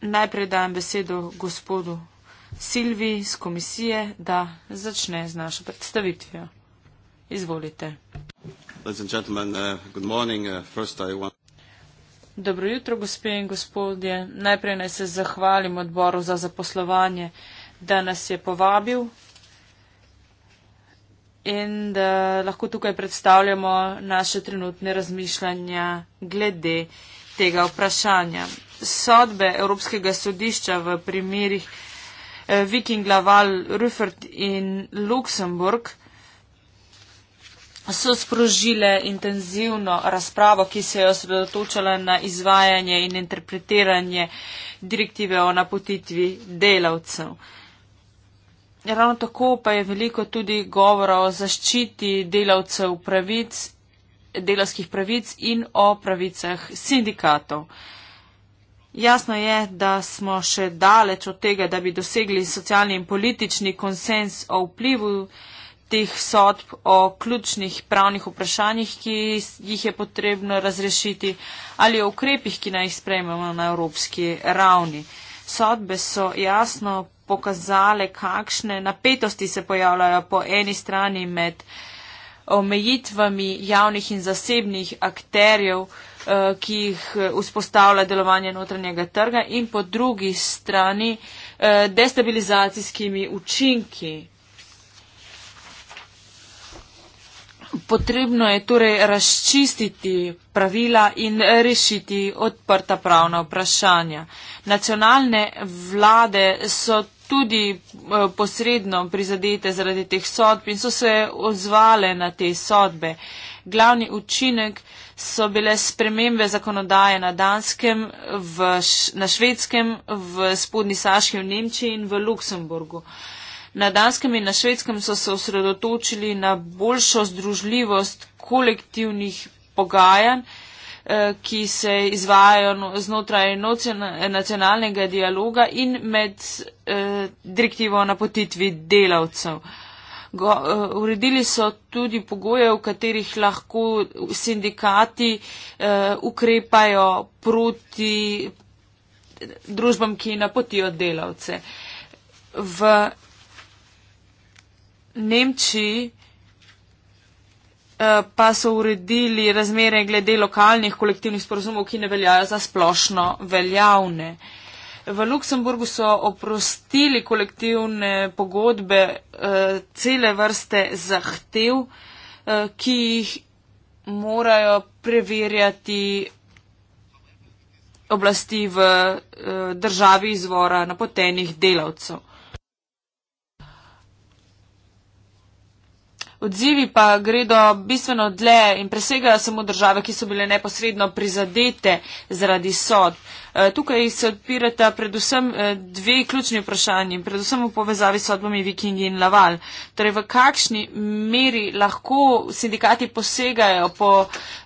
Najprej dajem besedo gospodu Silvi z komisije, da začne z našo predstavitvijo. Izvolite. Ladies and gentlemen, uh, good morning. Uh, first I want... Dobro jutro, gospe in gospodje. Najprej naj se zahvalim odboru za zaposlovanje, da nas je povabil in da lahko tukaj predstavljamo naše trenutne razmišljanja glede tega vprašanja. Sodbe Evropskega sodišča v primerih eh, Viking Laval, Rüffert in Luksemburg so sprožile intenzivno razpravo, ki se je osredotočala na izvajanje in interpretiranje direktive o napotitvi delavcev. Ravno tako pa je veliko tudi govora o zaščiti delavcev pravic, delavskih pravic in o pravicah sindikatov. Jasno je, da smo še daleč od tega, da bi dosegli socialni in politični konsens o vplivu teh sodb o ključnih pravnih vprašanjih, ki jih je potrebno razrešiti ali o ukrepih, ki naj jih sprejmemo na evropski ravni. Sodbe so jasno pokazale, kakšne napetosti se pojavljajo po eni strani med omejitvami javnih in zasebnih akterjev, eh, ki jih eh, vzpostavlja delovanje notranjega trga in po drugi strani eh, destabilizacijskimi učinki Potrebno je torej razčistiti pravila in rešiti odprta pravna vprašanja. Nacionalne vlade so tudi eh, posredno prizadete zaradi teh sodb in so se odzvale na te sodbe. Glavni učinek so bile spremembe zakonodaje na Danskem, v, na Švedskem, v Spodni Saški, v Nemčiji in v Luksemburgu. Uh, Na Danskem in na Švedskem so se osredotočili na boljšo združljivost kolektivnih pogajanj, eh, ki se izvajajo no, znotraj nacionalnega dialoga in med eh, direktivo o napotitvi delavcev. Go, uh, uredili so tudi pogoje, v katerih lahko sindikati uh, ukrepajo proti družbam, ki napotijo delavce. V Nemčiji eh, pa so uredili razmere glede lokalnih kolektivnih sporozumov, ki ne veljajo za splošno veljavne. V Luksemburgu so oprostili kolektivne pogodbe eh, cele vrste zahtev, eh, ki jih morajo preverjati oblasti v državi izvora napotenih delavcev. odzivi pa gredo bistveno dlje in presegajo samo države, ki so bile neposredno prizadete zaradi sod. Eh, tukaj se odpirata predvsem eh, dve ključni vprašanji, predvsem v povezavi s sodbami Viking in Laval. Torej, v kakšni meri lahko sindikati posegajo po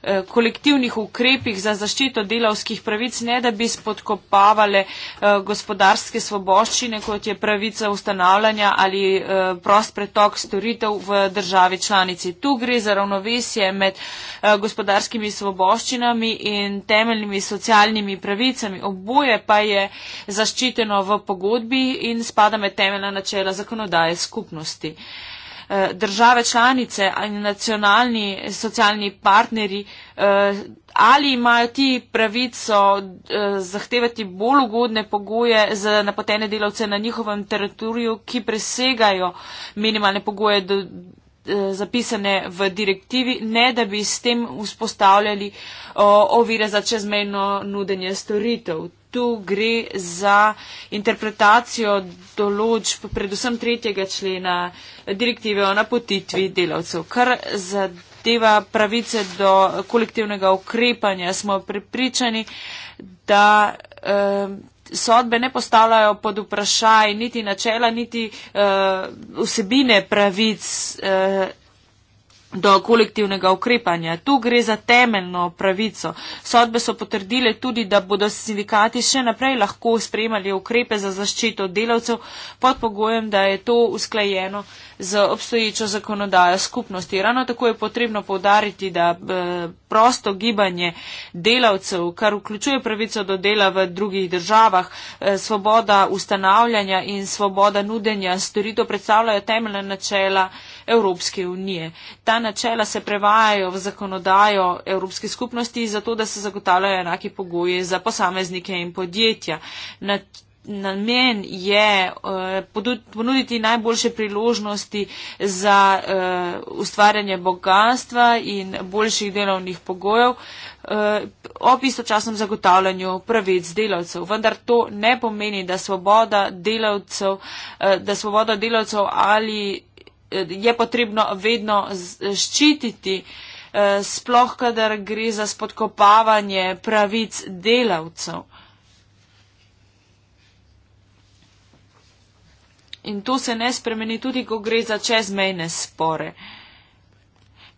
eh, kolektivnih ukrepih za zaščito delavskih pravic, ne da bi spodkopavale gospodarske svoboščine, kot je pravica ustanavljanja ali prost pretok storitev v državi članici. Tu gre za ravnovesje med gospodarskimi svoboščinami in temeljnimi socialnimi pravicami državami. Oboje pa je zaščiteno v pogodbi in spada med temeljna načela zakonodaje skupnosti. Eh, države članice in nacionalni socialni partneri, eh, ali imajo ti pravico eh, zahtevati bolj ugodne pogoje za napotene delavce na njihovem teritoriju, ki presegajo minimalne pogoje do Eh, zapisane v direktivi, ne da bi s tem vzpostavljali ovire za čezmejno nudenje storitev. Tu gre za interpretacijo določb, predvsem tretjega člena direktive o napotitvi delavcev. Kar zadeva pravice do kolektivnega ukrepanja, smo prepričani, da eh, sodbe ne postavljajo pod vprašaj niti načela, niti uh, vsebine pravic uh, do kolektivnega ukrepanja. Tu gre za temeljno pravico. Sodbe so potrdile tudi, da bodo sindikati še naprej lahko spremali ukrepe za zaščito delavcev pod pogojem, da je to usklajeno z obstoječo zakonodajo skupnosti. Ravno tako je potrebno povdariti, da eh, prosto gibanje delavcev, kar vključuje pravico do dela v drugih državah, eh, svoboda ustanavljanja in svoboda nudenja storitev predstavljajo temeljna načela Evropske unije. Ta načela se prevajajo v zakonodajo Evropske skupnosti, zato da se zagotavljajo enake pogoje za posameznike in podjetja. Na Namen je eh, ponuditi najboljše priložnosti za eh, ustvarjanje bogatstva in boljših delovnih pogojev eh, ob istočasnem zagotavljanju pravic delavcev. Vendar to ne pomeni, da svoboda delavcev, da svoboda delavcev ali je potrebno vedno ščititi, eh, sploh kadar gre za spodkopavanje pravic delavcev. In to se ne spremeni tudi, ko gre za čezmejne spore. Uh,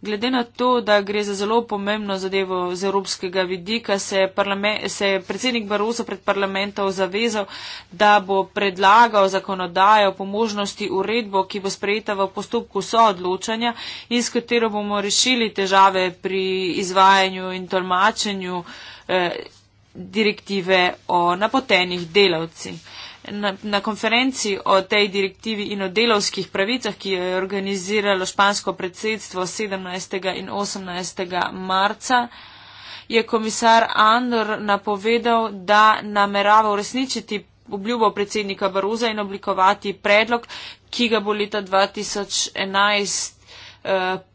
Glede na to, da gre za zelo pomembno zadevo z evropskega vidika, se je, se je predsednik Barroso pred parlamentom zavezal, da bo predlagal zakonodajo po možnosti uredbo, ki bo sprejeta v postopku soodločanja in s katero bomo rešili težave pri izvajanju in tolmačenju eh, direktive o napotenih delavcih na, na konferenci o tej direktivi in o delovskih pravicah, ki jo je organiziralo špansko predsedstvo 17. in 18. marca, je komisar Andor napovedal, da namerava uresničiti obljubo predsednika Baruza in oblikovati predlog, ki ga bo leta 2011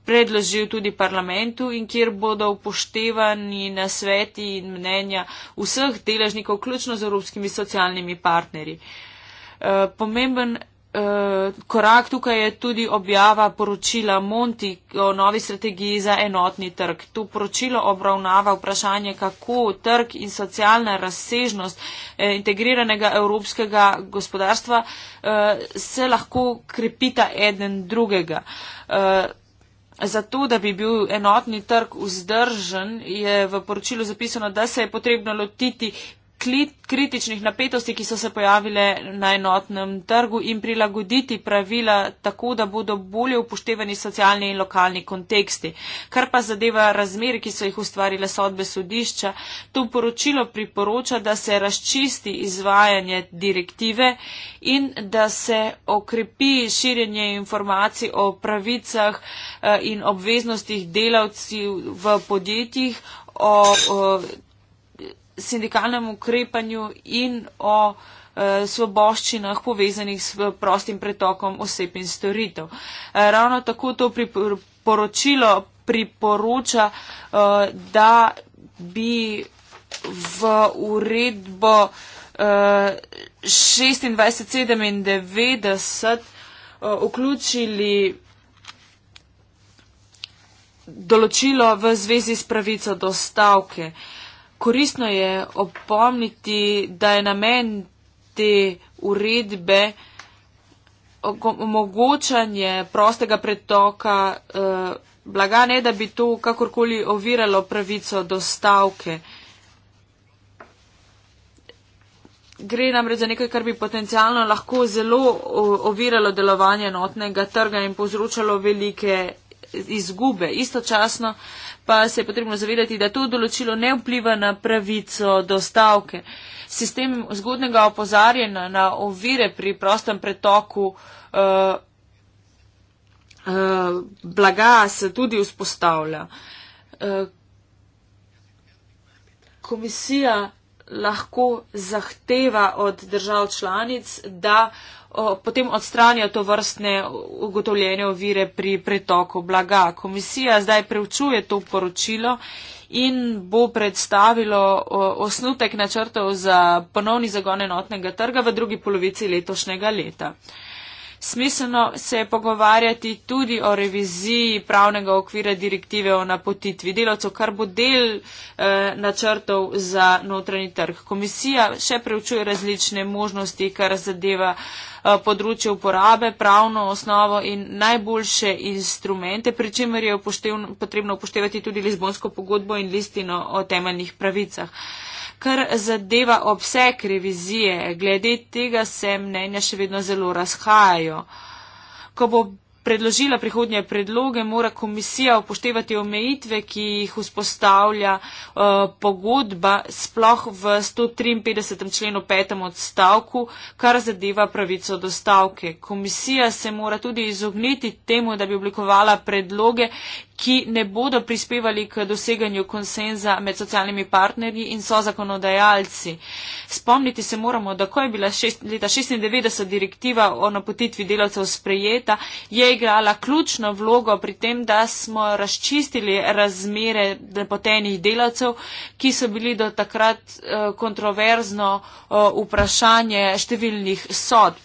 predložil tudi parlamentu in kjer bodo upoštevani nasveti in mnenja vseh deležnikov, vključno z evropskimi socialnimi partnerji. Eh, pomemben Eh, korak tukaj je tudi objava poročila Monti o novi strategiji za enotni trg. Tu poročilo obravnava vprašanje, kako trg in socialna razsežnost eh, integriranega evropskega gospodarstva eh, se lahko krepita eden drugega. Zato, da bi bil enotni trg vzdržen, je v poročilu zapisano, da se je potrebno lotiti kritičnih napetosti, ki so se pojavile na enotnem trgu in prilagoditi pravila tako, da bodo bolje upoštevani socialni in lokalni konteksti. Kar pa zadeva razmer, ki so jih ustvarile sodbe sodišča, to poročilo priporoča, da se razčisti izvajanje direktive in da se okrepi širjenje informacij o pravicah eh, in obveznostih delavci v podjetjih o sindikalnem ukrepanju in o eh, svoboščinah povezanih s eh, prostim pretokom oseb in storitev. Eh, ravno tako to poročilo priporoča, da bi v uredbo 2697 vključili določilo v zvezi s pravico do stavke koristno je opomniti, da je namen te uredbe omogočanje prostega pretoka eh, blaga, ne da bi to kakorkoli oviralo pravico do stavke. Gre namreč za nekaj, kar bi potencialno lahko zelo oviralo delovanje notnega trga in povzročalo velike izgube. Istočasno eh, pa se je potrebno zavedati, da to določilo ne vpliva na pravico do stavke. Sistem zgodnega opozarjanja na ovire pri prostem pretoku uh, uh, blaga se tudi vzpostavlja. Uh, komisija lahko zahteva od držav članic, da potem odstranijo to vrstne ugotovljene ovire pri pretoku blaga. Komisija zdaj preučuje to poročilo in bo predstavilo osnutek načrtov za ponovni zagon enotnega trga v drugi polovici letošnjega leta smiselno se je pogovarjati tudi o reviziji pravnega okvira direktive o napotitvi delavcev, kar bo del eh, načrtov za notranji trg. Komisija še preučuje različne možnosti, kar zadeva eh, področje uporabe, pravno osnovo in najboljše instrumente, pri čemer je upoštev, potrebno upoštevati tudi Lizbonsko pogodbo in listino o temeljnih pravicah. Eh, Kar zadeva obseg revizije, glede tega se mnenja še vedno zelo razhajajo. Ko bo predložila prihodnje predloge, mora komisija upoštevati omejitve, ki jih vzpostavlja uh, pogodba sploh v 153. členu petem odstavku, kar zadeva pravico do stavke. Komisija se mora tudi izogniti temu, da bi oblikovala predloge, ki ne bodo prispevali k doseganju konsenza med socialnimi partnerji in so zakonodajalci. Spomniti se moramo, da ko je bila šest, leta 1996 direktiva o napotitvi delavcev sprejeta, je igrala ključno vlogo pri tem, da smo razčistili razmere napotenih delavcev, ki so bili do takrat eh, kontroverzno eh, vprašanje številnih sodb.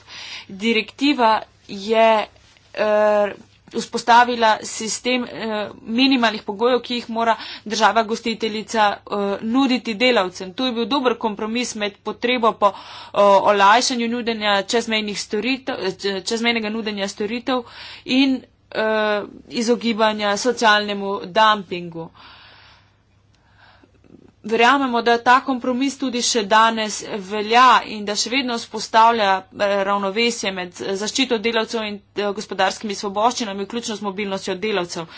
Direktiva je eh, vzpostavila sistem eh, minimalnih pogojev, ki jih mora država gostiteljica eh, nuditi delavcem. Tu je bil dober kompromis med potrebo po eh, olajšanju nudenja storitev, čezmejnega nudenja storitev in izogibanja socialnemu dumpingu. Verjamemo, da ta kompromis tudi še danes velja in da še vedno spostavlja eh, ravnovesje med zaščito delavcev in eh, gospodarskimi svoboščinami, vključno z mobilnostjo delavcev.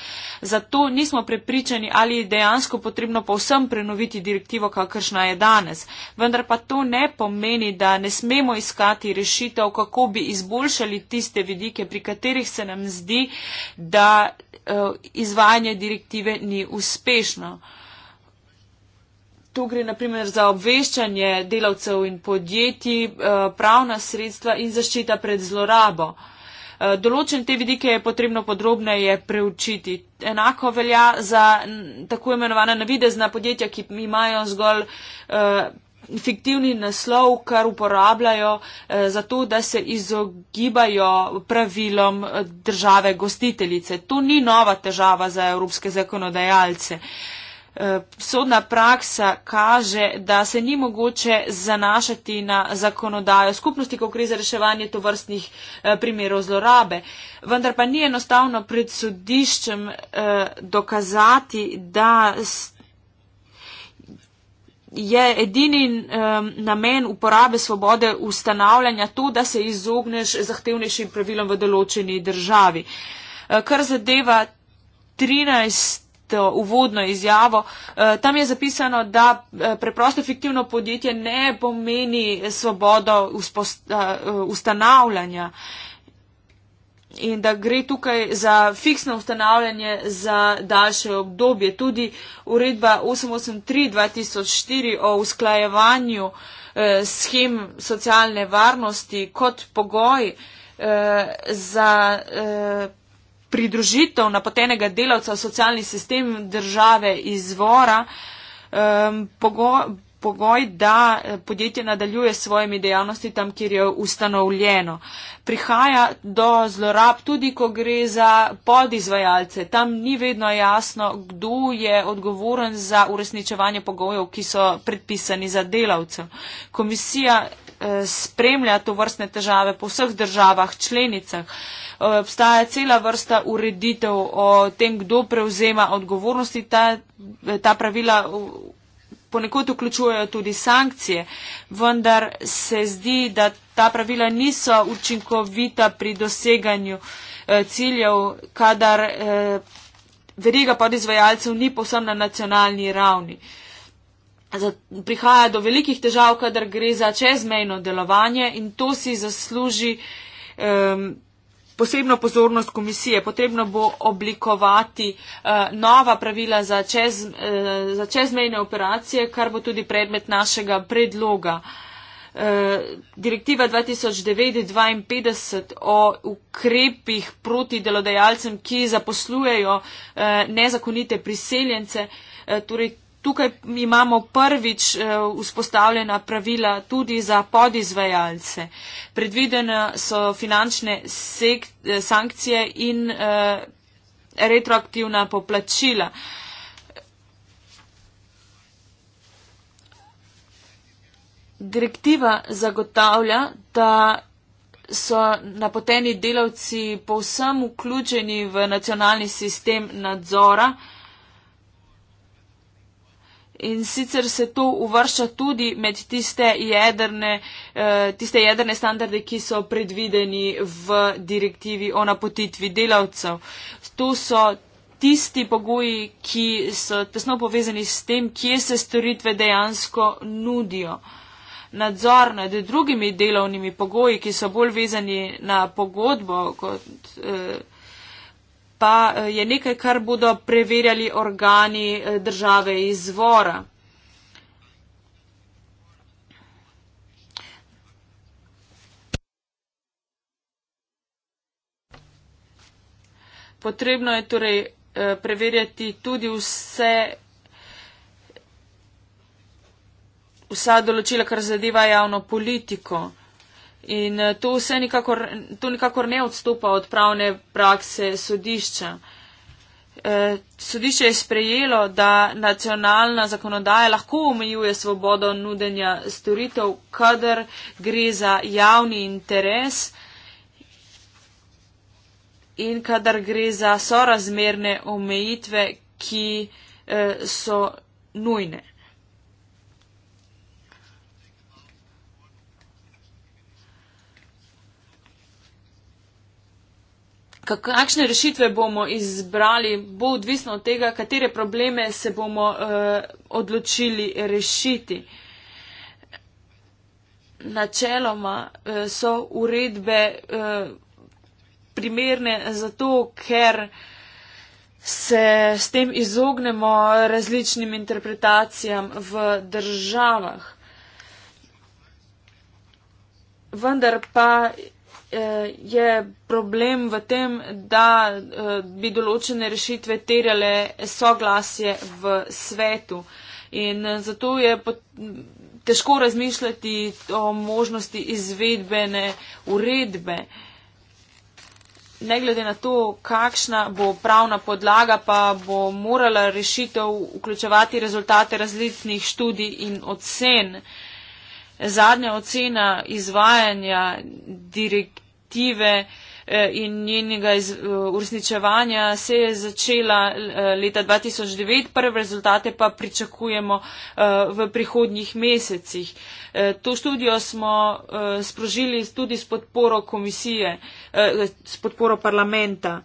Zato nismo prepričani, ali je dejansko potrebno povsem prenoviti direktivo, kakršna je danes. Vendar pa to ne pomeni, da ne smemo iskati rešitev, kako bi izboljšali tiste vidike, pri katerih se nam zdi, da eh, izvajanje direktive ni uspešno. Tu gre naprimer za obveščanje delavcev in podjetij, eh, pravna sredstva in zaščita pred zlorabo. Eh, določen te vidike je potrebno podrobneje preučiti. Enako velja za tako imenovana navidezna podjetja, ki imajo zgolj eh, fiktivni naslov, kar uporabljajo za to, da se izogibajo pravilom države gostiteljice. To ni nova težava za evropske zakonodajalce. Eh, sodna praksa kaže, da se ni mogoče zanašati na zakonodajo skupnosti, ko gre za reševanje to vrstnih eh, primerov zlorabe. Vendar pa ni enostavno pred sodiščem eh, dokazati, da je edini namen uporabe svobode ustanavljanja to, da se izogneš zahtevnejšim pravilom v določeni državi. Kar zadeva 13 to uvodno izjavo. Eh, tam je zapisano, da eh, preprosto fiktivno podjetje ne pomeni svobodo eh, ustanavljanja in da gre tukaj za fiksno ustanavljanje za daljše obdobje. Tudi uredba 883-2004 o usklajevanju schem socialne varnosti kot pogoj za pridružitev napotenega delavca v socialni sistem države izvora um, pogo, pogoj, da eh, podjetje nadaljuje s svojimi dejavnosti tam, kjer je ustanovljeno. Prihaja do zlorab tudi, ko gre za podizvajalce. Tam ni vedno jasno, kdo je odgovoren za uresničevanje pogojev, ki so predpisani za delavce. Komisija eh, spremlja to vrstne težave po vseh državah, članicah. Eh, obstaja cela vrsta ureditev o tem, kdo prevzema odgovornosti. Ta, ta pravila eh, ponekod vključujejo tudi sankcije, vendar se zdi, da ta pravila niso učinkovita pri doseganju eh, ciljev, kadar veriga podizvajalcev ni posebno na nacionalni ravni. Prihaja do velikih težav, kadar gre za čezmejno delovanje in to si zasluži um, posebno pozornost komisije. Potrebno bo oblikovati uh, nova pravila za, čez, uh, za čezmejne operacije, kar bo tudi predmet našega predloga. Eh, direktiva 2009-52 o ukrepih proti delodajalcem, ki zaposlujejo nezakonite priseljence, torej Tukaj imamo prvič eh, vzpostavljena pravila tudi za podizvajalce. Predvidene so finančne eh, sankcije in eh, retroaktivna poplačila. Direktiva zagotavlja, da so napoteni delavci povsem vključeni v nacionalni sistem nadzora, in sicer se to uvršča tudi med tiste jedrne, eh, tiste jedrne standarde, ki so predvideni v direktivi o napotitvi delavcev. To so tisti pogoji, ki so tesno povezani s tem, kje se storitve dejansko nudijo. Nadzor nad drugimi delovnimi pogoji, ki so bolj vezani na pogodbo kot. Eh, pa eh, je nekaj, kar bodo preverjali organi eh, države izvora. Potrebno je torej eh, preverjati tudi vse, vsa določila, kar zadeva javno politiko. In eh, to vse nikakor, to nikakor ne odstopa od pravne prakse sodišča. Eh, sodišče je sprejelo, da nacionalna zakonodaja lahko omejuje svobodo nudenja storitev, kadar gre za javni interes in kadar gre za sorazmerne omejitve, ki eh, so nujne. kakšne rešitve bomo izbrali, bo odvisno od tega, katere probleme se bomo uh, odločili rešiti. Načeloma uh, so uredbe uh, primerne zato, ker se s tem izognemo različnim interpretacijam v državah. Vendar pa Eh, je problem v tem, da eh, bi določene rešitve terjale soglasje v svetu. In eh, zato je težko razmišljati o možnosti izvedbene uredbe. Ne glede na to, kakšna bo pravna podlaga, pa bo morala rešitev vključevati rezultate različnih študij in ocen. Zadnja ocena izvajanja direktiva perspektive eh, in njenega eh, uresničevanja se je začela eh, leta 2009, prve rezultate pa pričakujemo v prihodnjih mesecih. To študijo smo sprožili tudi s podporo komisije, s podporo parlamenta.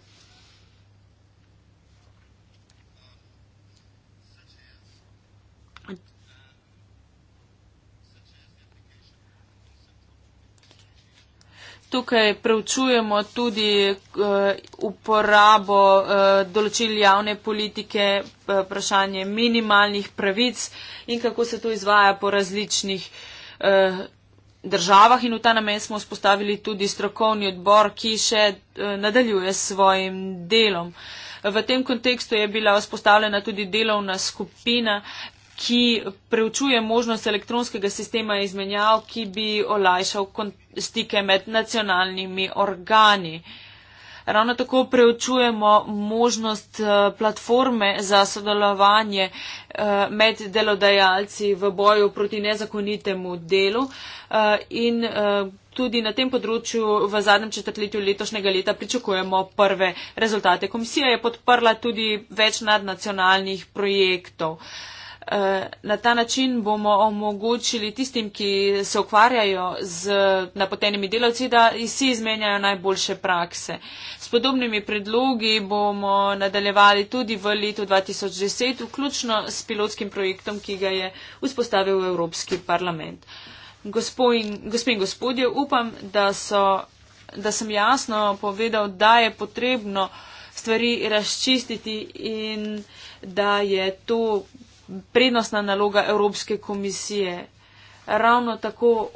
Tukaj preučujemo tudi uh, uporabo uh, določil javne politike, eh, vprašanje minimalnih pravic in kako se to izvaja po različnih uh, državah. In v ta namen smo spostavili tudi strokovni odbor, ki še uh, nadaljuje s svojim delom. V tem kontekstu je bila vzpostavljena tudi delovna skupina, ki preučuje možnost elektronskega sistema izmenjav, ki bi olajšal stike med nacionalnimi organi. Ravno tako preučujemo možnost eh, platforme za sodelovanje eh, med delodajalci v boju proti nezakonitemu delu eh, in tudi na tem področju v zadnjem četrtletju letošnjega leta pričakujemo prve rezultate. Komisija je podprla tudi več nadnacionalnih projektov. Na ta način bomo omogočili tistim, ki se ukvarjajo z napotenimi delavci, da si izmenjajo najboljše prakse. S podobnimi predlogi bomo nadaljevali tudi v letu 2010, vključno s pilotskim projektom, ki ga je vzpostavil Evropski parlament. Gospod in gospodje, upam, da, so, da sem jasno povedal, da je potrebno stvari razčistiti in da je to prednostna naloga Evropske komisije. Ravno tako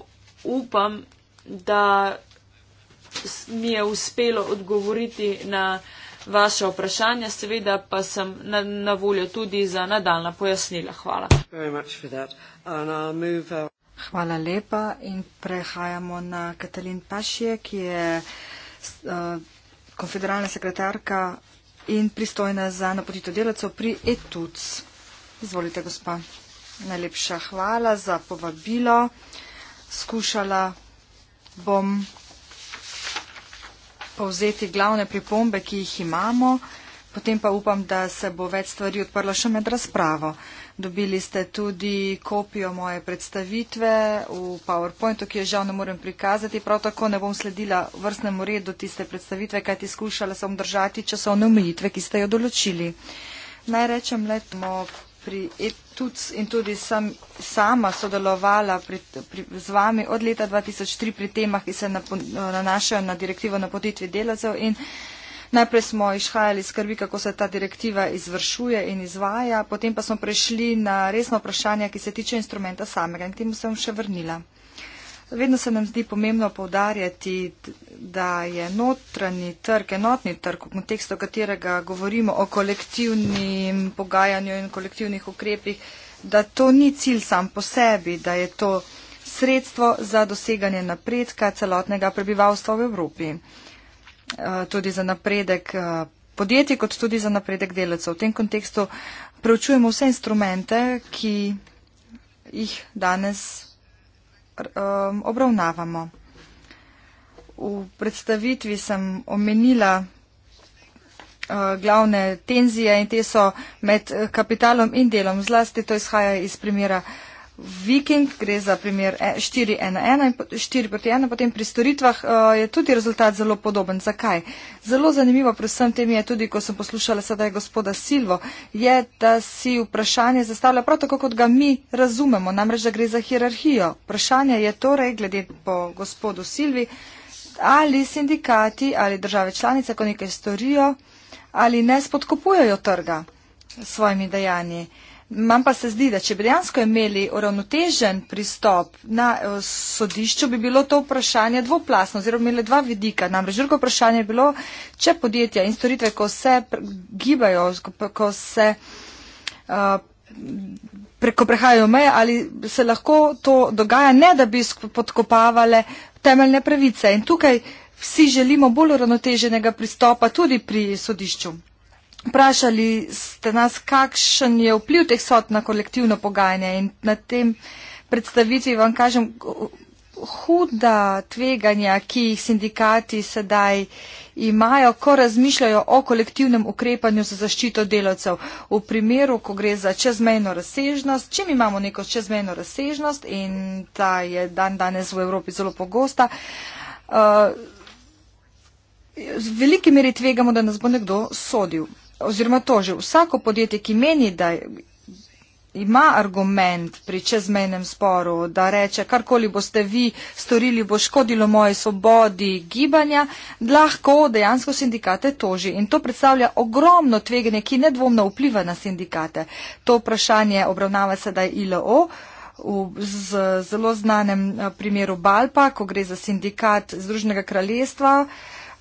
upam, da mi je uspelo odgovoriti na vaše vprašanje, seveda pa sem na, na voljo tudi za nadaljna pojasnila. Hvala. Hvala lepa in prehajamo na Katalin Pašje, ki je uh, konfederalna sekretarka in pristojna za napotitev delavcev pri ETUC. Izvolite, gospa. Najlepša hvala za povabilo. Skušala bom povzeti glavne pripombe, ki jih imamo, potem pa upam, da se bo več stvari odprlo še med razpravo. Dobili ste tudi kopijo moje predstavitve v PowerPointu, ki jo žal ne morem prikazati. Prav tako ne bom sledila vrstnemu redu tiste predstavitve, kajti skušala sem držati časovne omejitve, ki ste jo določili. Naj rečem, letmo pri etuc in tudi sam, sama sodelovala pri, pri, z vami od leta 2003 pri temah, ki se nanašajo na direktivo na poditvi delavcev in najprej smo izhajali skrbi, kako se ta direktiva izvršuje in izvaja, potem pa smo prešli na resno vprašanje, ki se tiče instrumenta samega in k temu sem še vrnila. Vedno se nam zdi pomembno povdarjati, da je notranji trg, enotni trg, v kontekstu katerega govorimo o kolektivnem pogajanju in kolektivnih ukrepih, da to ni cilj sam po sebi, da je to sredstvo za doseganje napredka celotnega prebivalstva v Evropi, eh, tudi za napredek eh, podjetij, kot tudi za napredek delavcev. V tem kontekstu preučujemo vse instrumente, ki jih danes um, obravnavamo. V predstavitvi sem omenila uh, glavne tenzije in te so med eh, kapitalom in delom. Zlasti to izhaja iz primera uh, Viking gre za primer 4 e, proti 1, potem pri storitvah e, je tudi rezultat zelo podoben. Zakaj? Zelo zanimivo pri vsem tem je tudi, ko sem poslušala sedaj gospoda Silvo, je, da si vprašanje zastavlja prav tako, kot ga mi razumemo, namreč, da gre za hierarhijo. Vprašanje je torej, glede po gospodu Silvi, ali sindikati ali države članice, ko nekaj storijo, ali ne spodkopujejo trga s svojimi dejanji. Manj pa se zdi, da če bi dejansko imeli uravnotežen pristop na eh, sodišču, bi bilo to vprašanje dvoplasno oziroma imeli dva vidika. Namreč drugo vprašanje je bilo, če podjetja in storitve, ko se gibajo, ko se. Uh, preko prehajajo meje, ali se lahko to dogaja, ne da bi podkopavale temeljne pravice. In tukaj vsi želimo bolj uravnoteženega pristopa tudi pri sodišču. Vprašali ste nas, kakšen je vpliv teh sod na kolektivno pogajanje in na tem predstavitvi vam kažem huda tveganja, ki jih sindikati sedaj imajo, ko razmišljajo o kolektivnem ukrepanju za zaščito delavcev. V primeru, ko gre za čezmejno razsežnost, če imamo neko čezmejno razsežnost in ta je dan danes v Evropi zelo pogosta, eh, v veliki meri tvegamo, da nas bo nekdo sodil oziroma tožil. Vsako podjetje, ki meni, da ima argument pri čezmejnem sporu, da reče, karkoli boste vi storili, bo škodilo moji svobodi gibanja, lahko dejansko sindikate toži. In to predstavlja ogromno tveganje, ki nedvomno vpliva na sindikate. To vprašanje obravnava sedaj ILO v zelo znanem eh, primeru Balpa, ko gre za sindikat Združenega kraljestva.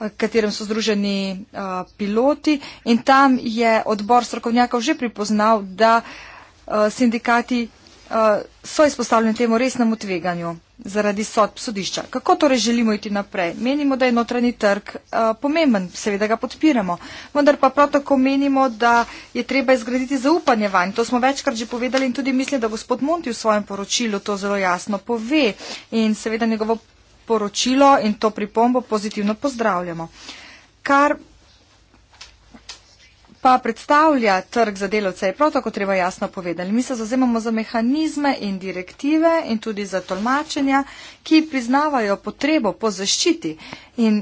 Eh, katerem so združeni eh, piloti in tam je odbor strokovnjakov že pripoznal, da eh, sindikati so izpostavljeni temu resnemu tveganju zaradi sodb sodišča. Kako torej želimo iti naprej? Menimo, da je notranji trg uh, pomemben, seveda ga podpiramo, vendar pa prav tako menimo, da je treba izgraditi zaupanje vanj. To smo večkrat že povedali in tudi mislim, da gospod Monti v svojem poročilu to zelo jasno pove in seveda njegovo poročilo in to pripombo pozitivno pozdravljamo. Kar pa predstavlja trg za delavce, je prav tako treba jasno povedati. Mi se zazemamo za mehanizme in direktive in tudi za tolmačenja, ki priznavajo potrebo po zaščiti in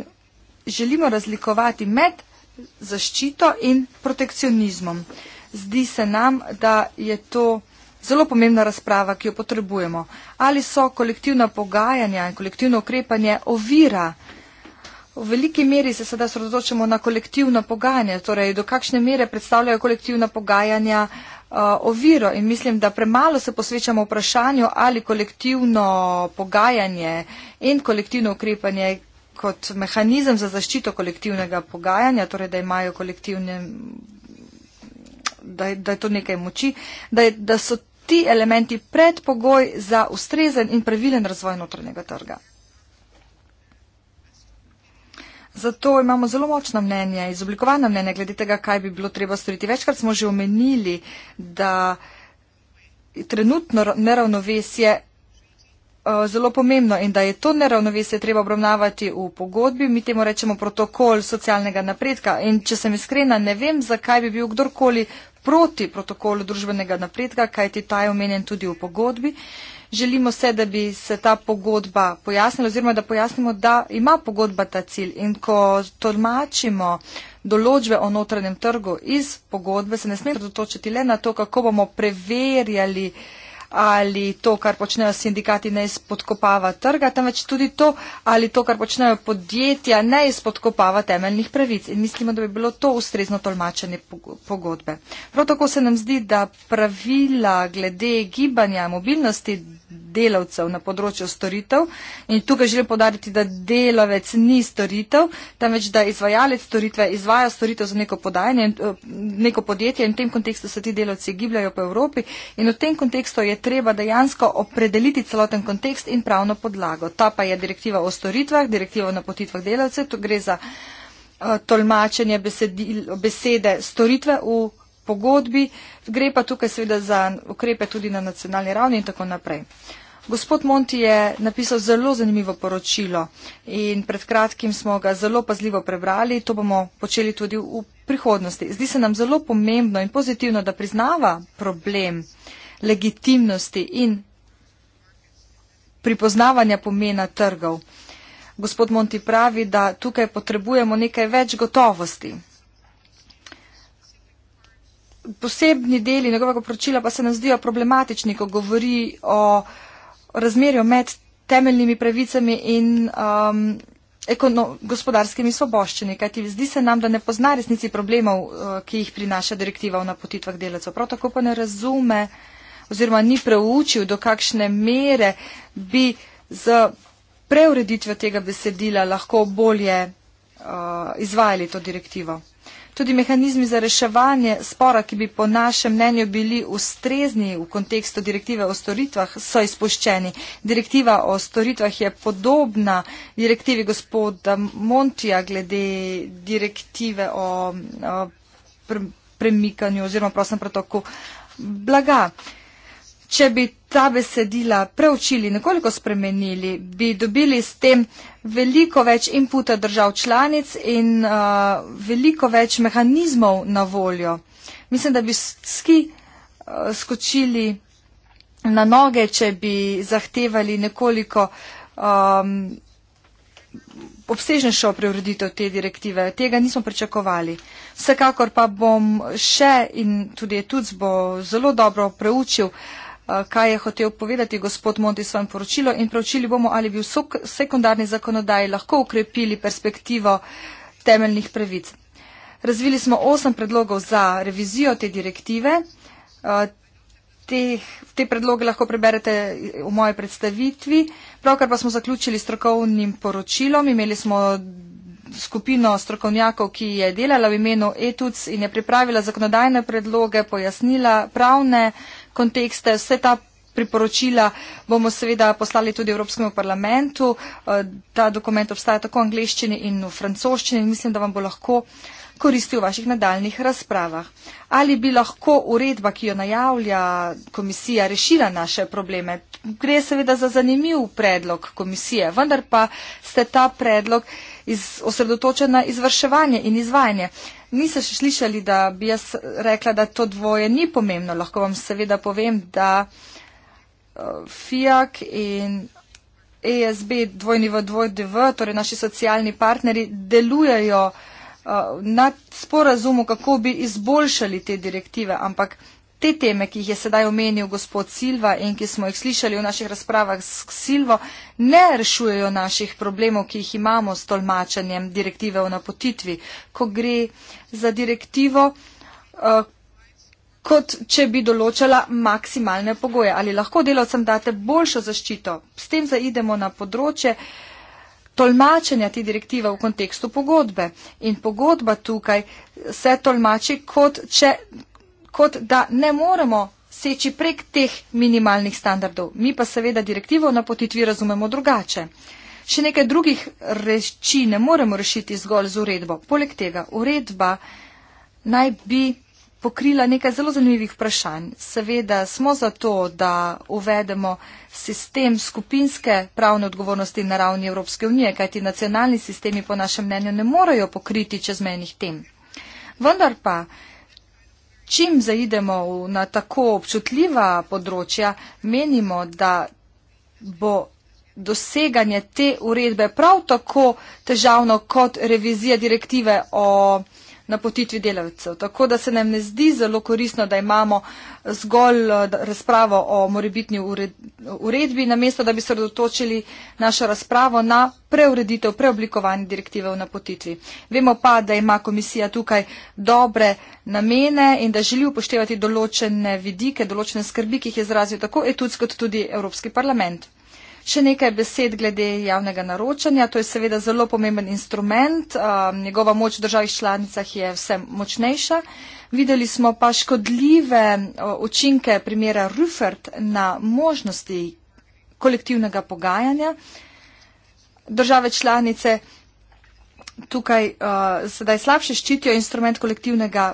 želimo razlikovati med zaščito in protekcionizmom. Zdi se nam, da je to Zelo pomembna razprava, ki jo potrebujemo. Ali so kolektivna pogajanja in kolektivno ukrepanje ovira? V veliki meri se sedaj sredotočamo na kolektivno pogajanje, torej do kakšne mere predstavljajo kolektivna pogajanja uh, oviro. In mislim, da premalo se posvečamo vprašanju, ali kolektivno pogajanje in kolektivno ukrepanje kot mehanizem za zaščito kolektivnega pogajanja, torej da imajo kolektivne. Da je, da je to nekaj moči, da, je, da so ti elementi predpogoj za ustrezen in pravilen razvoj notranjega trga. Zato imamo zelo močna mnenja, izoblikovana mnenja glede tega, kaj bi bilo treba storiti. Večkrat smo že omenili, da trenutno neravnovesje eh, zelo pomembno in da je to neravnovesje treba obravnavati v pogodbi. Mi temu rečemo protokol socialnega napredka in če sem iskrena, ne vem, zakaj bi bil kdorkoli proti protokolu družbenega napredka, kajti ta je omenjen tudi v pogodbi. Želimo se, da bi se ta pogodba pojasnila oziroma da pojasnimo, da ima pogodba ta cilj in ko tolmačimo določbe o notranjem trgu iz pogodbe, se ne smemo odločiti le na to, kako bomo preverjali uh, ali to, kar počnejo sindikati, ne izpodkopava trga, temveč tudi to, ali to, kar počnejo podjetja, ne izpodkopava temeljnih pravic. In mislimo, da bi bilo to ustrezno tolmačenje pogodbe. Prav tako se nam zdi, da pravila glede gibanja mobilnosti delavcev na področju storitev in tukaj želim podariti, da delavec ni storitev, temveč da izvajalec storitve izvaja storitev za neko, podajanje, eh, neko podjetje in v tem kontekstu se ti delavci gibljajo po Evropi in v tem kontekstu je treba dejansko opredeliti celoten kontekst in pravno podlago. Ta pa je direktiva o storitvah, direktiva o napotitvah delavcev, tu gre za eh, tolmačenje besedil, besede storitve v pogodbi, gre pa tukaj seveda za ukrepe tudi na nacionalni ravni in tako naprej. Gospod Monti je napisal zelo zanimivo poročilo in pred kratkim smo ga zelo pazljivo prebrali, to bomo počeli tudi v prihodnosti. Zdi se nam zelo pomembno in pozitivno, da priznava problem legitimnosti in pripoznavanja pomena trgov. Gospod Monti pravi, da tukaj potrebujemo nekaj več gotovosti posebni deli njegovega poročila pa se nam zdijo problematični, ko govori o razmerju med temeljnimi pravicami in um, ekono, gospodarskimi svoboščini, kajti zdi se nam, da ne pozna resnici problemov, uh, ki jih prinaša direktiva o napotitvah delavcev. Prav tako pa ne razume oziroma ni preučil, do kakšne mere bi z preureditvijo tega besedila lahko bolje uh, izvajali to direktivo. Tudi mehanizmi za reševanje spora, ki bi po našem mnenju bili ustrezni v kontekstu direktive o storitvah, so izpuščeni. Direktiva o storitvah je podobna direktivi gospoda Montija glede direktive o premikanju oziroma prostem pretoku blaga. Če bi ta besedila preučili, nekoliko spremenili, bi dobili s tem veliko več inputa držav članic in uh, veliko več mehanizmov na voljo. Mislim, da bi vsi uh, skočili na noge, če bi zahtevali nekoliko um, obsežnejšo preureditev te direktive. Tega nismo pričakovali. Vsekakor pa bom še in tudi Tuc bo zelo dobro preučil, uh, Eh, kaj je hotel povedati gospod Monti svojem poročilu in preučili bomo, ali bi v sekundarni zakonodaji lahko ukrepili perspektivo temeljnih pravic. Razvili smo osem predlogov za revizijo te direktive. Eh, te, te predloge lahko preberete eh, v moji predstavitvi. Pravkar pa smo zaključili strokovnim poročilom. Imeli smo skupino strokovnjakov, ki je delala v imenu ETUC in je pripravila zakonodajne predloge, pojasnila pravne kontekste, vse ta priporočila bomo seveda poslali tudi Evropskemu parlamentu. Eh, ta dokument obstaja tako v angliščini in v francoščini in mislim, da vam bo lahko koristi v vaših nadaljnih razpravah. Ali bi lahko uredba, ki jo najavlja komisija, rešila naše probleme? Gre seveda za zanimiv predlog komisije, vendar pa ste ta predlog iz, osredotočen na izvrševanje in izvajanje. Niste še slišali, da bi jaz rekla, da to dvoje ni pomembno. Lahko vam seveda povem, da eh, FIAK in ESB, dvojni v dvoj DV, torej naši socialni partneri, delujejo eh, nad sporazumu, kako bi izboljšali te direktive, ampak te teme, ki jih je sedaj omenil gospod Silva in ki smo jih slišali v naših razpravah s Silvo, ne rešujejo naših problemov, ki jih imamo s tolmačenjem direktive o napotitvi. Ko gre za direktivo, eh, kot če bi določala maksimalne pogoje. Ali lahko delavcem date boljšo zaščito? S tem zaidemo na področje tolmačenja te direktive v kontekstu pogodbe. In pogodba tukaj se tolmači kot, če kot da ne moremo seči prek teh minimalnih standardov. Mi pa seveda direktivo na potitvi razumemo drugače. Še nekaj drugih reči ne moremo rešiti zgolj z uredbo. Poleg tega, uredba naj bi pokrila nekaj zelo zanimivih vprašanj. Seveda smo za to, da uvedemo sistem skupinske pravne odgovornosti na ravni Evropske unije, kajti nacionalni sistemi po našem mnenju ne morejo pokriti čezmenih tem. Vendar pa čim zaidemo v, na tako občutljiva področja, menimo, da bo doseganje te uredbe prav tako težavno kot revizija direktive o napotitvi delavcev. Tako da se nam ne zdi zelo korisno, da imamo eh, zgolj eh, razpravo o morebitni uredbi, namesto da bi se odotočili našo razpravo na preureditev, preoblikovanje direktive o napotitvi. Vemo pa, da ima komisija tukaj dobre namene in da želi upoštevati določene vidike, določene skrbi, ki jih je izrazil tako etudsko kot tudi Evropski parlament. Še nekaj besed glede javnega naročanja. To je seveda zelo pomemben instrument. Um, njegova moč v državih članicah je vse močnejša. Videli smo pa škodljive učinke primera Rüffert na možnosti kolektivnega pogajanja. Države članice tukaj uh, sedaj slabše ščitijo instrument kolektivnega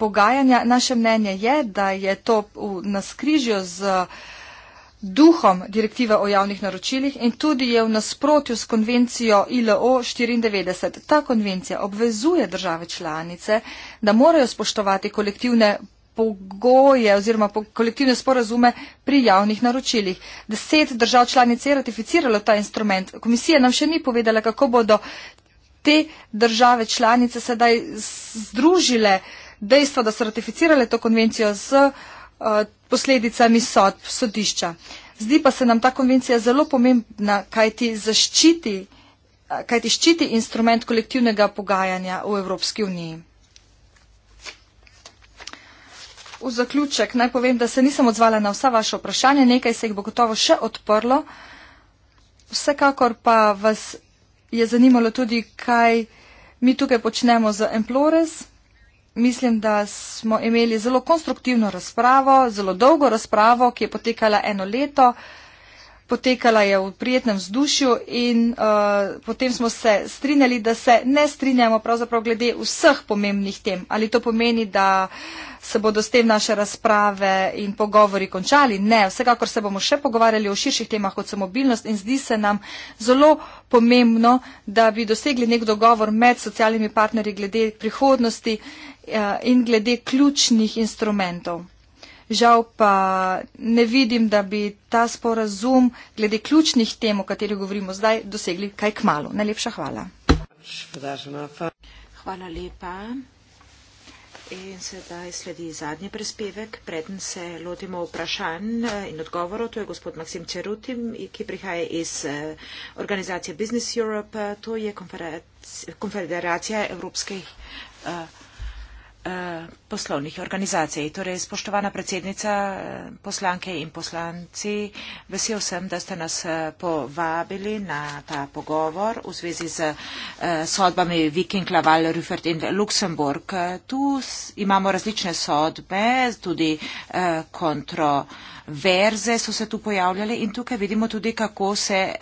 pogajanja. Naše mnenje je, da je to v, na skrižju z uh, duhom direktive o javnih naročilih in tudi je v nasprotju s konvencijo ILO 94. Ta konvencija obvezuje države članice, da morajo spoštovati kolektivne pogoje oziroma kolektivne sporazume pri javnih naročilih. Deset držav članic je ratificiralo ta instrument. Komisija nam še ni povedala, kako bodo te države članice sedaj združile dejstvo, da so ratificirale to konvencijo z. Uh, Eh, posledicami sodb sodišča. Zdi pa se nam ta konvencija zelo pomembna, kaj ti zaščiti, eh, kaj ti ščiti instrument kolektivnega pogajanja v Evropski uniji. V zaključek naj povem, da se nisem odzvala na vsa vaše vprašanja, nekaj se jih bo gotovo še odprlo. Vsekakor pa vas je zanimalo tudi, kaj mi tukaj počnemo z Emplores. Mislim, da smo imeli zelo konstruktivno razpravo, zelo dolgo razpravo, ki je potekala eno leto potekala je v prijetnem vzdušju in uh, potem smo se strinjali, da se ne strinjamo pravzaprav glede vseh pomembnih tem. Ali to pomeni, da se bodo s tem naše razprave in pogovori končali? Ne, vsekakor se bomo še pogovarjali o širših temah, kot so mobilnost in zdi se nam zelo pomembno, da bi dosegli nek dogovor med socialnimi partnerji glede prihodnosti uh, in glede ključnih instrumentov. Žal pa ne vidim, da bi ta sporazum glede ključnih tem, o katerih govorimo zdaj, dosegli kaj k malu. Najlepša hvala. Hvala lepa. In sedaj sledi zadnji prispevek. Preden se lotimo vprašanj eh, in odgovorov, to je gospod Maksim Čerutim, ki prihaja iz eh, organizacije Business Europe. To je konfederacija evropskih. Uh, Eh, poslovnih organizacij. Torej, spoštovana predsednica, eh, poslanke in poslanci, vesel sem, da ste nas eh, povabili na ta pogovor v zvezi z sodbami Viking, Laval, Rüffert in Luksemburg. Tu imamo različne sodbe, tudi kontroverze so se tu pojavljale in tukaj vidimo tudi, kako se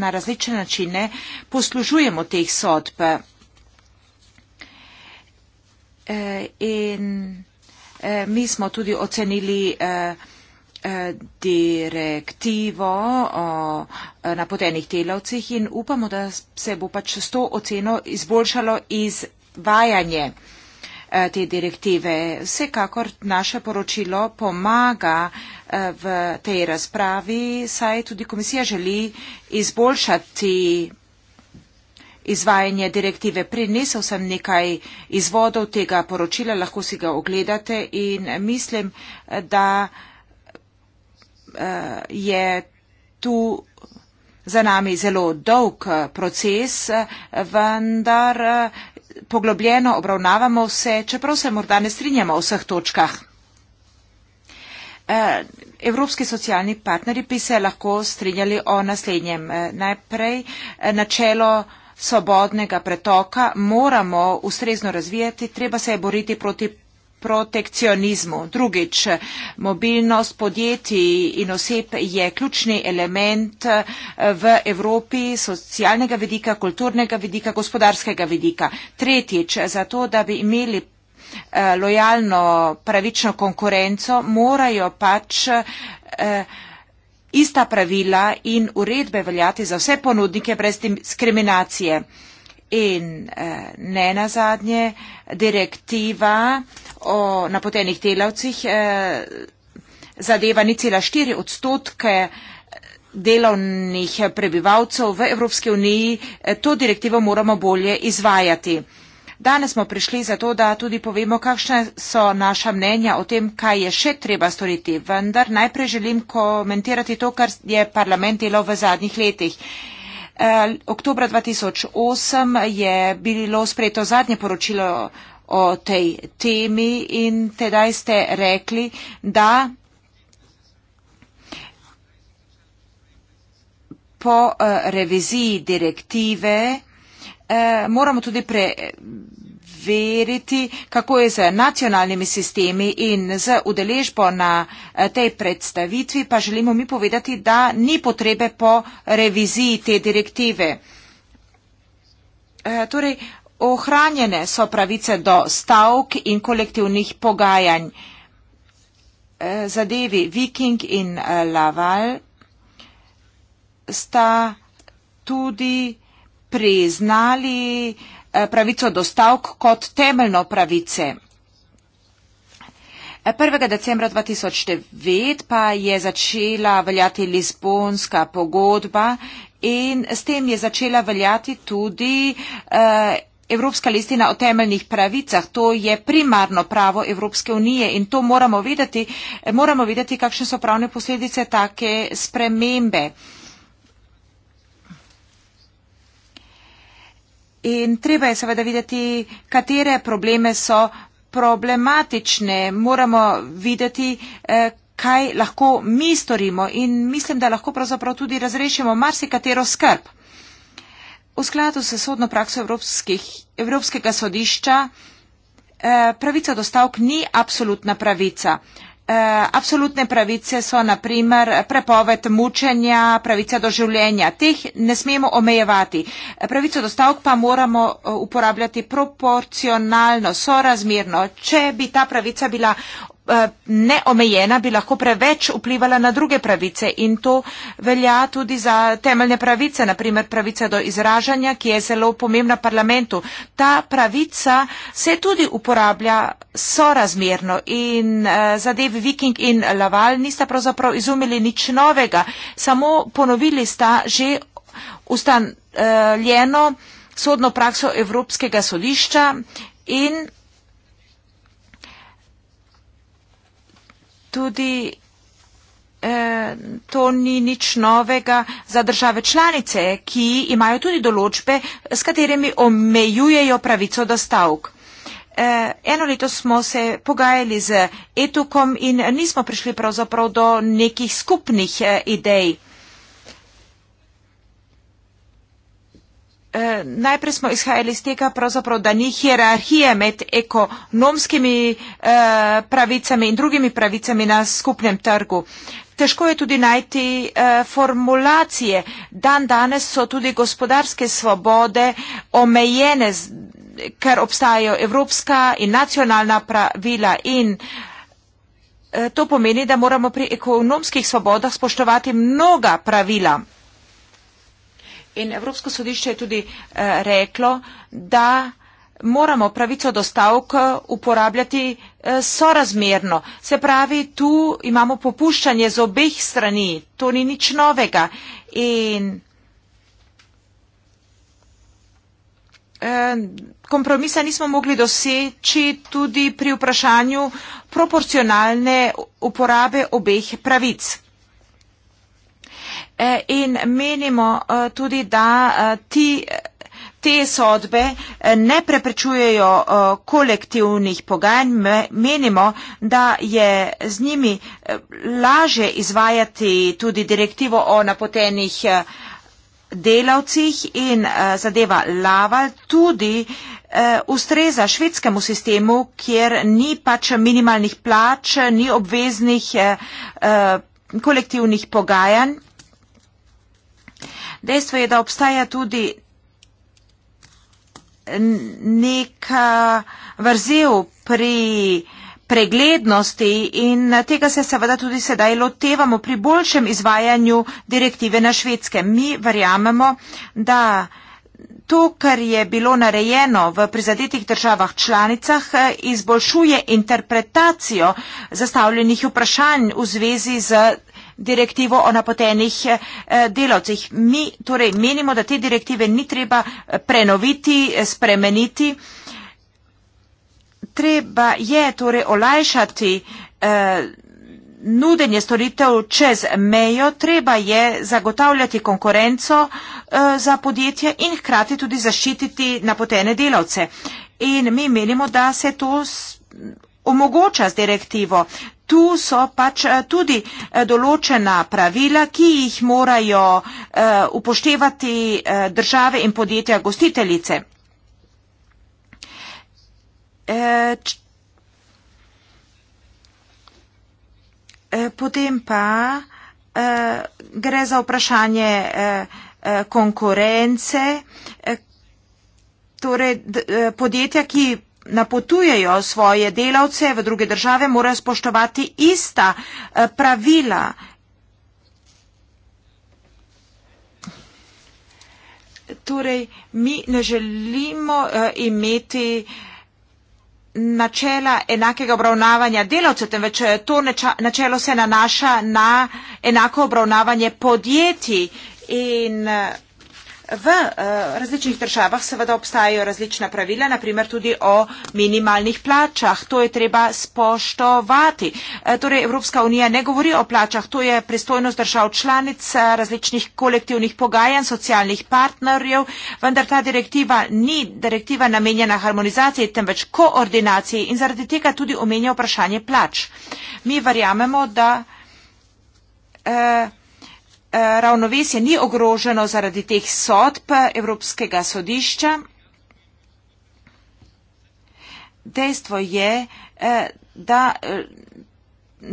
na različne načine poslužujemo teh sodb. Eh, in eh, mi smo tudi ocenili eh, direktivo o napotenih delavcih in upamo, da se bo pač s to oceno izboljšalo izvajanje te direktive. Vsekakor naše poročilo pomaga v tej razpravi, saj tudi komisija želi izboljšati izvajanje direktive. Prinesel sem nekaj izvodov tega poročila, lahko si ga ogledate in mislim, da eh, je tu za nami zelo dolg eh, proces, eh, vendar poglobljeno obravnavamo vse, čeprav se morda ne strinjamo o vseh točkah. Evropski socialni partneri bi se lahko strinjali o naslednjem. Najprej načelo svobodnega pretoka moramo ustrezno razvijati, treba se je boriti proti protekcionizmu. Drugič, mobilnost podjetij in oseb je ključni element eh, v Evropi socialnega vidika, kulturnega vidika, gospodarskega vidika. Tretjič, zato, da bi imeli eh, lojalno, pravično konkurenco, morajo pač eh, ista pravila in uredbe veljati za vse ponudnike brez diskriminacije. In eh, ne na zadnje, direktiva o napotenih delavcih eh, zadeva ni cela štiri odstotke eh, delovnih prebivalcev v Evropski uniji, eh, to direktivo moramo bolje izvajati. Danes smo prišli zato, da tudi povemo, kakšne so naša mnenja o tem, kaj je še treba storiti. Vendar najprej želim komentirati to, kar je parlament delal v zadnjih letih. Eh, Oktober 2008 je bilo sprejeto zadnje poročilo o tej temi in tedaj ste rekli, da po eh, reviziji direktive eh, moramo tudi preveriti, kako je z nacionalnimi sistemi in z udeležbo na eh, tej predstavitvi, pa želimo mi povedati, da ni potrebe po reviziji te direktive. Eh, torej, ohranjene so pravice do stavk in kolektivnih pogajanj. Eh, zadevi Viking in eh, Laval sta tudi uh, priznali eh, pravico do stavk kot temeljno pravice. 1. Eh, decembra 2009 pa je začela veljati Lizbonska pogodba in s tem je začela veljati tudi eh, Evropska listina o temeljnih pravicah. To je primarno pravo Evropske unije in to moramo videti, moramo videti kakšne so pravne posledice take spremembe. In treba je seveda videti, katere probleme so problematične. Moramo videti, eh, kaj lahko mi storimo in mislim, da lahko pravzaprav tudi razrešimo marsikatero skrb. V skladu s sodno prakso Evropskih, Evropskega sodišča eh, pravica do stavk ni absolutna pravica. Eh, absolutne pravice so naprimer prepoved mučenja, pravica do življenja. Teh ne smemo omejevati. Pravico do stavk pa moramo eh, uporabljati proporcionalno, sorazmerno. Če bi ta pravica bila Eh, neomejena bi lahko preveč vplivala na druge pravice in to velja tudi za temeljne pravice, naprimer pravica do izražanja, ki je zelo pomembna parlamentu. Ta pravica se tudi uporablja sorazmerno in uh, eh, zadev Viking in Laval nista pravzaprav izumili nič novega, samo ponovili sta že ustanovljeno sodno prakso Evropskega sodišča in tudi eh, To ni nič novega za države članice, ki imajo tudi določbe, s katerimi omejujejo pravico do stavk. Eh, eno leto smo se pogajali z etukom in nismo prišli pravzaprav do nekih skupnih eh, idej. Eh, najprej smo izhajali iz tega, da ni hierarhije med ekonomskimi eh, pravicami in drugimi pravicami na skupnem trgu. Težko je tudi najti eh, formulacije. Dan danes so tudi gospodarske svobode omejene, ker obstajajo evropska in nacionalna pravila in eh, To pomeni, da moramo pri ekonomskih svobodah spoštovati mnoga pravila. In Evropsko sodišče je tudi eh, reklo, da moramo pravico do stavk eh, uporabljati eh, sorazmerno. Se pravi, tu imamo popuščanje z obeh strani, to ni nič novega. In kompromisa nismo mogli doseči tudi pri vprašanju proporcionalne uporabe obeh pravic. Eh, in menimo eh, tudi, da eh, ti, te sodbe ne preprečujejo kolektivnih pogajanj. Menimo, da je z njimi laže izvajati tudi direktivo o napotenih delavcih in zadeva lava tudi ustreza švedskemu sistemu, kjer ni pač minimalnih plač, ni obveznih kolektivnih pogajanj. Dejstvo je, da obstaja tudi neka vrzel pri preglednosti in tega se seveda tudi sedaj lotevamo pri boljšem izvajanju direktive na švedskem. Mi verjamemo, da to, kar je bilo narejeno v prizadetih državah članicah, izboljšuje interpretacijo zastavljenih vprašanj v zvezi z direktivo o napotenih eh, delavcih. Mi torej menimo, da te direktive ni treba eh, prenoviti, eh, spremeniti. Treba je torej olajšati nudenje storitev čez mejo, treba je zagotavljati konkurenco za podjetje in hkrati tudi zaščititi napotene delavce. In mi menimo, da se to omogoča z direktivo. Tu so pač eh, tudi eh, določena pravila, ki jih morajo eh, upoštevati države in podjetja gostiteljice. Potem pa gre za vprašanje konkurence, torej podjetja, ki napotujejo svoje delavce v druge države, morajo spoštovati ista eh, pravila. Torej, mi ne želimo uh, imeti načela enakega obravnavanja delavcev, temveč eh, to neča, načelo se nanaša na enako obravnavanje podjetij. In, uh, V eh, različnih državah seveda obstajajo različna pravila, naprimer tudi o minimalnih plačah. To je treba spoštovati. Eh, torej, Evropska unija ne govori o plačah, to je pristojnost držav članic eh, različnih kolektivnih pogajanj, socialnih partnerjev, vendar ta direktiva ni direktiva namenjena harmonizaciji, temveč koordinaciji in zaradi tega tudi omenja vprašanje plač. Mi verjamemo, da. Eh, Eh, ravnovesje ni ogroženo zaradi teh sodb Evropskega sodišča. Dejstvo je, eh, da eh,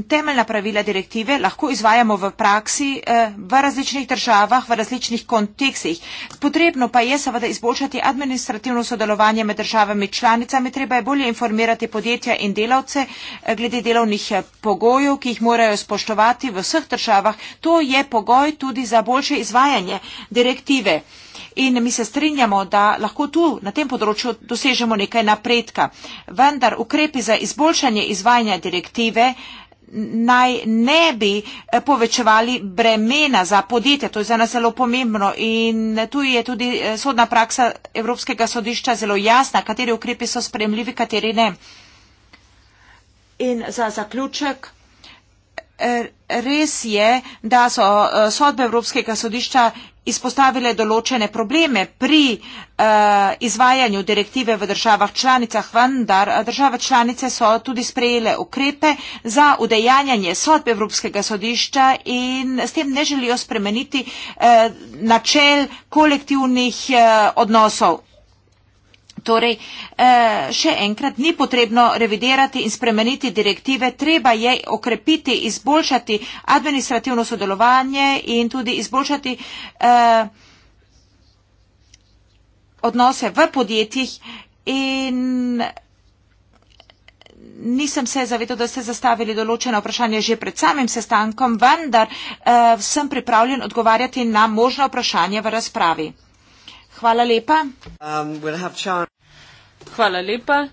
temeljna pravila direktive lahko izvajamo v praksi eh, v različnih državah, v različnih kontekstih. Potrebno pa je seveda izboljšati administrativno sodelovanje med državami članicami, treba je bolje informirati podjetja in delavce eh, glede delovnih eh, pogojev, ki jih morajo spoštovati v vseh državah. To je pogoj tudi za boljše izvajanje direktive. In mi se strinjamo, da lahko tu na tem področju dosežemo nekaj napredka. Vendar ukrepi za izboljšanje izvajanja direktive naj ne bi eh, povečevali bremena za podjetja. To je za nas zelo pomembno in tu je tudi eh, sodna praksa Evropskega sodišča zelo jasna, kateri ukrepi so spremljivi, kateri ne. In za zaključek. Eh, res je, da so sodbe Evropskega sodišča izpostavile določene probleme pri uh, izvajanju direktive v državah članicah, vendar eh, države članice so tudi sprejele ukrepe za udejanjanje sodbe Evropskega sodišča in s tem ne želijo spremeniti uh, načel kolektivnih uh, odnosov. Torej, eh, še enkrat, ni potrebno revidirati in spremeniti direktive, treba je okrepiti, izboljšati administrativno sodelovanje in tudi izboljšati eh, odnose v podjetjih in nisem se zavedal, da ste zastavili določene vprašanje že pred samim sestankom, vendar eh, sem pripravljen odgovarjati na možno vprašanje v razpravi. Hvala lepa. Um, we'll Hvala lepa.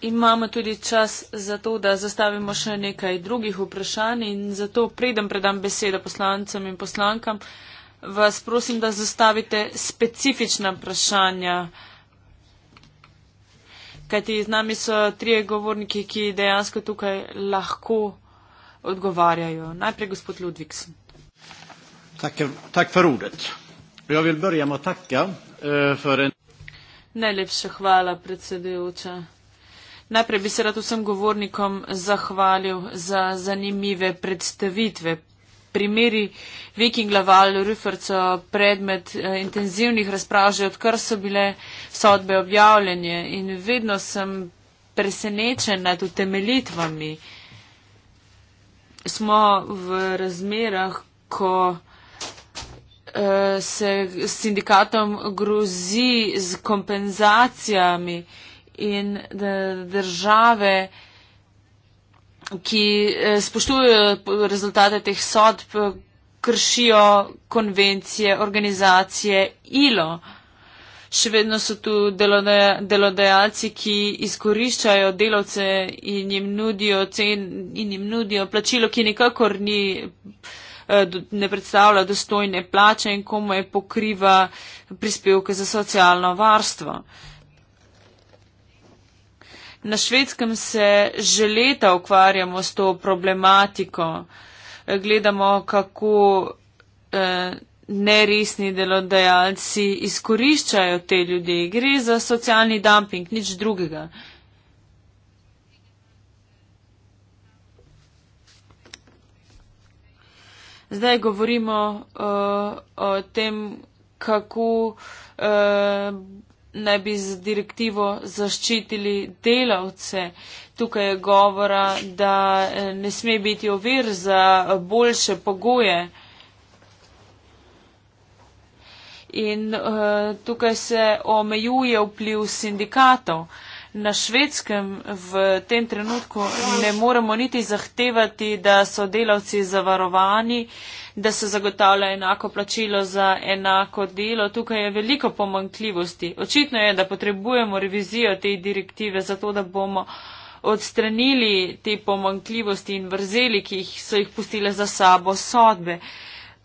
Imamo tudi čas za to, da zastavimo še nekaj drugih vprašanj in zato predem predam besedo poslancem in poslankam. Vas prosim, da zastavite specifična vprašanja. Kajti z nami so trije govorniki, ki dejansko tukaj lahko odgovarjajo. Najprej gospod Ludviksen. Tak, tak for ordet. Jag vill börja med att tacka eh, för en Najlepša hvala, predsedujoča. Najprej bi se rad vsem govornikom zahvalil za zanimive predstavitve. Primeri Viking Laval, Rüffert so predmet eh, intenzivnih razprav, že odkar so bile sodbe objavljene in vedno sem presenečen nad utemelitvami. Smo v razmerah, ko uh, se sindikatom grozi z kompenzacijami in da države, ki eh, spoštujejo rezultate teh sodb, kršijo konvencije, organizacije ILO. Še vedno so tu delodajalci, ki izkoriščajo delavce in jim nudijo, cen, in jim nudijo plačilo, ki nikakor ni Eh, ne predstavlja dostojne plače in komu je pokriva prispevke za socialno varstvo. Na švedskem se že leta ukvarjamo s to problematiko. Eh, gledamo, kako eh, neresni delodajalci izkoriščajo te ljudi. Gre za socialni dumping, nič drugega. Eh, Zdaj govorimo uh, o tem, kako uh, naj bi z direktivo zaščitili delavce. Tukaj je govora, da eh, ne sme biti ovir za boljše pogoje. In uh, tukaj se omejuje vpliv sindikatov. Uh, na švedskem v tem trenutku ne moremo niti zahtevati, da so delavci zavarovani, da se zagotavlja enako plačilo za enako delo. Tukaj je veliko pomankljivosti. Očitno je, da potrebujemo revizijo te direktive zato, da bomo odstranili te pomankljivosti in vrzeli, ki jih so jih pustile za sabo sodbe. Uh,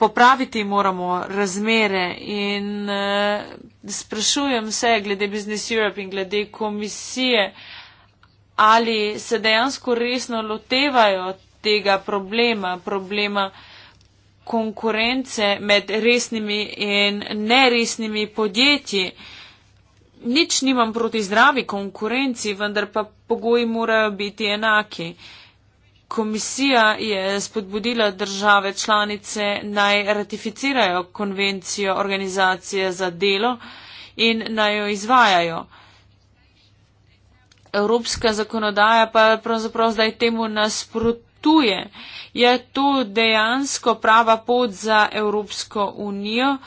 popraviti moramo razmere in uh, sprašujem se glede Business Europe in glede komisije, ali se dejansko resno lotevajo tega problema, problema konkurence med resnimi in neresnimi podjetji. Nič nimam proti zdravi konkurenci, vendar pa pogoji morajo biti enaki. Uh, Komisija je spodbudila države članice naj ratificirajo konvencijo organizacije za delo in naj jo izvajajo. Evropska zakonodaja pa pravzaprav zdaj temu nasprotuje. Je to dejansko prava pot za Evropsko unijo? Uh,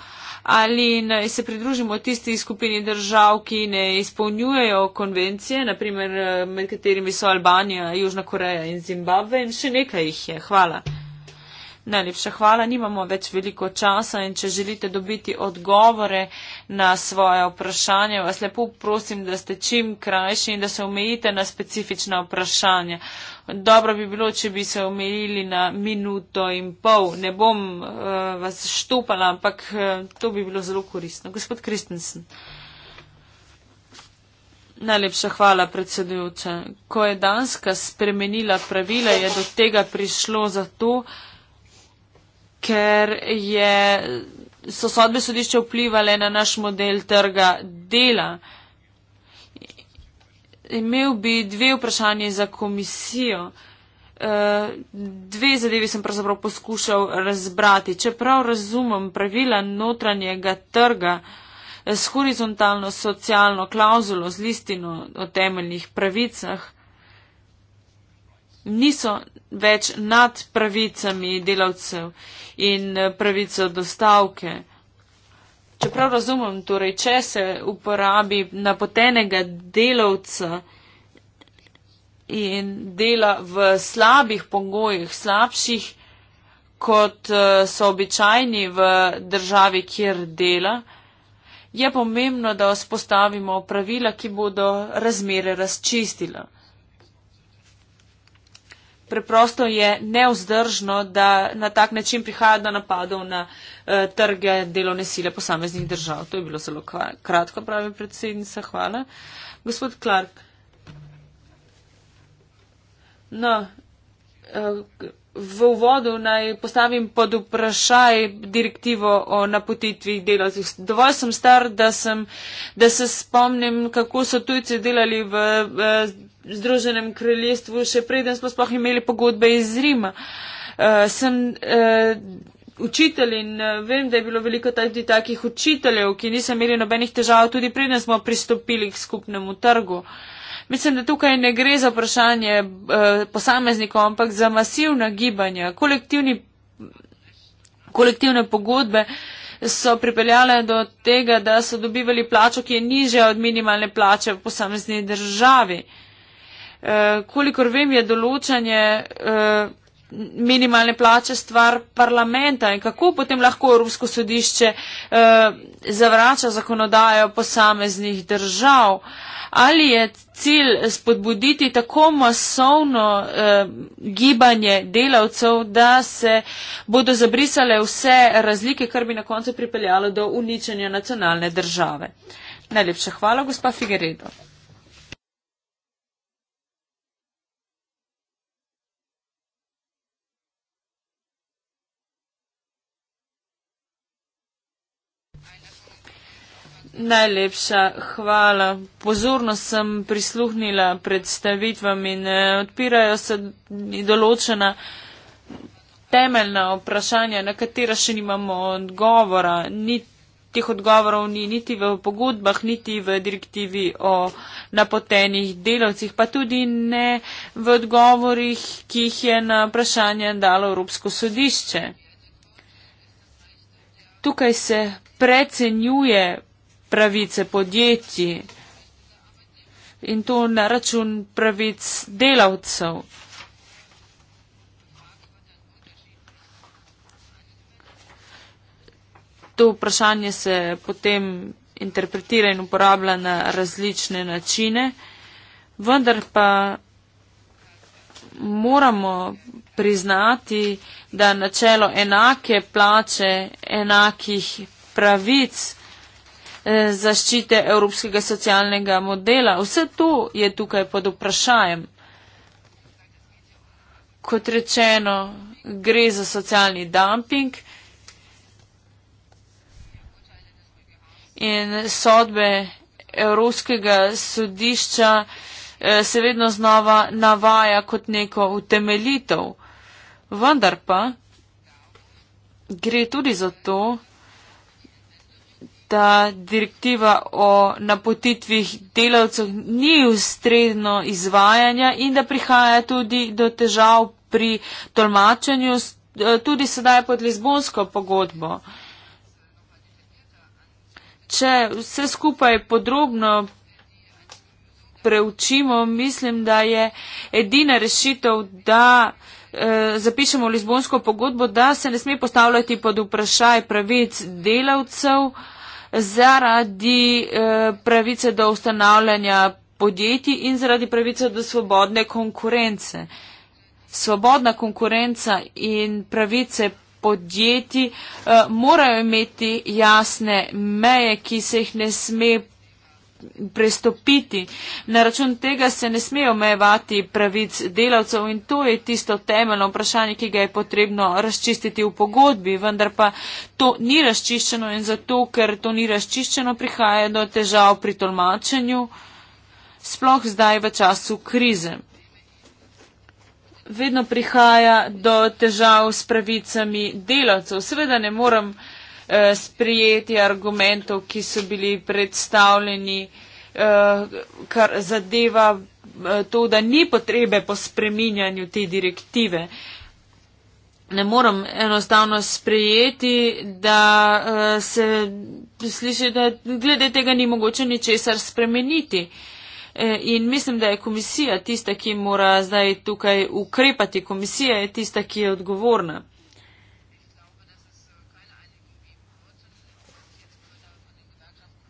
ali naj se pridružimo tisti skupini držav, ki ne izpolnjujejo konvencije, naprimer eh, med katerimi so Albanija, Južna Koreja in Zimbabve in še nekaj jih je. Hvala. Najlepša hvala, nimamo več veliko časa in če želite dobiti odgovore na svoje vprašanje, vas lepo prosim, da ste čim krajši in da se omejite na specifična vprašanja. Dobro bi bilo, če bi se omejili na minuto in pol. Ne bom uh, vas štupala, ampak uh, to bi bilo zelo koristno. Gospod Kristensen. Najlepša hvala, predsedujoča. Ko je Danska spremenila pravila, je do tega prišlo zato, ker je, so sodbe sodišča vplivali na naš model trga dela. Imel bi dve vprašanje za komisijo. Eh, dve zadevi sem pravzaprav poskušal razbrati. Če prav razumem pravila notranjega trga eh, s horizontalno socialno klauzulo, z listino o temeljnih pravicah, niso več nad pravicami delavcev in eh, pravico do stavke. Čeprav razumem, torej, če se uporabi napotenega delavca in dela v slabih pogojih, slabših, kot eh, so običajni v državi, kjer dela, je pomembno, da vzpostavimo pravila, ki bodo razmere razčistila preprosto je neozdržno, da na tak način prihaja do napadov na eh, trge delovne sile posameznih držav. To je bilo zelo kratko, pravi predsednica. Hvala. Gospod Clark. No, eh, v uvodu naj postavim pod vprašaj direktivo o napotitvi delavcev. Dovolj sem star, da, sem, da se spomnim, kako so tujci delali v, v eh, Združenem kraljestvu, še preden smo sploh imeli pogodbe iz Rima. Uh, sem uh, učitelj in uh, vem, da je bilo veliko tudi takih učiteljev, ki niso imeli nobenih težav, tudi preden smo pristopili k skupnemu trgu. Mislim, da tukaj ne gre za vprašanje uh, posameznikov, ampak za masivna gibanja. Kolektivni, kolektivne pogodbe so pripeljale do tega, da so dobivali plačo, ki je nižja od minimalne plače v posamezni državi. Uh, Eh, kolikor vem, je določanje eh, minimalne plače stvar parlamenta in kako potem lahko Evropsko sodišče eh, zavrača zakonodajo posameznih držav. Ali je cilj spodbuditi tako masovno eh, gibanje delavcev, da se bodo zabrisale vse razlike, kar bi na koncu pripeljalo do uničenja nacionalne države? Najlepša hvala, gospa Figueredo. Najlepša hvala. Pozorno sem prisluhnila predstavitvam in eh, odpirajo se določena temeljna vprašanja, na katera še nimamo odgovora. Ni teh odgovorov ni niti v pogodbah, niti v direktivi o napotenih delavcih, pa tudi ne v odgovorih, ki jih je na vprašanje dalo Evropsko sodišče. Tukaj se precenjuje pravice podjetij in to na račun pravic delavcev. To vprašanje se potem interpretira in uporablja na različne načine, vendar pa moramo priznati, da načelo enake plače, enakih pravic Eh, zaščite evropskega socialnega modela. Vse to je tukaj pod vprašanjem. Kot rečeno, gre za socialni dumping in sodbe evropskega sodišča eh, se vedno znova navaja kot neko utemelitev. Vendar pa gre tudi za to, da direktiva o napotitvih delavcev ni ustredno izvajanja in da prihaja tudi do težav pri tolmačenju, eh, tudi sedaj pod Lizbonsko pogodbo. Če vse skupaj podrobno preučimo, mislim, da je edina rešitev, da eh, zapišemo Lizbonsko pogodbo, da se ne sme postavljati pod vprašaj pravic delavcev, eh, zaradi eh, pravice do ustanavljanja podjetij in zaradi pravice do svobodne konkurence. Svobodna konkurenca in pravice podjetij eh, morajo imeti jasne meje, ki se jih ne sme prestopiti. Na račun tega se ne smejo omejevati pravic delavcev in to je tisto temeljno vprašanje, ki ga je potrebno razčistiti v pogodbi, vendar pa to ni razčiščeno in zato, ker to ni razčiščeno, prihaja do težav pri tolmačenju, sploh zdaj v času krize. Vedno prihaja do težav s pravicami delavcev. Seveda ne morem Eh, sprijeti argumentov, ki so bili predstavljeni, eh, kar zadeva eh, to, da ni potrebe po spreminjanju te direktive. Ne moram enostavno sprejeti, da se sliši, da glede tega ni mogoče ničesar spremeniti. In mislim, da je komisija tista, ki mora zdaj tukaj ukrepati. Komisija je tista, ki je odgovorna.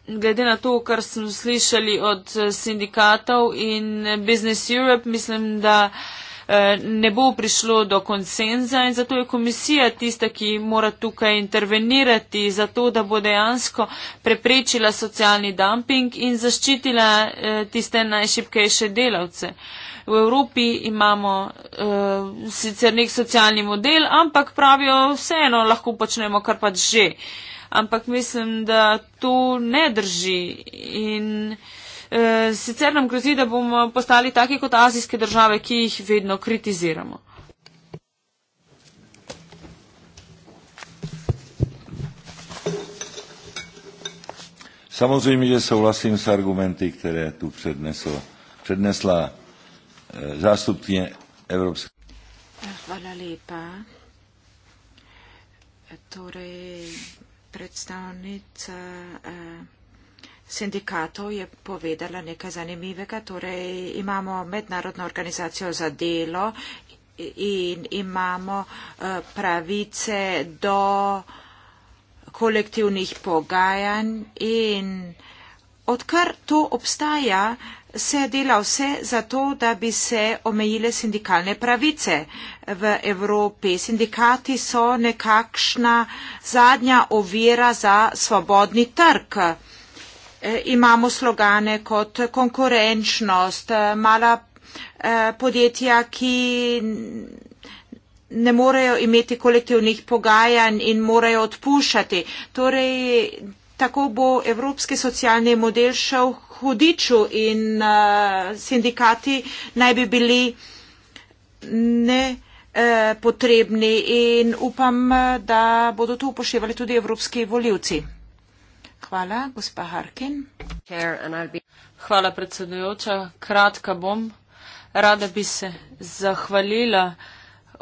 glede na to, kar smo slišali od eh, sindikatov in eh, Business Europe, mislim, da eh, ne bo prišlo do konsenza in zato je komisija tista, ki mora tukaj intervenirati za to, da bo dejansko preprečila socialni dumping in zaščitila tiste najšipkejše delavce. V Evropi imamo uh, sicer nek socialni model, ampak pravijo vseeno, lahko počnemo kar pač že. Uh, ampak mislim, da to ne drži. In e, sicer nam grozi, da bomo postali taki kot azijske države, ki jih vedno kritiziramo. Samozřejmě, že souhlasím s argumenty, které tu přednesl, přednesla e, eh, zástupně Evropské. Hvala lepa. Torej, predstavnica eh, sindikatov je povedala nekaj zanimivega. Torej, imamo mednarodno organizacijo za delo in imamo eh, pravice do kolektivnih pogajanj in odkar to obstaja, se dela vse za to, da bi se omejile sindikalne pravice v Evropi. Sindikati so nekakšna zadnja ovira za svobodni trg. E, imamo slogane kot konkurenčnost, mala e, podjetja, ki ne morejo imeti kolektivnih pogajanj in morajo odpuščati. Torej, tako bo evropski socialni model šel hudiču in uh, sindikati naj bi bili ne eh, potrebni in upam, da bodo to upoštevali tudi evropski voljivci. Hvala, gospa Harkin. Hvala, predsedujoča. Kratka bom. Rada bi se zahvalila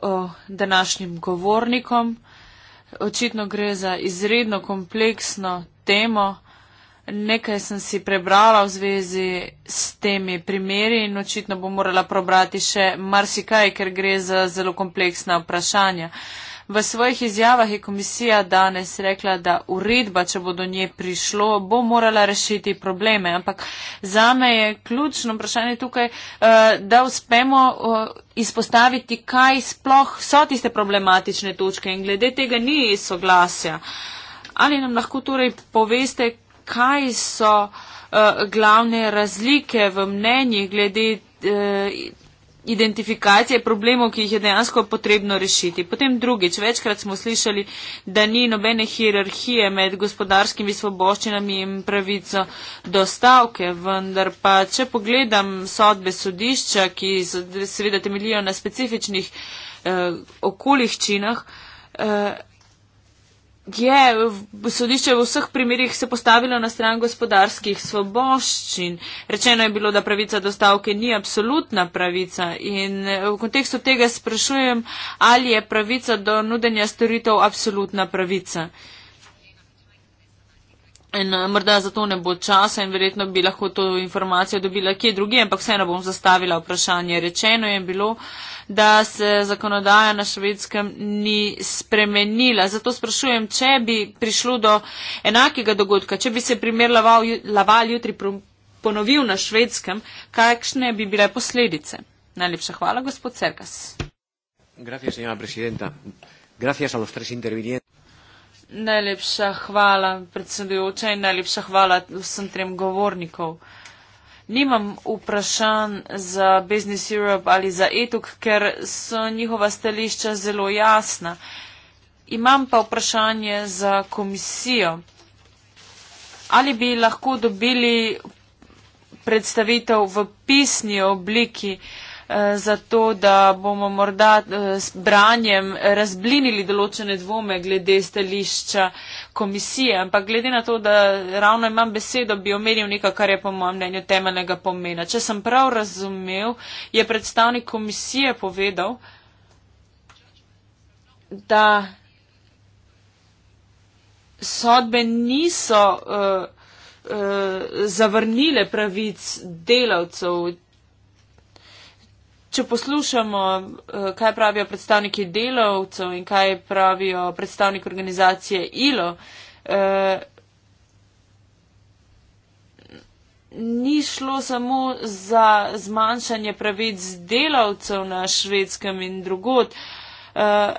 o, današnjim govornikom. Očitno gre za izredno kompleksno temo. Nekaj sem si prebrala v zvezi s temi primeri in očitno bom morala probrati še marsikaj, ker gre za zelo kompleksna vprašanja. V svojih izjavah je komisija danes rekla, da uredba, če bo do nje prišlo, bo morala rešiti probleme. Ampak za me je ključno vprašanje tukaj, eh, da uspemo eh, izpostaviti, kaj sploh so tiste problematične točke in glede tega ni soglasja. Ali nam lahko torej poveste, kaj so uh, glavne razlike v mnenji glede uh, identifikacije problemov, ki jih je dejansko potrebno rešiti? Potem drugič, večkrat smo slišali, da ni nobene hierarhije med gospodarskimi svoboščinami in pravico do stavke, vendar pa, če pogledam sodbe sodišča, ki seveda temeljijo na specifičnih uh, okoliščinah, uh, Je, sodišče v vseh primerjih se postavilo na stran gospodarskih svoboščin. Rečeno je bilo, da pravica do stavke ni absolutna pravica in eh, v kontekstu tega sprašujem, ali je pravica do nudenja storitev absolutna pravica. In eh, morda za to ne bo časa in verjetno bi lahko to informacijo dobila kje drugi, ampak vseeno bom zastavila vprašanje. Rečeno je bilo, da se zakonodaja na švedskem ni spremenila. Zato sprašujem, če bi prišlo do enakega dogodka, če bi se primer laval, laval jutri ponovil na švedskem, kakšne bi bile posledice? Najlepša hvala, gospod Cerkas. Gracias, Najlepša hvala, predsedujoča, in najlepša hvala vsem trem govornikom. Nimam vprašanj za Business Europe ali za ETUK, ker so njihova stališča zelo jasna. Imam pa vprašanje za komisijo. Ali bi lahko dobili predstavitev v pisni obliki? Uh, Eh, zato da bomo morda eh, s branjem razblinili določene dvome glede stališča komisije. Ampak glede na to, da ravno imam besedo, bi omenil nekaj, kar je po mojem mnenju temeljnega pomena. Če sem prav razumel, je predstavnik komisije povedal, da sodbe niso uh, uh, zavrnile pravic delavcev če poslušamo, eh, kaj pravijo predstavniki delavcev in kaj pravijo predstavniki organizacije ILO, eh, ni šlo samo za zmanjšanje pravic delavcev na švedskem in drugot. Eh,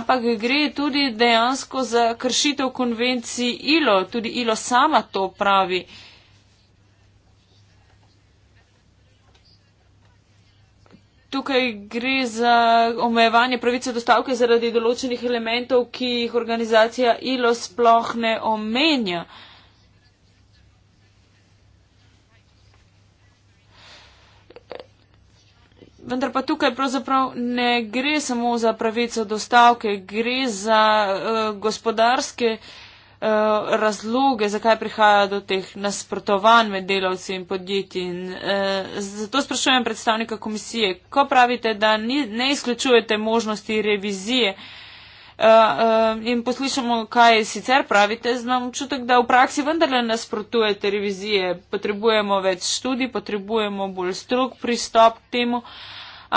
ampak gre tudi dejansko za kršitev konvencij ILO, tudi ILO sama to pravi. Uh, Tukaj gre za omejevanje pravice do stavke zaradi določenih elementov, ki jih organizacija ILO sploh ne omenja. Vendar pa tukaj pravzaprav ne gre samo za pravico do stavke, gre za uh, gospodarske. Uh, Eh, razloge, zakaj prihaja do teh nasprotovanj med delavci in podjetji. In, uh, zato sprašujem predstavnika komisije, ko pravite, da ni, ne izključujete možnosti revizije uh, uh, in poslušamo, kaj sicer pravite, znam čutek, da v praksi vendarle nasprotujete revizije. Potrebujemo več študij, potrebujemo bolj strok pristop k temu.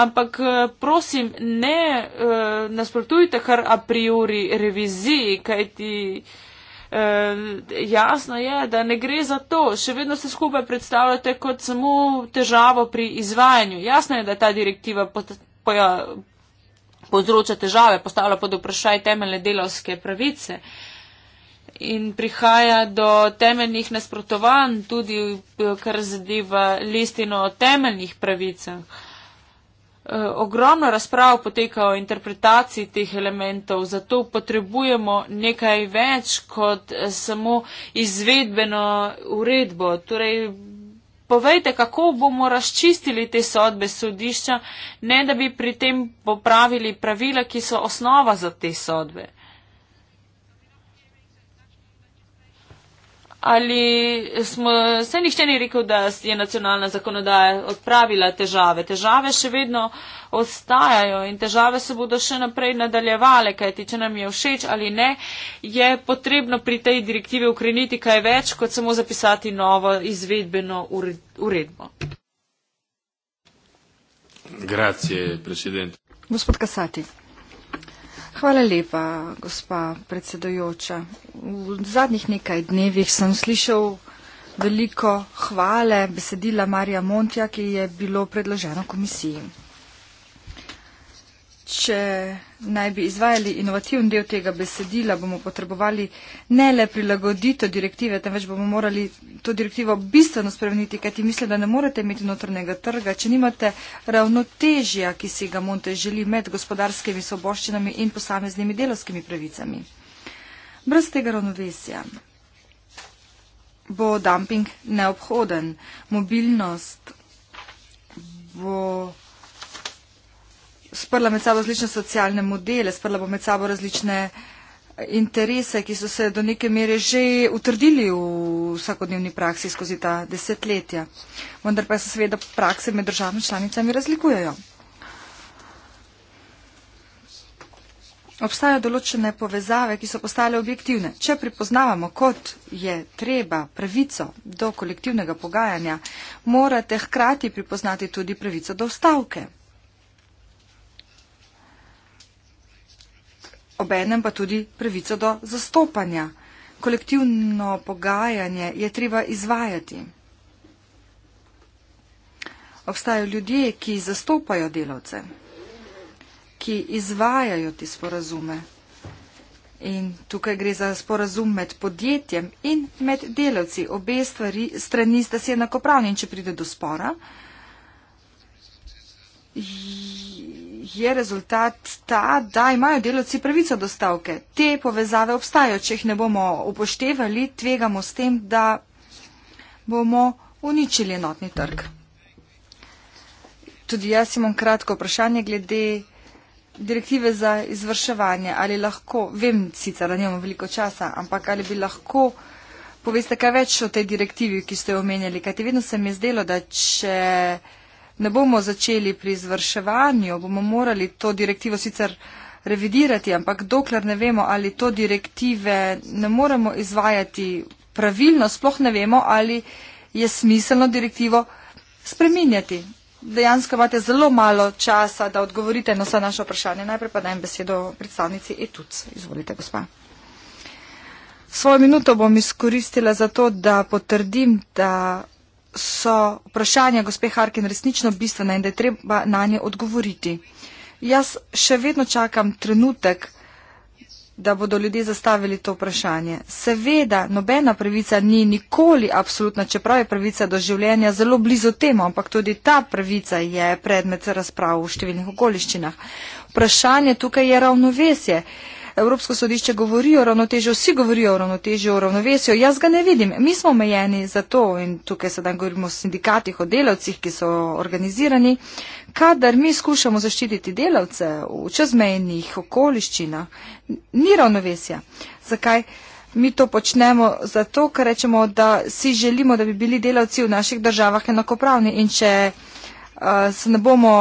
Ampak prosim, ne uh, nasprotujte kar a priori reviziji, kajti uh, Eh, jasno je, da ne gre za to. Še vedno se skupaj predstavljate kot samo težavo pri izvajanju. Jasno je, da ta direktiva pot, poja, povzroča težave, postavlja pod vprašaj temeljne delovske pravice. In prihaja do temeljnih nasprotovanj, tudi eh, kar zadeva listino o temeljnih pravicah. Eh, ogromno razprav poteka o interpretaciji teh elementov, zato potrebujemo nekaj več kot eh, samo izvedbeno uredbo. Torej, Povejte, kako bomo razčistili te sodbe sodišča, ne da bi pri tem popravili pravila, ki so osnova za te sodbe. ali smo, se nihče ni rekel, da je nacionalna zakonodaja odpravila težave. Težave še vedno ostajajo in težave se bodo še naprej nadaljevale, kajti če nam je všeč ali ne, je potrebno pri tej direktivi ukreniti kaj več, kot samo zapisati novo izvedbeno uredbo. Grazie, predsednik. Gospod Kasati. Hvala lepa, gospa predsedojoča. V zadnjih nekaj dnevih sem slišal veliko hvale besedila Marija Montja, ki je bilo predloženo komisiji. Če naj bi izvajali inovativen del tega besedila, bomo potrebovali ne le prilagoditev direktive, temveč bomo morali to direktivo bistveno spremeniti, kajti mislim, da ne morete imeti notrnega trga, če nimate ravnotežja, ki si ga Monte želi med gospodarskimi soboščinami in posameznimi delovskimi pravicami. Brez tega ravnovesja bo dumping neobhoden, mobilnost bo sprla med sabo različne socialne modele, sprla bo med sabo različne eh, interese, ki so se do neke mere že utrdili v vsakodnevni praksi skozi ta desetletja. Vendar pa se seveda prakse med državnimi članicami razlikujejo. Obstajajo določene povezave, ki so postale objektivne. Če pripoznavamo, kot je treba pravico do kolektivnega pogajanja, morate hkrati pripoznati tudi pravico do stavke. obenem pa tudi pravico do zastopanja. Kolektivno pogajanje je treba izvajati. Obstajajo ljudje, ki zastopajo delavce, ki izvajajo ti sporazume. In tukaj gre za sporazum med podjetjem in med delavci. Obe stvari, strani sta si enakopravni in če pride do spora, je rezultat ta, da imajo delavci pravico do stavke. Te povezave obstajajo, če jih ne bomo upoštevali, tvegamo s tem, da bomo uničili enotni trg. Tudi jaz imam kratko vprašanje glede direktive za izvrševanje. Ali lahko, vem sicer, da nimamo veliko časa, ampak ali bi lahko poveste kaj več o tej direktivi, ki ste jo omenjali, kajti vedno se mi je zdelo, da če ne bomo začeli pri izvrševanju, bomo morali to direktivo sicer revidirati, ampak dokler ne vemo, ali to direktive ne moremo izvajati pravilno, sploh ne vemo, ali je smiselno direktivo spreminjati. Dejansko imate zelo malo časa, da odgovorite na vsa naša vprašanja. Najprej pa dajem besedo predstavnici ETUC. Izvolite, gospa. Svojo minuto bom izkoristila za to, da potrdim, da so vprašanja gospe Harkin resnično bistvena in da je treba na nje odgovoriti. Jaz še vedno čakam trenutek, da bodo ljudje zastavili to vprašanje. Seveda, nobena pravica ni nikoli absolutna, čeprav je pravica do življenja zelo blizu temu, ampak tudi ta pravica je predmet razprav v številnih okoliščinah. Vprašanje tukaj je ravnovesje. Uh, Evropsko sodišče govori o ravnotežju, vsi govorijo o ravnotežju, o ravnovesju, jaz ga ne vidim. Mi smo omejeni za to in tukaj sedaj govorimo o sindikatih, o delavcih, ki so organizirani. Kadar mi skušamo zaščititi delavce v čezmejnih okoliščinah, ni ravnovesja. Zakaj? Mi to počnemo zato, ker rečemo, da si želimo, da bi bili delavci v naših državah enakopravni in če uh, se ne bomo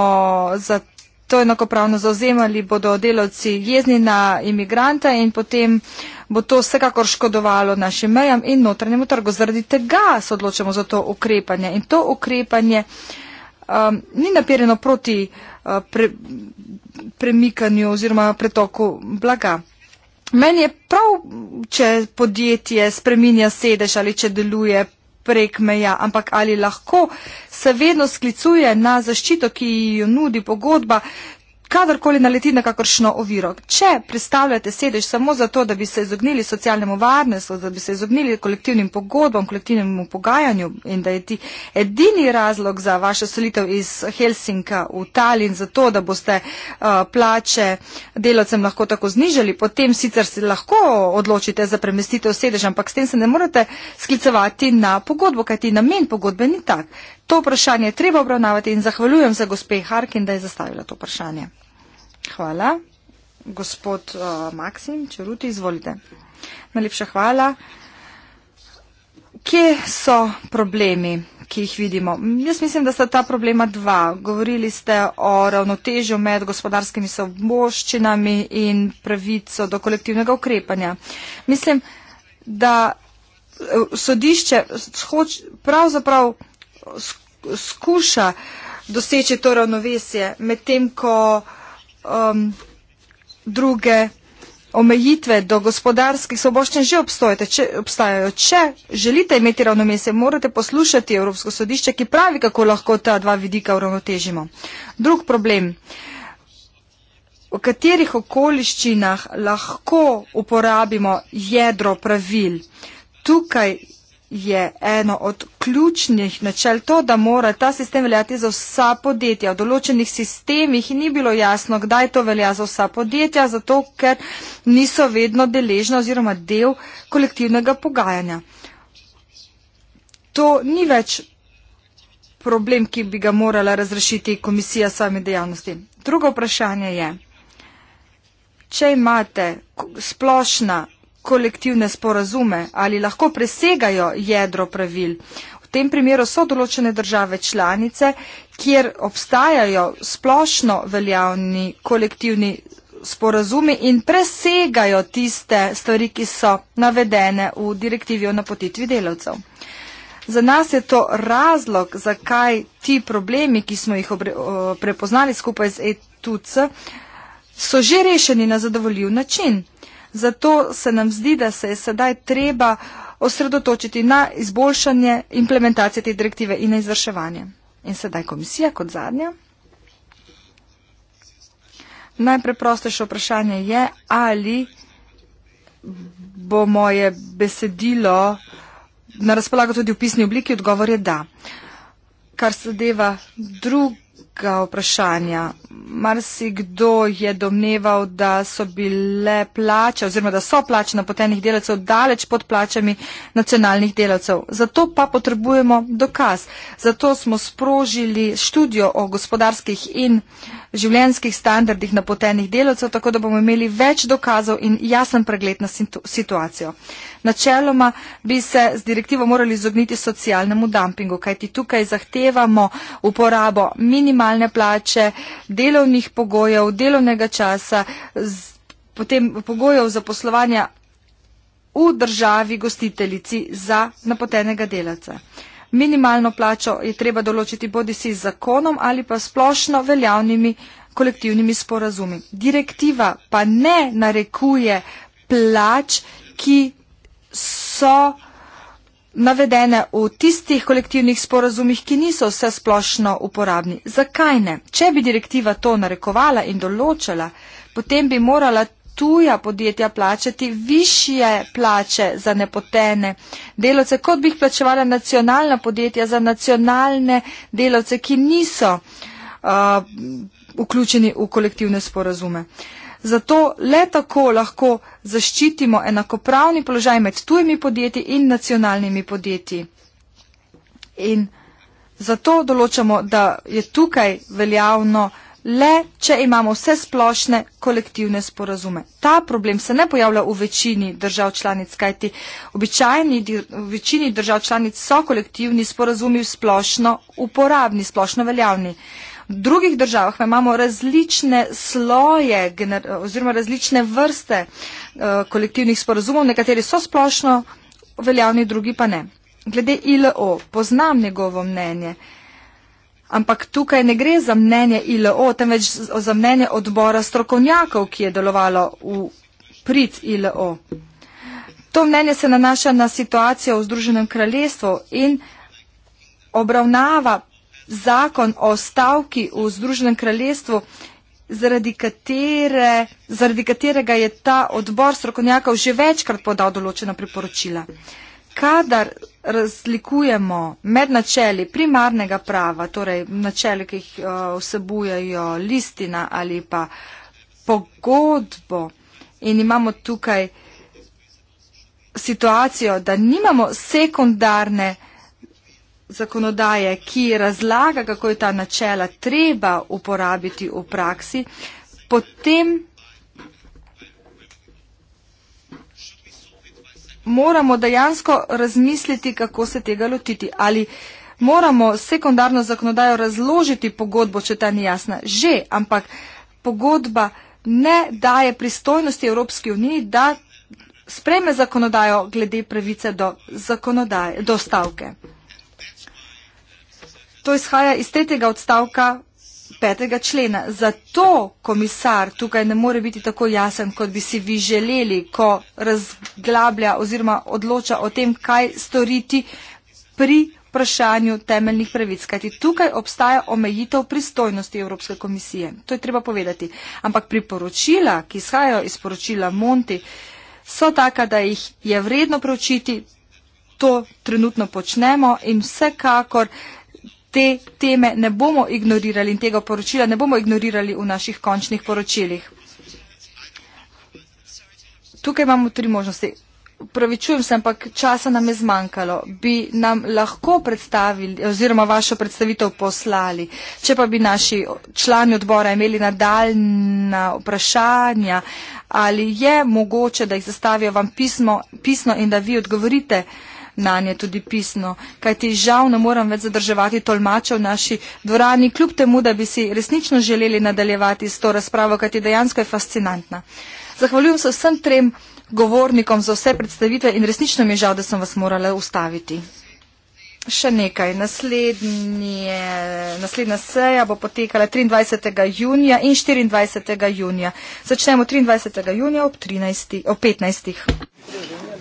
za to to enakopravno zauzemali, bodo delavci jezni na imigranta in potem bo to vsekakor škodovalo našim mejam in notranjemu trgu. Zaradi tega se odločamo za to ukrepanje in to ukrepanje um, ni napirjeno proti uh, pre, premikanju oziroma pretoku blaga. Meni je prav, če podjetje spreminja sedež ali če deluje prek meja, ampak ali lahko se vedno sklicuje na zaščito, ki jo nudi pogodba, kadarkoli naleti na kakršno oviro. Če predstavljate sedež samo zato, da bi se izognili socialnemu varnostu, da bi se izognili kolektivnim pogodbam, kolektivnemu pogajanju in da je ti edini razlog za vašo solitev iz Helsinka v Talin, zato da boste uh, plače delovcem lahko tako znižali, potem sicer se lahko odločite za premestitev sedeža, ampak s tem se ne morete sklicovati na pogodbo, kajti namen pogodbe ni tak. To vprašanje je treba obravnavati in zahvaljujem za gospe Harkin, da je zastavila to vprašanje. Hvala. Gospod uh, Maksim, če ruti, izvolite. Najlepša hvala. Kje so problemi, ki jih vidimo? Jaz mislim, da sta ta problema dva. Govorili ste o ravnotežju med gospodarskimi soboščinami in pravico do kolektivnega ukrepanja. Mislim, da uh, sodišče hoč, pravzaprav skuša doseči to ravnovesje med tem, ko uh, um, druge omejitve do gospodarskih soboščen že obstojate, če obstajajo. Če želite imeti ravnomesje, morate poslušati Evropsko sodišče, ki pravi, kako lahko ta dva vidika uravnotežimo. Drug problem. V katerih okoliščinah lahko uporabimo jedro pravil? Tukaj je eno od ključnih načel to, da mora ta sistem veljati za vsa podjetja. V določenih sistemih ni bilo jasno, kdaj to velja za vsa podjetja, zato ker niso vedno deležna oziroma del kolektivnega pogajanja. To ni več problem, ki bi ga morala razrešiti komisija same dejavnosti. Drugo vprašanje je, če imate splošna kolektivne sporazume ali lahko presegajo jedro pravil, tem primeru so določene države članice, kjer obstajajo splošno veljavni kolektivni sporazumi in presegajo tiste stvari, ki so navedene v direktivi o napotitvi delavcev. Za nas je to razlog, zakaj ti problemi, ki smo jih prepoznali skupaj z ETUC, so že rešeni na zadovoljiv način. Zato se nam zdi, da se je sedaj treba uh, osredotočiti na izboljšanje implementacije te direktive in na izvrševanje. In sedaj komisija kot zadnja. Najpreprostejše vprašanje je, ali bo moje besedilo na razpolago tudi v pisni obliki, odgovor je da. Kar se deva drugo, velikega vprašanja. Marsikdo je domneval, da so bile plače oziroma da so plače napotenih delavcev daleč pod plačami nacionalnih delavcev. Zato pa potrebujemo dokaz. Zato smo sprožili študijo o gospodarskih in življenjskih standardih napotenih delavcev, tako da bomo imeli več dokazov in jasen pregled na situ situacijo. Načeloma bi se z direktivo morali izogniti socialnemu dumpingu, kajti tukaj zahtevamo uporabo minimalnih minimalne plače, delovnih pogojev, delovnega časa, potem pogojev zaposlovanja v državi gostiteljici za napotenega delavca. Minimalno plačo je treba določiti bodi si z zakonom ali pa splošno veljavnimi kolektivnimi sporazumi. Direktiva pa ne narekuje plač, ki so navedene v tistih kolektivnih sporazumih, ki niso vse splošno uporabni. Zakaj ne? Če bi direktiva to narekovala in določala, potem bi morala tuja podjetja plačati višje plače za nepotene delovce, kot bi jih plačevala nacionalna podjetja za nacionalne delovce, ki niso uh, vključeni v kolektivne sporazume. Uh, Zato le tako lahko zaščitimo enakopravni položaj med tujimi podjetji in nacionalnimi podjetji. In zato določamo, da je tukaj veljavno le, če imamo vse splošne kolektivne sporazume. Ta problem se ne pojavlja v večini držav članic, kajti običajni v večini držav članic so kolektivni sporazumi v splošno uporabni, splošno veljavni. V drugih državah pa imamo različne sloje oziroma različne vrste eh, kolektivnih sporozumov, nekateri so splošno veljavni, drugi pa ne. Glede ILO, poznam njegovo mnenje, ampak tukaj ne gre za mnenje ILO, temveč za mnenje odbora strokovnjakov, ki je delovalo v prid ILO. To mnenje se nanaša na situacijo v Združenem kraljestvu in obravnava zakon o stavki v Združenem kraljestvu, zaradi, katere, zaradi katerega je ta odbor strokovnjakov že večkrat podal določena priporočila. Kadar razlikujemo med načeli primarnega prava, torej načeli, ki jih uh, vsebujejo listina ali pa pogodbo in imamo tukaj situacijo, da nimamo sekundarne uh, zakonodaje, ki razlaga, kako je ta načela treba uporabiti v praksi, potem moramo dejansko razmisliti, kako se tega lotiti. Ali moramo sekundarno zakonodajo razložiti pogodbo, če ta ni jasna. Že, ampak pogodba ne daje pristojnosti Evropski uniji, da spreme zakonodajo glede pravice do, do stavke. To izhaja iz tretjega odstavka petega člena. Zato komisar tukaj ne more biti tako jasen, kot bi si vi želeli, ko razglablja oziroma odloča o tem, kaj storiti pri vprašanju temeljnih pravic. Kajti tukaj obstaja omejitev pristojnosti Evropske komisije. To je treba povedati. Ampak priporočila, ki izhajajo iz poročila Monti, so taka, da jih je vredno preučiti. To trenutno počnemo in vsekakor te teme ne bomo ignorirali in tega poročila ne bomo ignorirali v naših končnih poročilih. Tukaj imamo tri možnosti. Pravičujem se, ampak časa nam je zmanjkalo. Bi nam lahko predstavili oziroma vašo predstavitev poslali. Če pa bi naši člani odbora imeli nadaljna vprašanja, ali je mogoče, da jih zastavijo vam pismo, pisno in da vi odgovorite na nje tudi pisno. Kaj ti žal ne morem več zadrževati tolmačev v naši dvorani, kljub temu, da bi si resnično želeli nadaljevati s to razpravo, kaj ti dejansko je fascinantna. Zahvaljujem se vsem trem govornikom za vse predstavitve in resnično mi je žal, da sem vas morala ustaviti. Še nekaj. Naslednje, naslednja seja bo potekala 23. junija in 24. junija. Začnemo 23. junija ob, 13, ob 15.